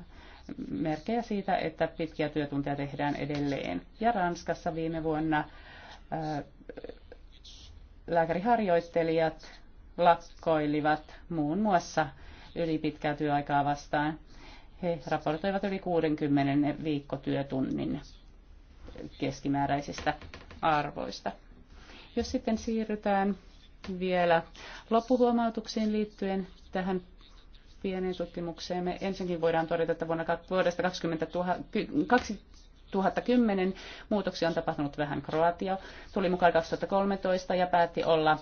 merkejä siitä, että pitkiä työtunteja tehdään edelleen. Ja Ranskassa viime vuonna eh, lääkäriharjoittelijat lakkoilivat muun muassa yli pitkää työaikaa vastaan. He raportoivat yli 60 viikkotyötunnin keskimääräisistä arvoista. Jos sitten siirrytään vielä loppuhuomautuksiin liittyen tähän pieneen tutkimukseen, me ensinnäkin voidaan todeta, että vuonna, vuodesta 20 000, 2010 muutoksia on tapahtunut vähän. Kroatia tuli mukaan 2013 ja päätti olla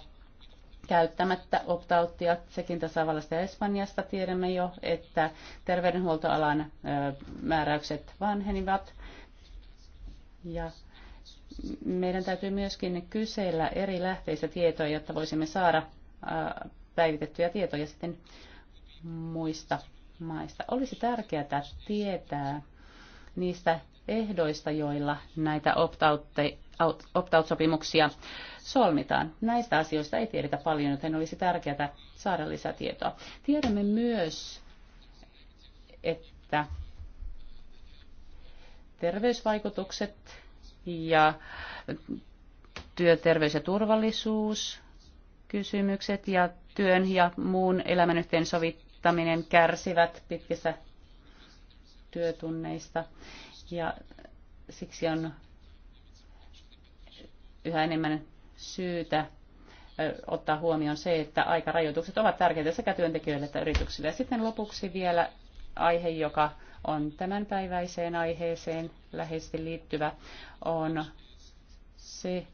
käyttämättä optauttia Sekin tasavallasta ja Espanjasta. Tiedämme jo, että terveydenhuoltoalan määräykset vanhenivat ja meidän täytyy myöskin kysellä eri lähteistä tietoja, jotta voisimme saada päivitettyjä tietoja sitten muista maista. Olisi tärkeää tietää niistä ehdoista, joilla näitä opt-out-sopimuksia solmitaan. Näistä asioista ei tiedetä paljon, joten olisi tärkeää saada lisätietoa. Tiedämme myös, että terveysvaikutukset ja työterveys ja turvallisuus kysymykset ja työn ja muun elämän yhteensovittaminen kärsivät pitkissä työtunneista ja siksi on yhä enemmän syytä ottaa huomioon se, että aikarajoitukset ovat tärkeitä sekä työntekijöille että yrityksille. Ja sitten lopuksi vielä aihe, joka on tämänpäiväiseen aiheeseen läheisesti liittyvä, on se,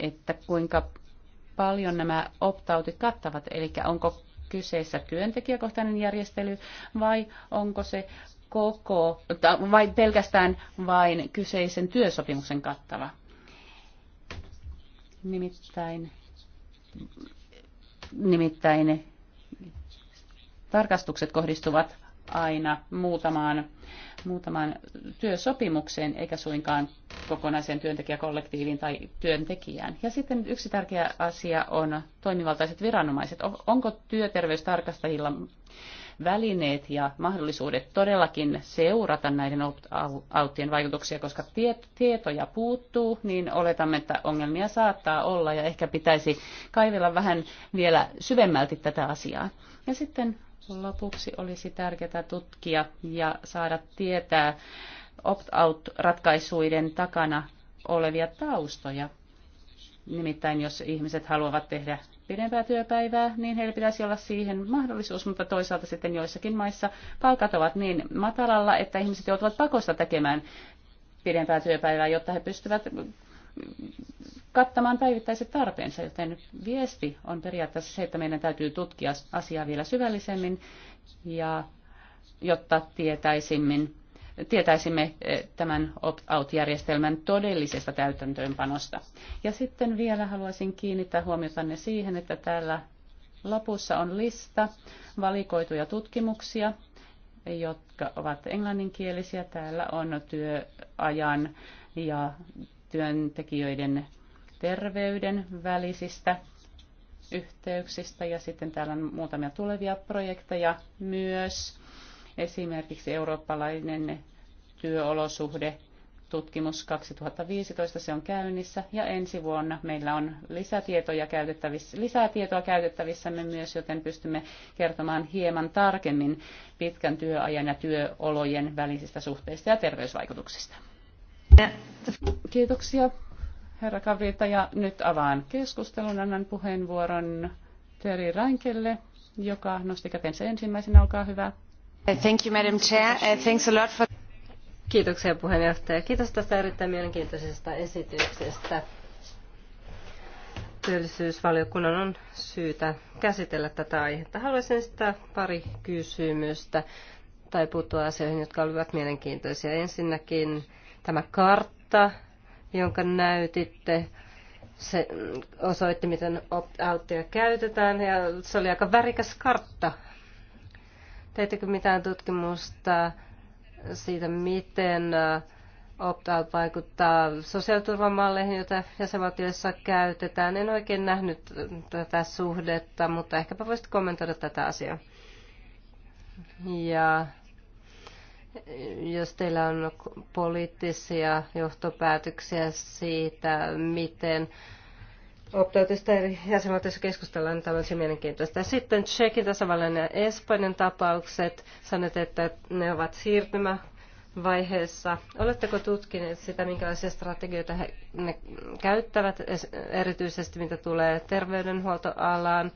että kuinka paljon nämä optautit kattavat, eli onko kyseessä työntekijäkohtainen järjestely vai onko se koko, vai pelkästään vain kyseisen työsopimuksen kattava. Nimittäin, nimittäin tarkastukset kohdistuvat aina muutamaan, muutamaan työsopimukseen eikä suinkaan kokonaiseen työntekijäkollektiiviin tai työntekijään. Ja sitten yksi tärkeä asia on toimivaltaiset viranomaiset. Onko työterveystarkastajilla välineet ja mahdollisuudet todellakin seurata näiden auttien vaikutuksia, koska tietoja puuttuu, niin oletamme, että ongelmia saattaa olla ja ehkä pitäisi kaivella vähän vielä syvemmälti tätä asiaa. Ja sitten Lopuksi olisi tärkeää tutkia ja saada tietää opt-out-ratkaisuiden takana olevia taustoja. Nimittäin jos ihmiset haluavat tehdä pidempää työpäivää, niin heillä pitäisi olla siihen mahdollisuus, mutta toisaalta sitten joissakin maissa palkat ovat niin matalalla, että ihmiset joutuvat pakosta tekemään pidempää työpäivää, jotta he pystyvät kattamaan päivittäiset tarpeensa, joten viesti on periaatteessa se, että meidän täytyy tutkia asiaa vielä syvällisemmin ja jotta tietäisimme, tietäisimme eh, tämän opt-out-järjestelmän todellisesta täytäntöönpanosta. Ja sitten vielä haluaisin kiinnittää huomiotanne siihen, että täällä lopussa on lista valikoituja tutkimuksia, jotka ovat englanninkielisiä. Täällä on työajan ja työntekijöiden terveyden välisistä yhteyksistä ja sitten täällä on muutamia tulevia projekteja myös. Esimerkiksi eurooppalainen työolosuhde tutkimus 2015 se on käynnissä ja ensi vuonna meillä on lisätietoja käytettävissä, lisää tietoa käytettävissämme myös, joten pystymme kertomaan hieman tarkemmin pitkän työajan ja työolojen välisistä suhteista ja terveysvaikutuksista. Kiitoksia, herra Kavita. Ja nyt avaan keskustelun. Annan puheenvuoron Terry Rankelle, joka nosti kätensä ensimmäisenä. Olkaa hyvä. Thank you, Madam Chair. Uh, thanks a lot for... Kiitoksia puheenjohtaja. Kiitos tästä erittäin mielenkiintoisesta esityksestä. Työllisyysvaliokunnan on syytä käsitellä tätä aihetta. Haluaisin esittää pari kysymystä tai puuttua asioihin, jotka olivat mielenkiintoisia. Ensinnäkin Tämä kartta, jonka näytitte, se osoitti, miten opt-outia käytetään, ja se oli aika värikäs kartta. Teittekö mitään tutkimusta siitä, miten äh, opt-out vaikuttaa sosiaaliturvamalleihin, joita jäsenvaltioissa käytetään. En oikein nähnyt äh, tätä suhdetta, mutta ehkäpä voisit kommentoida tätä asiaa. Ja jos teillä on poliittisia johtopäätöksiä siitä, miten optautista eri jäsenvaltioissa keskustellaan, niin tämä olisi mielenkiintoista. Sitten Tsekin tasavallan ja Espanjan tapaukset. Sanoit, että ne ovat siirtymävaiheessa. Oletteko tutkineet sitä, minkälaisia strategioita he, ne käyttävät, erityisesti mitä tulee terveydenhuoltoalaan,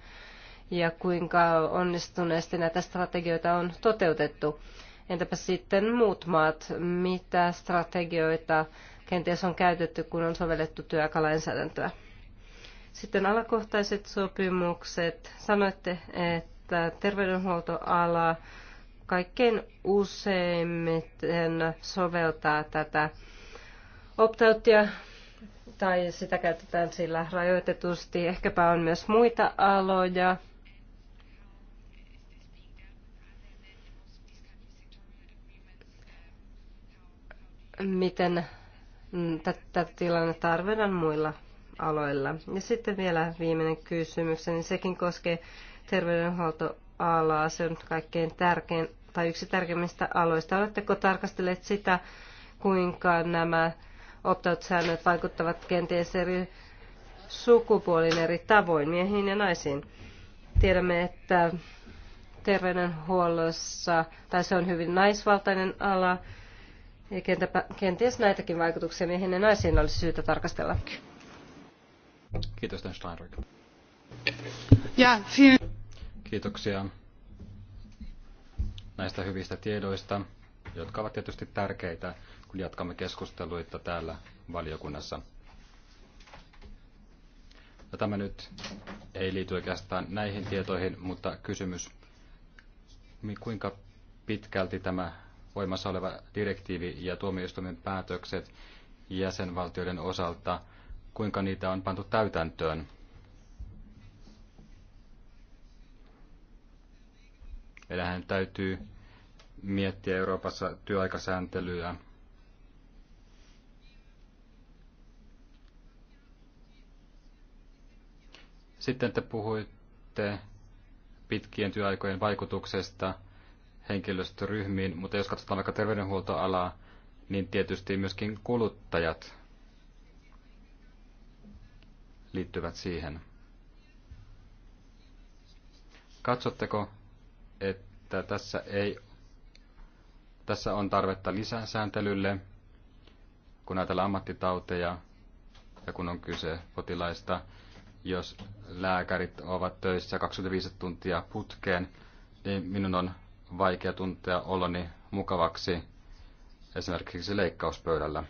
ja kuinka onnistuneesti näitä strategioita on toteutettu? Entäpä sitten muut maat? Mitä strategioita kenties on käytetty, kun on sovellettu työaikalainsäädäntöä? Sitten alakohtaiset sopimukset. Sanoitte, että terveydenhuoltoala kaikkein useimmiten soveltaa tätä optautia tai sitä käytetään sillä rajoitetusti. Ehkäpä on myös muita aloja, miten mm, tätä tilannetta arvioidaan muilla aloilla. Ja sitten vielä viimeinen kysymys, niin sekin koskee terveydenhuoltoalaa. Se on kaikkein tärkein tai yksi tärkeimmistä aloista. Oletteko tarkastelleet sitä, kuinka nämä opt-out-säännöt vaikuttavat kenties eri sukupuolin eri tavoin, miehiin ja naisiin? Tiedämme, että terveydenhuollossa, tai se on hyvin naisvaltainen ala, kentäpä, kenties näitäkin vaikutuksia miehen ja naisiin olisi syytä tarkastella. Kiitos, Steinberg. Ja, Kiitoksia näistä hyvistä tiedoista, jotka ovat tietysti tärkeitä, kun jatkamme keskusteluita täällä valiokunnassa. Ja no, tämä nyt ei liity oikeastaan näihin tietoihin, mutta kysymys, kuinka pitkälti tämä voimassa oleva direktiivi ja tuomioistuimen päätökset jäsenvaltioiden osalta, kuinka niitä on pantu täytäntöön. Meillähän täytyy miettiä Euroopassa työaikasääntelyä. Sitten te puhuitte pitkien työaikojen vaikutuksesta – henkilöstöryhmiin, mutta jos katsotaan vaikka terveydenhuoltoalaa, niin tietysti myöskin kuluttajat liittyvät siihen. Katsotteko, että tässä, ei, tässä on tarvetta lisäsääntelylle, kun ajatellaan ammattitauteja ja kun on kyse potilaista, jos lääkärit ovat töissä 25 tuntia putkeen, niin minun on vaikea tuntea oloni mukavaksi esimerkiksi leikkauspöydällä.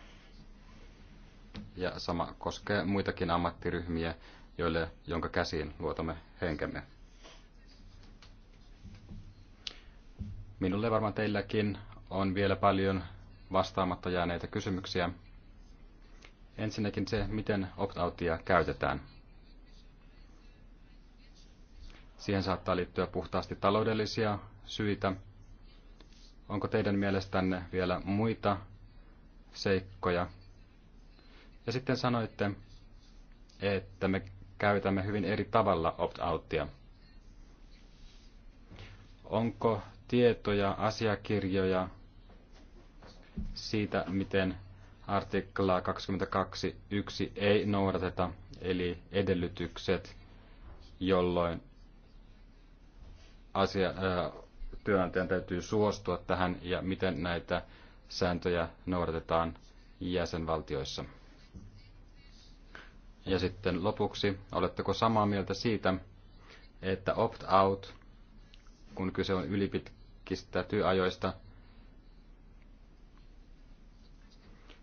Ja sama koskee muitakin ammattiryhmiä, joille, jonka käsiin luotamme henkemme. Minulle varmaan teilläkin on vielä paljon vastaamatta jääneitä kysymyksiä. Ensinnäkin se, miten opt-outia käytetään. Siihen saattaa liittyä puhtaasti taloudellisia syitä. Onko teidän mielestänne vielä muita seikkoja? Ja sitten sanoitte, että me käytämme hyvin eri tavalla opt-outtia. Onko tietoja, asiakirjoja siitä, miten artiklaa 22.1 ei noudateta, eli edellytykset, jolloin asia, äh, työnantajan täytyy suostua tähän ja miten näitä sääntöjä noudatetaan jäsenvaltioissa. Ja sitten lopuksi, oletteko samaa mieltä siitä, että opt-out, kun kyse on ylipitkistä työajoista,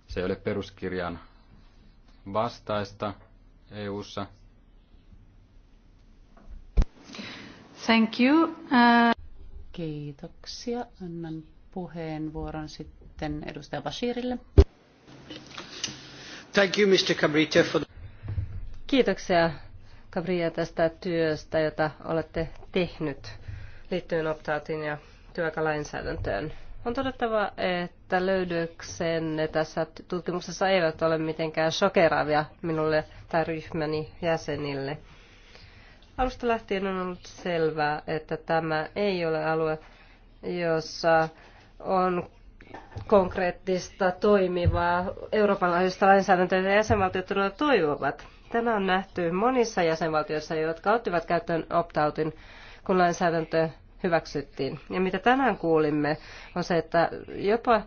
se ei ole peruskirjan vastaista EU:ssa. Thank you. Uh... Kiitoksia. Annan puheenvuoron sitten edustaja Bashirille. Thank you, Mr. Cabrita, for the... Kiitoksia Cabrita tästä työstä, jota olette tehnyt liittyen optaatin ja työaikalainsäädäntöön. On todettava, että löydöksenne tässä tutkimuksessa eivät ole mitenkään shokeraavia minulle tai ryhmäni jäsenille. Alusta lähtien on ollut selvää, että tämä ei ole alue, jossa on konkreettista, toimivaa Euroopan laajuista lainsäädäntöä ja jäsenvaltiot todella toivovat. Tämä on nähty monissa jäsenvaltioissa, jotka ottivat käyttöön opt-outin, kun lainsäädäntö hyväksyttiin. Ja mitä tänään kuulimme, on se, että jopa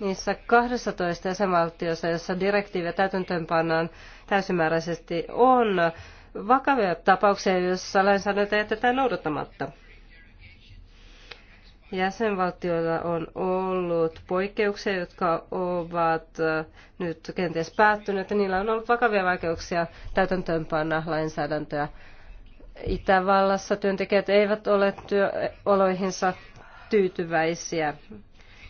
niissä 12 jäsenvaltiossa, jossa direktiiviä täytäntöönpannaan täysimääräisesti, on vakavia tapauksia, joissa lainsäädäntö jätetään noudattamatta. Jäsenvaltioilla on ollut poikkeuksia, jotka ovat äh, nyt kenties päättyneet, ja niillä on ollut vakavia vaikeuksia täytäntöönpanna lainsäädäntöä. Itävallassa työntekijät eivät ole työoloihinsa tyytyväisiä.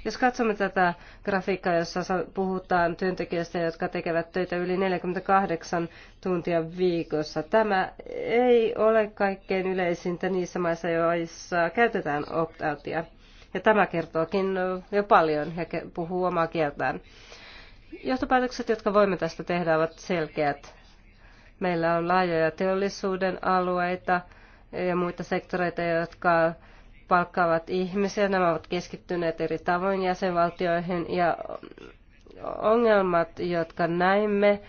Jos katsomme tätä grafiikkaa, jossa puhutaan työntekijöistä, jotka tekevät töitä yli 48 tuntia viikossa, tämä ei ole kaikkein yleisintä niissä maissa, joissa käytetään opt-outia. Ja tämä kertookin jo paljon ja puhuu omaa kieltään. Johtopäätökset, jotka voimme tästä tehdä, ovat selkeät. Meillä on laajoja teollisuuden alueita ja muita sektoreita, jotka palkkaavat ihmisiä. Nämä ovat keskittyneet eri tavoin jäsenvaltioihin ja ongelmat, jotka näimme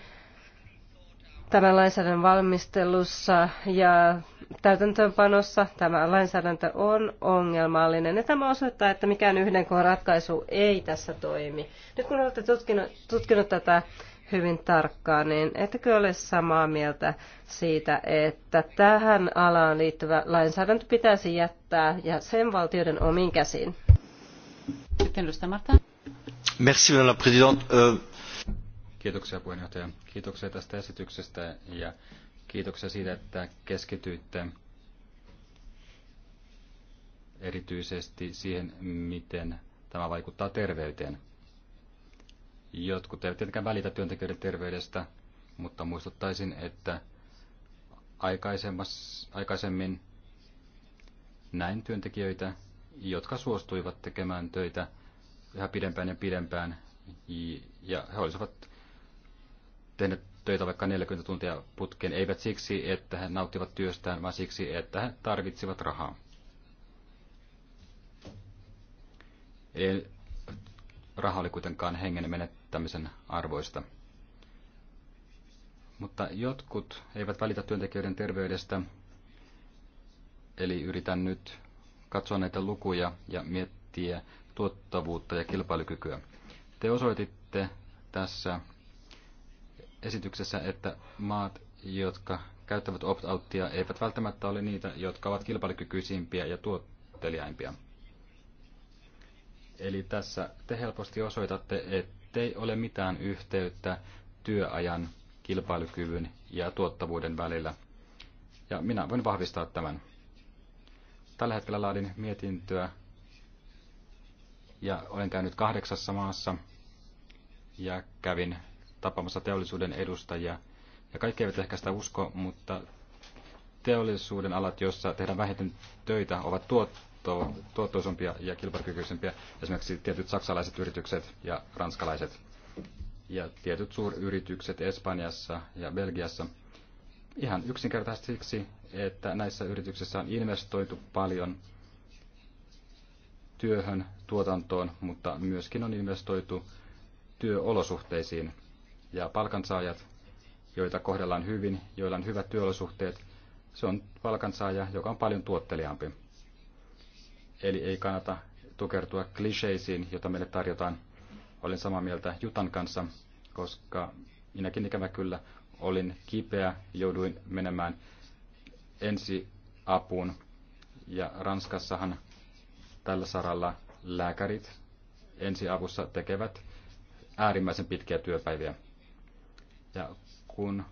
tämän lainsäädännön valmistelussa ja täytäntöönpanossa, tämä lainsäädäntö on ongelmallinen. Ja tämä osoittaa, että mikään yhden ratkaisu ei tässä toimi. Nyt kun olette tutkinut, tutkinut tätä hyvin tarkkaan, niin etkö ole samaa mieltä siitä, että tähän alaan liittyvä lainsäädäntö pitäisi jättää ja sen valtioiden omiin käsiin? Sitten edustaja Marta. Merci, madame la présidente. Euh, kiitoksia puheenjohtaja. Kiitoksia tästä esityksestä ja kiitoksia siitä, että keskityitte erityisesti siihen, miten tämä vaikuttaa terveyteen. Jotkut eivät tietenkään välitä työntekijöiden terveydestä, mutta muistuttaisin, että aikaisemmin näin työntekijöitä, jotka suostuivat tekemään töitä yhä pidempään ja pidempään, ja he olisivat tehneet töitä vaikka 40 tuntia putkeen, eivät siksi, että he nauttivat työstään, vaan siksi, että he tarvitsivat rahaa. Eli raha oli kuitenkaan hengen välittämisen arvoista. Mutta jotkut eivät välitä työntekijöiden terveydestä, eli yritän nyt katsoa näitä lukuja ja miettiä tuottavuutta ja kilpailukykyä. Te osoititte tässä esityksessä, että maat, jotka käyttävät opt-outtia, eivät välttämättä ole niitä, jotka ovat kilpailukykyisimpiä ja tuotteliaimpia. Eli tässä te helposti osoitatte, että ettei ole mitään yhteyttä työajan, kilpailukyvyn ja tuottavuuden välillä. Ja minä voin vahvistaa tämän. Tällä hetkellä laadin mietintöä ja olen käynyt kahdeksassa maassa ja kävin tapaamassa teollisuuden edustajia. Ja kaikki eivät ehkä sitä usko, mutta teollisuuden alat, joissa tehdään vähiten töitä, ovat tuot, tuottoisempia ja kilpailukykyisempiä, esimerkiksi tietyt saksalaiset yritykset ja ranskalaiset ja tietyt suuryritykset Espanjassa ja Belgiassa. Ihan yksinkertaisesti siksi, että näissä yrityksissä on investoitu paljon työhön, tuotantoon, mutta myöskin on investoitu työolosuhteisiin. Ja palkansaajat, joita kohdellaan hyvin, joilla on hyvät työolosuhteet, se on palkansaaja, joka on paljon tuotteliaampi. Eli ei kannata tukertua kliseisiin, joita meille tarjotaan. Olen samaa mieltä Jutan kanssa, koska minäkin ikävä kyllä olin kipeä, jouduin menemään ensiapuun. Ja Ranskassahan tällä saralla lääkärit ensiavussa tekevät äärimmäisen pitkiä työpäiviä. Ja kun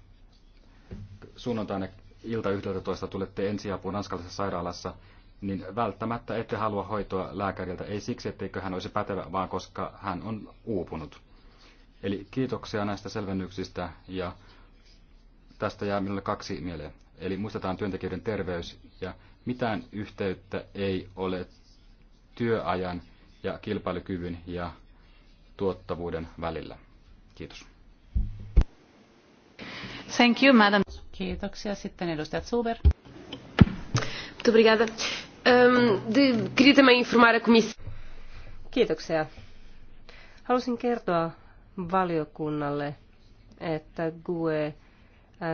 sunnuntaina ilta 11 tulette ensiapuun ranskalaisessa sairaalassa, niin välttämättä ette halua hoitoa lääkäriltä. Ei siksi, etteikö hän olisi pätevä, vaan koska hän on uupunut. Eli kiitoksia näistä selvennyksistä ja tästä jää minulle kaksi mieleen. Eli muistetaan työntekijöiden terveys ja mitään yhteyttä ei ole työajan ja kilpailukyvyn ja tuottavuuden välillä. Kiitos. Thank you, madam. Kiitoksia. Sitten edustajat Suber. Obrigada. Ehm, de, queria também informar a comissão. Kiitoksia. Halusin kertoa valiokunnalle, että GUE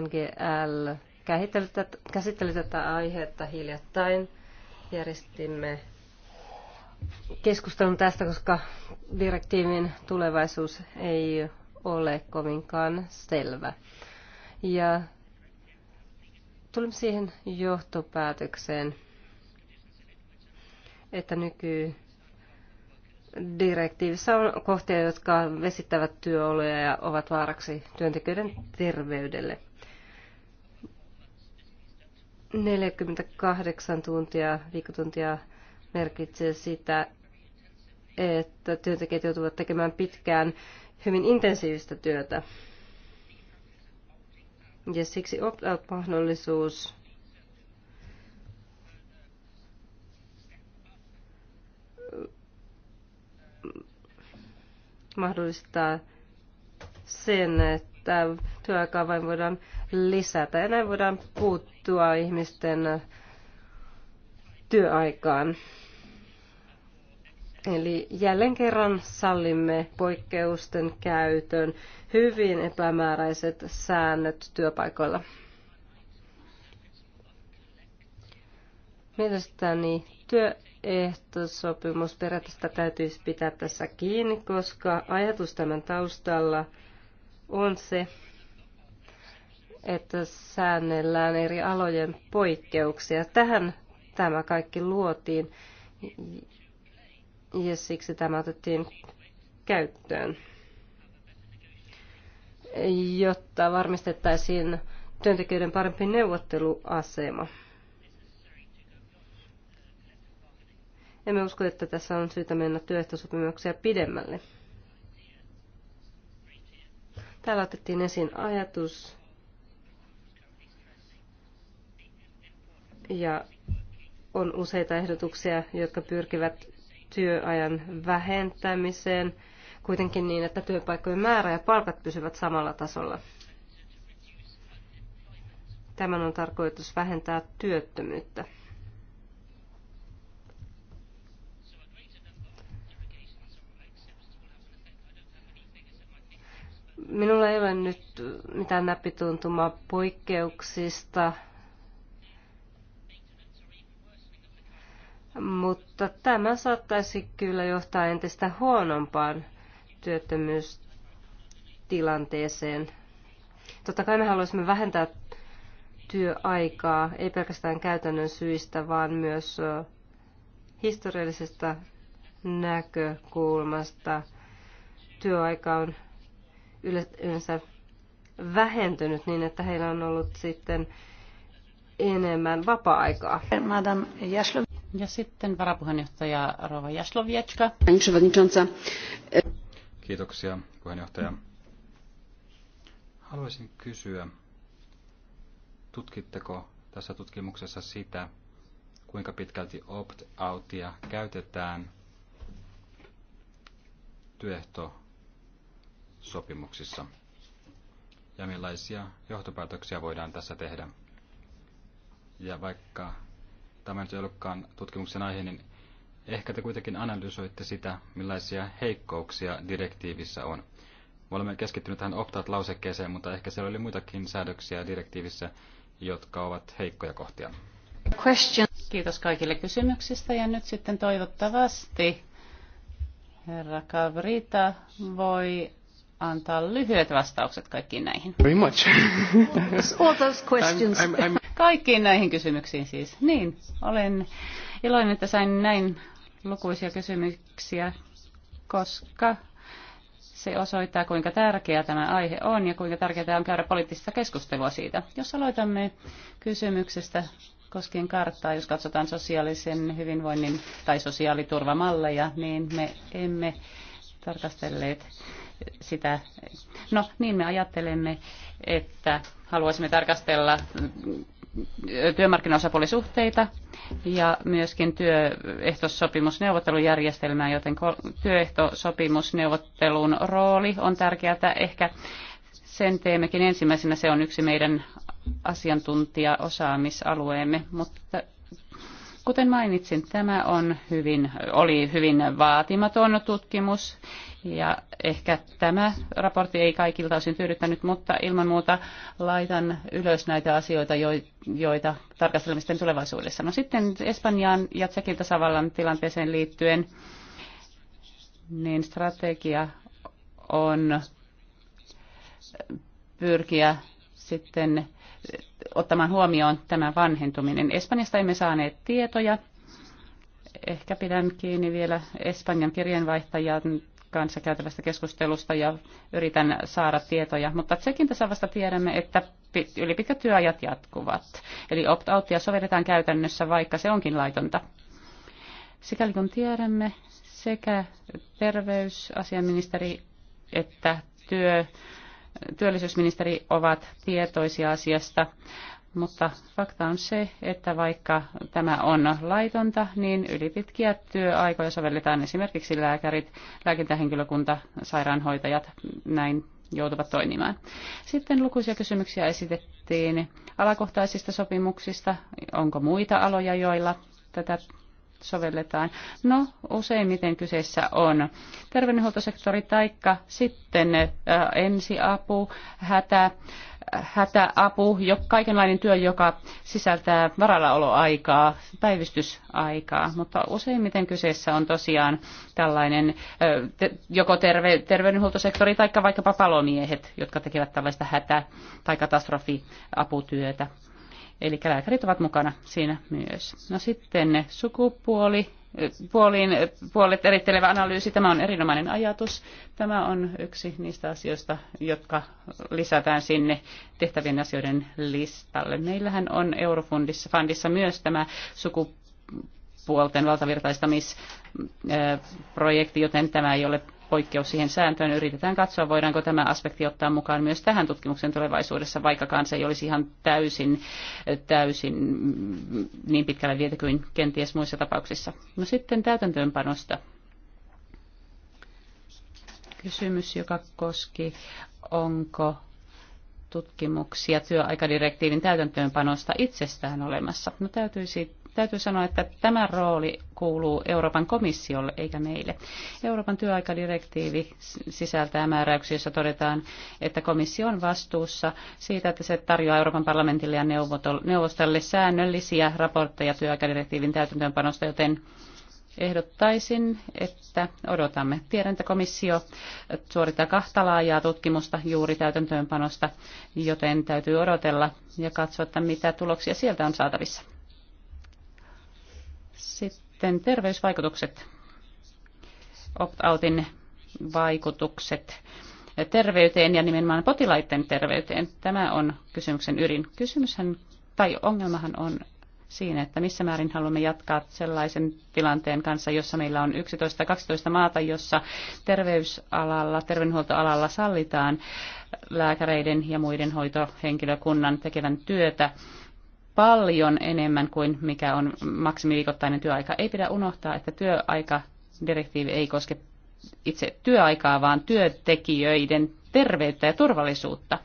NGL käsitteli tätä aihetta hiljattain. Järjestimme keskustelun tästä, koska direktiivin tulevaisuus ei ole kovinkaan selvä. Ja tulimme siihen johtopäätökseen, että nyky direktiivissä on kohtia, jotka vesittävät työoloja ja ovat vaaraksi työntekijöiden terveydelle. 48 tuntia, viikotuntia merkitsee sitä, että työntekijät joutuvat tekemään pitkään hyvin intensiivistä työtä. Ja siksi opt-out-mahdollisuus mahdollistaa sen, että työaikaa vain voidaan lisätä ja näin voidaan puuttua ihmisten työaikaan. Eli jälleen kerran sallimme poikkeusten käytön hyvin epämääräiset säännöt työpaikoilla. Mielestäni työ ehtosopimusperiaatteesta täytyisi pitää tässä kiinni, koska ajatus tämän taustalla on se, että säännellään eri alojen poikkeuksia. Tähän tämä kaikki luotiin ja siksi tämä otettiin käyttöön, jotta varmistettaisiin työntekijöiden parempi neuvotteluasema. Emme usko, että tässä on syytä mennä työehtosopimuksia pidemmälle. Täällä otettiin esiin ajatus ja on useita ehdotuksia, jotka pyrkivät työajan vähentämiseen, kuitenkin niin, että työpaikkojen määrä ja palkat pysyvät samalla tasolla. Tämän on tarkoitus vähentää työttömyyttä. Minulla ei ole nyt mitään näppituntumaa poikkeuksista, mutta tämä saattaisi kyllä johtaa entistä huonompaan työttömyystilanteeseen. Totta kai me haluaisimme vähentää työaikaa, ei pelkästään käytännön syistä, vaan myös historiallisesta näkökulmasta. Työaika on yleensä vähentynyt niin, että heillä on ollut sitten enemmän vapaa-aikaa. Madam Jaslov. Ja sitten varapuheenjohtaja Rova Jaslovietska. Kiitoksia puheenjohtaja. Haluaisin kysyä, tutkitteko tässä tutkimuksessa sitä, kuinka pitkälti opt-outia käytetään työehto sopimuksissa ja millaisia johtopäätöksiä voidaan tässä tehdä. Ja vaikka tämä ei ollutkaan tutkimuksen aihe, niin ehkä te kuitenkin analysoitte sitä, millaisia heikkouksia direktiivissä on. Me olemme keskittyneet tähän optaat-lausekkeeseen, mutta ehkä siellä oli muitakin säädöksiä direktiivissä, jotka ovat heikkoja kohtia. Question. Kiitos kaikille kysymyksistä ja nyt sitten toivottavasti herra Kavrita voi antaa lyhyet vastaukset kaikkiin näihin. Very much. All those questions. I'm, I'm, I'm... Kaikkiin näihin kysymyksiin siis. Niin, olen iloinen, että sain näin lukuisia kysymyksiä, koska se osoittaa, kuinka tärkeä tämä aihe on ja kuinka tärkeää on käydä poliittista keskustelua siitä. Jos aloitamme kysymyksestä koskien karttaa, jos katsotaan sosiaalisen hyvinvoinnin tai sosiaaliturvamalleja, niin me emme tarkastelleet sitä, no niin me ajattelemme, että haluaisimme tarkastella työmarkkinaosapuolisuhteita ja myöskin työehtosopimusneuvottelujärjestelmää, joten työehtosopimusneuvottelun rooli on tärkeää. Ehkä sen teemmekin ensimmäisenä, se on yksi meidän asiantuntijaosaamisalueemme, mutta kuten mainitsin, tämä on hyvin, oli hyvin vaatimaton tutkimus ja ehkä tämä raportti ei kaikilta osin tyydyttänyt, mutta ilman muuta laitan ylös näitä asioita, joita tarkastelemme tulevaisuudessa. No sitten Espanjaan ja Tsekin tasavallan tilanteeseen liittyen, niin strategia on pyrkiä sitten ottamaan huomioon tämä vanhentuminen. Espanjasta emme saaneet tietoja. Ehkä pidän kiinni vielä Espanjan kirjeenvaihtajan kanssa käytävästä keskustelusta ja yritän saada tietoja. Mutta sekin tässä vasta tiedämme, että ylipitkät työajat jatkuvat. Eli opt-outia sovelletaan käytännössä, vaikka se onkin laitonta. Sikäli kun tiedämme, sekä terveysasiaministeri että työ, työllisyysministeri ovat tietoisia asiasta mutta fakta on se, että vaikka tämä on laitonta, niin ylipitkiä työaikoja sovelletaan esimerkiksi lääkärit, lääkintähenkilökunta, sairaanhoitajat, näin joutuvat toimimaan. Sitten lukuisia kysymyksiä esitettiin alakohtaisista sopimuksista. Onko muita aloja, joilla tätä sovelletaan. No, useimmiten kyseessä on terveydenhuoltosektori taikka sitten äh, ensiapu, hätä, äh, hätäapu, jo, kaikenlainen työ, joka sisältää varallaoloaikaa, päivystysaikaa, mutta useimmiten kyseessä on tosiaan tällainen äh, te, joko terve, terveydenhuoltosektori tai vaikkapa palomiehet, jotka tekevät tällaista hätä- tai katastrofiaputyötä. Eli lääkärit ovat mukana siinä myös. No sitten sukupuoli, puoliin, puolet erittelevä analyysi, tämä on erinomainen ajatus. Tämä on yksi niistä asioista, jotka lisätään sinne tehtävien asioiden listalle. Meillähän on Eurofundissa fundissa myös tämä sukupuolten valtavirtaistamisprojekti, joten tämä ei ole poikkeus siihen sääntöön. Yritetään katsoa, voidaanko tämä aspekti ottaa mukaan myös tähän tutkimuksen tulevaisuudessa, vaikkakaan se ei olisi ihan täysin, täysin niin pitkälle viety kuin kenties muissa tapauksissa. No sitten täytäntöönpanosta. Kysymys, joka koski, onko tutkimuksia työaikadirektiivin täytäntöönpanosta itsestään olemassa. No täytyisi täytyy sanoa, että tämä rooli kuuluu Euroopan komissiolle eikä meille. Euroopan työaikadirektiivi sisältää määräyksiä, joissa todetaan, että komissio on vastuussa siitä, että se tarjoaa Euroopan parlamentille ja neuvostolle säännöllisiä raportteja työaikadirektiivin täytäntöönpanosta, joten ehdottaisin, että odotamme. Tiedän, että komissio suorittaa kahta laajaa tutkimusta juuri täytäntöönpanosta, joten täytyy odotella ja katsoa, että mitä tuloksia sieltä on saatavissa. Sitten terveysvaikutukset, opt-outin vaikutukset terveyteen ja nimenomaan potilaiden terveyteen. Tämä on kysymyksen ydin. Kysymyshän tai ongelmahan on siinä, että missä määrin haluamme jatkaa sellaisen tilanteen kanssa, jossa meillä on 11 12 maata, jossa terveysalalla, terveydenhuoltoalalla sallitaan lääkäreiden ja muiden hoitohenkilökunnan tekevän työtä paljon enemmän kuin mikä on maksimiviikoittainen työaika. Ei pidä unohtaa, että työaikadirektiivi ei koske itse työaikaa, vaan työntekijöiden terveyttä ja turvallisuutta.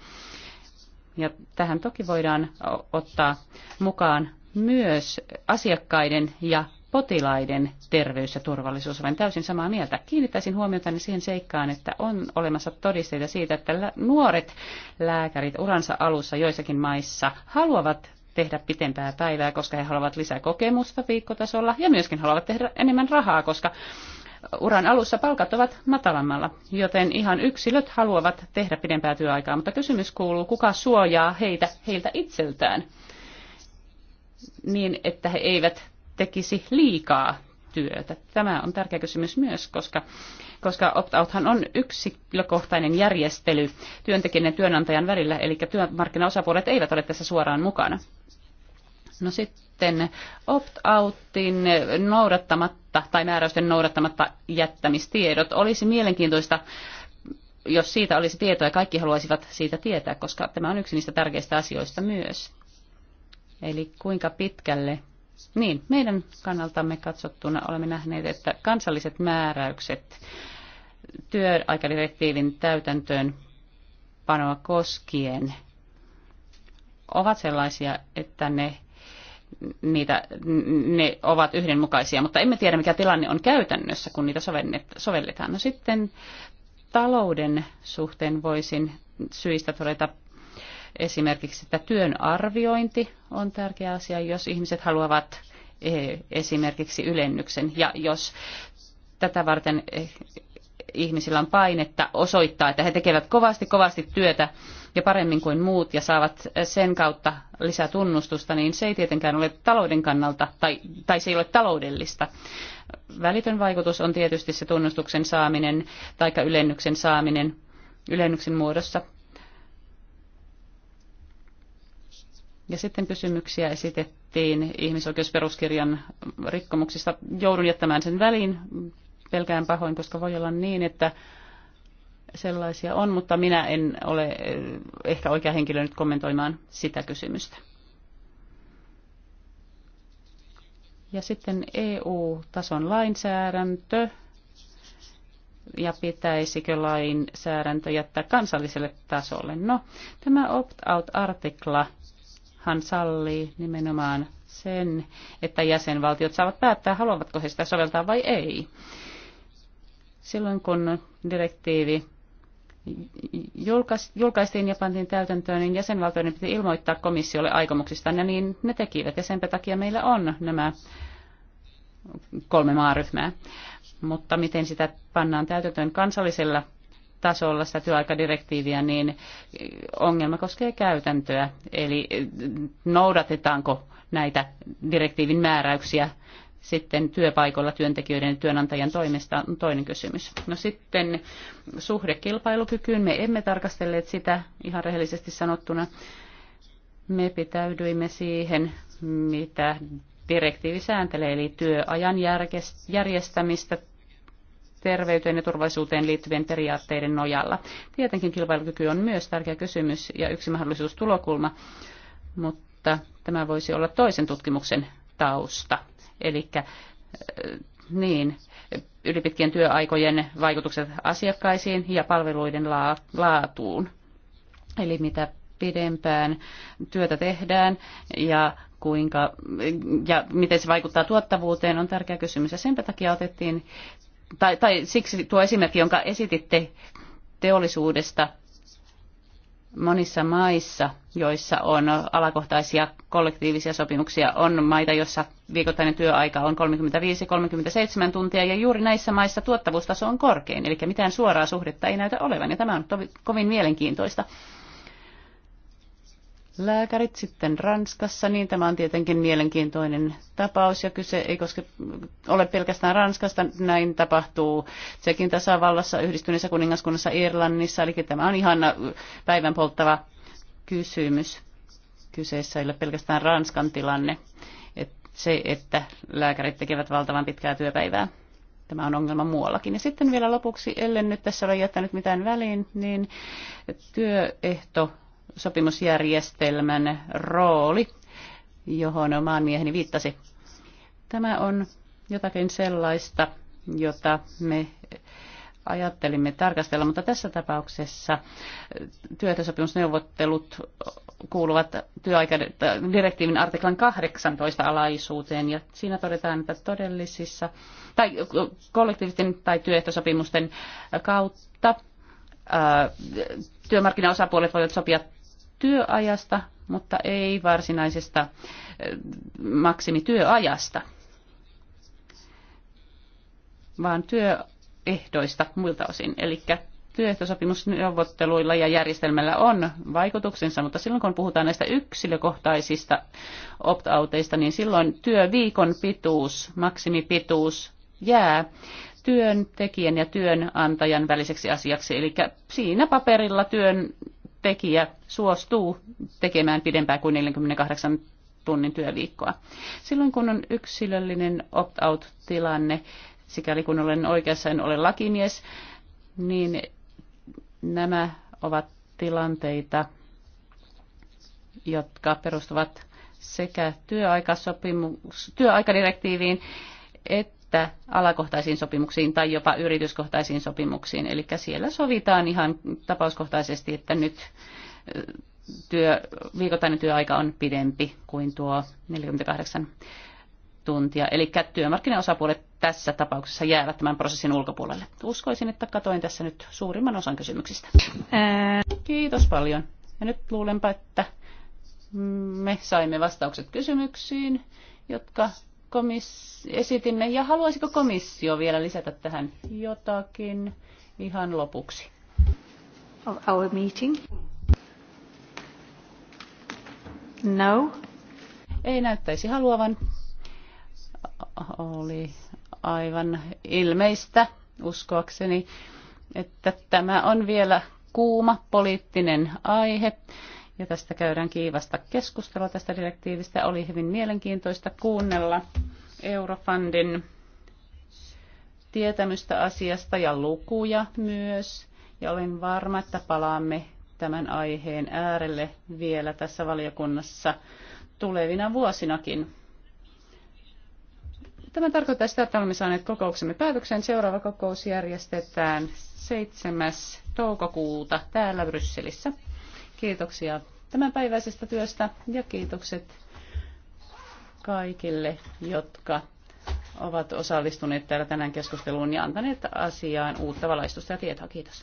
Ja tähän toki voidaan ottaa mukaan myös asiakkaiden ja potilaiden terveys ja turvallisuus. Olen täysin samaa mieltä. Kiinnittäisin huomiota niin siihen seikkaan, että on olemassa todisteita siitä, että nuoret lääkärit uransa alussa joissakin maissa haluavat tehdä pitempää päivää, koska he haluavat lisää kokemusta viikkotasolla ja myöskin haluavat tehdä enemmän rahaa, koska uran alussa palkat ovat matalammalla, joten ihan yksilöt haluavat tehdä pidempää työaikaa, mutta kysymys kuuluu, kuka suojaa heitä heiltä itseltään niin, että he eivät tekisi liikaa työtä. Tämä on tärkeä kysymys myös, koska, koska opt-outhan on yksilökohtainen järjestely työntekijän ja työnantajan välillä, eli työmarkkinaosapuolet eivät ole tässä suoraan mukana. No sitten opt-outin noudattamatta tai määräysten noudattamatta jättämistiedot. Olisi mielenkiintoista, jos siitä olisi tietoa ja kaikki haluaisivat siitä tietää, koska tämä on yksi niistä tärkeistä asioista myös. Eli kuinka pitkälle niin, meidän kannaltamme katsottuna olemme nähneet, että kansalliset määräykset työaikadirektiivin täytäntöön panoa koskien ovat sellaisia, että ne niitä, ne ovat yhdenmukaisia, mutta emme tiedä mikä tilanne on käytännössä, kun niitä sovelletaan. No sitten talouden suhteen voisin syistä todeta esimerkiksi, että työn arviointi on tärkeä asia, jos ihmiset haluavat eh, esimerkiksi ylennyksen ja jos tätä varten eh, ihmisillä on painetta osoittaa, että he tekevät kovasti kovasti työtä ja paremmin kuin muut ja saavat sen kautta lisää tunnustusta, niin se ei tietenkään ole talouden kannalta tai, tai se ei ole taloudellista. Välitön vaikutus on tietysti se tunnustuksen saaminen tai ylennyksen saaminen ylennyksen muodossa. Ja sitten kysymyksiä esitettiin ihmisoikeusperuskirjan rikkomuksista. Joudun jättämään sen väliin pelkään pahoin, koska voi olla niin, että sellaisia on, mutta minä en ole eh, ehkä oikea henkilö nyt kommentoimaan sitä kysymystä. Ja sitten EU-tason lainsäädäntö ja pitäisikö lainsäädäntö jättää kansalliselle tasolle. No, tämä opt-out-artikla hän sallii nimenomaan sen, että jäsenvaltiot saavat päättää, haluavatko he sitä soveltaa vai ei. Silloin kun direktiivi julkaistiin ja pantiin täytäntöön, niin jäsenvaltioiden piti ilmoittaa komissiolle aikomuksistaan, ja niin ne tekivät, ja sen takia meillä on nämä kolme maaryhmää. Mutta miten sitä pannaan täytäntöön kansallisella tasolla sitä työaikadirektiiviä, niin ongelma koskee käytäntöä. Eli noudatetaanko näitä direktiivin määräyksiä sitten työpaikoilla työntekijöiden ja työnantajan toimesta on toinen kysymys. No sitten suhde kilpailukykyyn. Me emme tarkastelleet sitä ihan rehellisesti sanottuna. Me pitäydyimme siihen, mitä direktiivi sääntelee, eli työajan järjestämistä terveyteen ja turvallisuuteen liittyvien periaatteiden nojalla. Tietenkin kilpailukyky on myös tärkeä kysymys ja yksi mahdollisuus tulokulma, mutta tämä voisi olla toisen tutkimuksen tausta Eli äh, niin, ylipitkien työaikojen vaikutukset asiakkaisiin ja palveluiden laatuun. Eli mitä pidempään työtä tehdään ja kuinka, ja miten se vaikuttaa tuottavuuteen on tärkeä kysymys. Ja sen takia otettiin, tai, tai siksi tuo esimerkki, jonka esititte teollisuudesta monissa maissa, joissa on alakohtaisia kollektiivisia sopimuksia, on maita, joissa viikoittainen työaika on 35-37 tuntia, ja juuri näissä maissa tuottavuustaso on korkein, eli mitään suoraa suhdetta ei näytä olevan, ja tämä on kovin mielenkiintoista lääkärit sitten Ranskassa, niin tämä on tietenkin mielenkiintoinen tapaus ja kyse ei koske, ole pelkästään Ranskasta, näin tapahtuu sekin tasavallassa, yhdistyneessä kuningaskunnassa, Irlannissa, eli tämä on ihan päivän polttava kysymys. Kyseessä ei ole pelkästään Ranskan tilanne, Et se, että lääkärit tekevät valtavan pitkää työpäivää. Tämä on ongelma muuallakin. Ja sitten vielä lopuksi, ellen nyt tässä ole jättänyt mitään väliin, niin työehto sopimusjärjestelmän rooli, johon omaan mieheni viittasi. Tämä on jotakin sellaista, jota me ajattelimme tarkastella, mutta tässä tapauksessa työehtosopimusneuvottelut kuuluvat työaikadirektiivin artiklan 18 alaisuuteen ja siinä todetaan, että todellisissa tai kollektiivisten tai työehtosopimusten kautta ää, työmarkkinaosapuolet voivat sopia työajasta, mutta ei varsinaisesta maksimityöajasta, vaan työehdoista muilta osin. Eli työehtosopimusneuvotteluilla ja järjestelmällä on vaikutuksensa, mutta silloin kun puhutaan näistä yksilökohtaisista opt-outeista, niin silloin työviikon pituus, maksimipituus jää työntekijän ja työnantajan väliseksi asiaksi. Eli siinä paperilla työn tekijä suostuu tekemään pidempää kuin 48 tunnin työviikkoa. Silloin kun on yksilöllinen opt-out-tilanne, sikäli kun olen oikeassa, en ole lakimies, niin nämä ovat tilanteita, jotka perustuvat sekä työaikasopimus, työaikadirektiiviin että että alakohtaisiin sopimuksiin tai jopa yrityskohtaisiin sopimuksiin. Eli siellä sovitaan ihan tapauskohtaisesti, että nyt työ, viikoittainen työaika on pidempi kuin tuo 48 tuntia. Eli työmarkkinaosapuolet tässä tapauksessa jäävät tämän prosessin ulkopuolelle. Uskoisin, että katoin tässä nyt suurimman osan kysymyksistä. Kiitos paljon. Ja nyt luulenpa, että me saimme vastaukset kysymyksiin, jotka komis- esitimme. Ja haluaisiko komissio vielä lisätä tähän jotakin ihan lopuksi? Of our meeting? No. Ei näyttäisi haluavan. Oli aivan ilmeistä, uskoakseni, että tämä on vielä kuuma poliittinen aihe ja tästä käydään kiivasta keskustelua tästä direktiivistä. Oli hyvin mielenkiintoista kuunnella Eurofundin tietämystä asiasta ja lukuja myös. Ja olen varma, että palaamme tämän aiheen äärelle vielä tässä valiokunnassa tulevina vuosinakin. Tämä tarkoittaa sitä, että olemme saaneet kokouksemme päätöksen. Seuraava kokous järjestetään 7. toukokuuta täällä Brysselissä. Kiitoksia tämänpäiväisestä työstä ja kiitokset kaikille, jotka ovat osallistuneet täällä tänään keskusteluun ja antaneet asiaan uutta valaistusta ja tietoa. Kiitos.